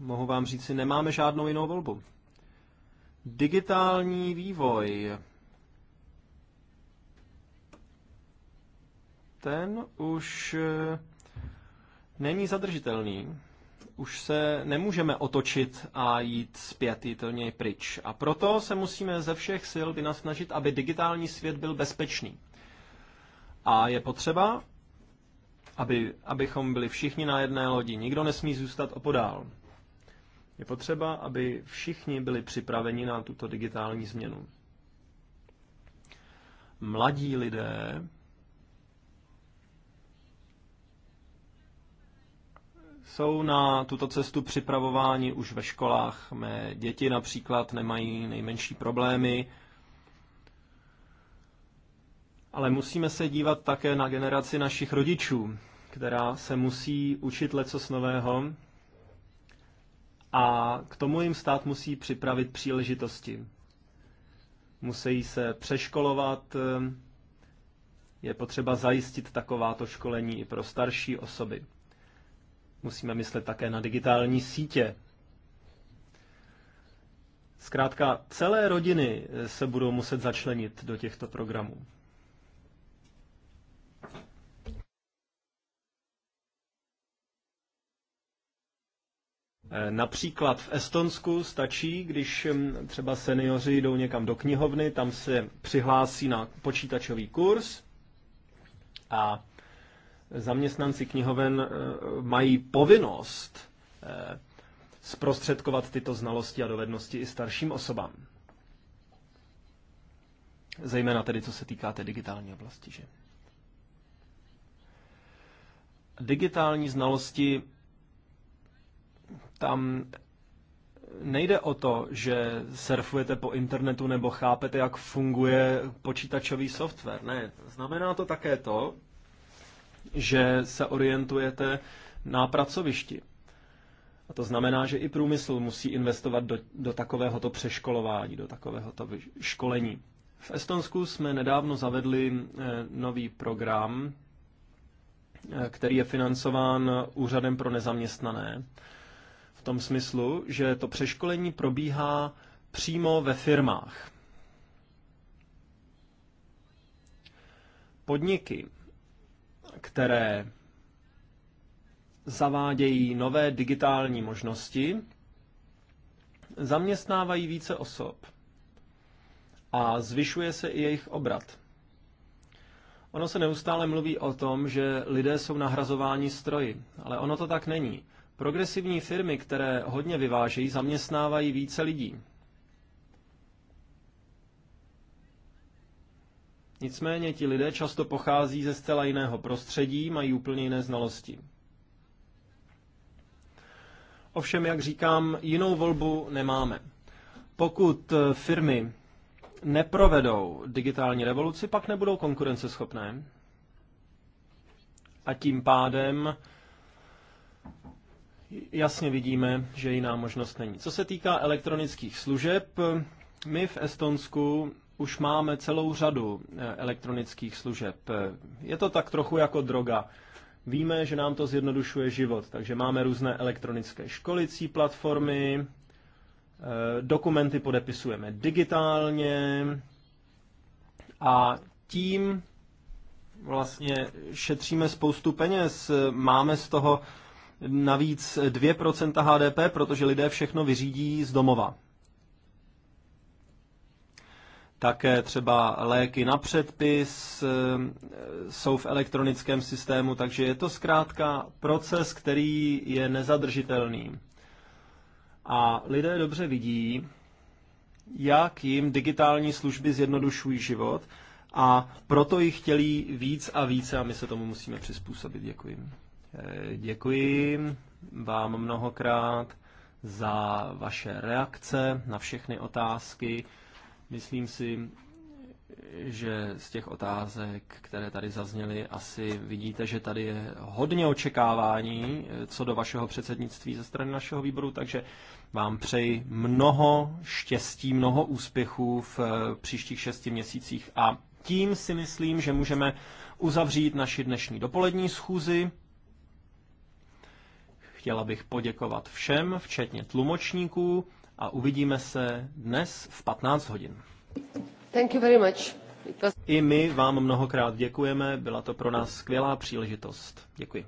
mohu vám říci, nemáme žádnou jinou volbu. Digitální vývoj. Ten už eh, není zadržitelný. Už se nemůžeme otočit a jít zpět, jít od něj pryč. A proto se musíme ze všech sil vynasnažit, aby digitální svět byl bezpečný. A je potřeba, aby, abychom byli všichni na jedné lodi. Nikdo nesmí zůstat opodál. Je potřeba, aby všichni byli připraveni na tuto digitální změnu. Mladí lidé jsou na tuto cestu připravováni už ve školách. Mé děti například nemají nejmenší problémy, ale musíme se dívat také na generaci našich rodičů, která se musí učit leco nového a k tomu jim stát musí připravit příležitosti. Musí se přeškolovat, eh, je potřeba zajistit takováto školení i pro starší osoby. Musíme myslet také na digitální sítě. Zkrátka, celé rodiny eh, se budou muset začlenit do těchto programů. Eh, například v Estonsku stačí, když hm, třeba seniori jdou někam do knihovny, tam se přihlásí na počítačový kurz a zaměstnanci knihoven eh, mají povinnost eh, zprostředkovat tyto znalosti a dovednosti i starším osobám. Zejména tedy, co se týká té digitální oblasti. Že? Digitální znalosti tam nejde o to, že surfujete po internetu nebo chápete, jak funguje počítačový software. Ne, znamená to také to, že se orientujete na pracovišti. A to znamená, že i průmysl musí investovat do, do takovéhoto přeškolování, do takovéhoto školení. V Estonsku jsme nedávno zavedli eh, nový program, eh, který je financován Úřadem pro nezaměstnané v tom smyslu, že to přeškolení probíhá přímo ve firmách. Podniky, které zavádějí nové digitální možnosti, zaměstnávají více osob a zvyšuje se i jejich obrat. Ono se neustále mluví o tom, že lidé jsou nahrazováni stroji, ale ono to tak není. Progresivní firmy, které hodně vyvážejí, zaměstnávají více lidí. Nicméně ti lidé často pochází ze zcela jiného prostředí, mají úplně jiné znalosti. Ovšem, jak říkám, jinou volbu nemáme. Pokud firmy neprovedou digitální revoluci, pak nebudou konkurenceschopné. A tím pádem jasně vidíme, že jiná možnost není. Co se týká elektronických služeb, my v Estonsku už máme celou řadu eh, elektronických služeb. Je to tak trochu jako droga. Víme, že nám to zjednodušuje život, takže máme různé elektronické školicí platformy, eh, dokumenty podepisujeme digitálně a tím vlastně šetříme spoustu peněz. Máme z toho navíc 2% HDP, protože lidé všechno vyřídí z domova. Také třeba léky na předpis eh, jsou v elektronickém systému, takže je to zkrátka proces, který je nezadržitelný. A lidé dobře vidí, jak jim digitální služby zjednodušují život a proto jich chtěli víc a více a my se tomu musíme přizpůsobit. Děkuji. Eh, děkuji vám mnohokrát za vaše reakce na všechny otázky. Myslím si, že z těch otázek, které tady zazněly, asi vidíte, že tady je hodně očekávání eh, co do vašeho předsednictví ze strany našeho výboru, takže vám přeji mnoho štěstí, mnoho úspěchů v eh, příštích šesti měsících a tím si myslím, že můžeme uzavřít naši dnešní dopolední schůzi. Chtěla bych poděkovat všem, včetně tlumočníků, a uvidíme se dnes v 15 hodin. Thank you very much. I my vám mnohokrát děkujeme, byla to pro nás skvělá příležitost. Děkuji.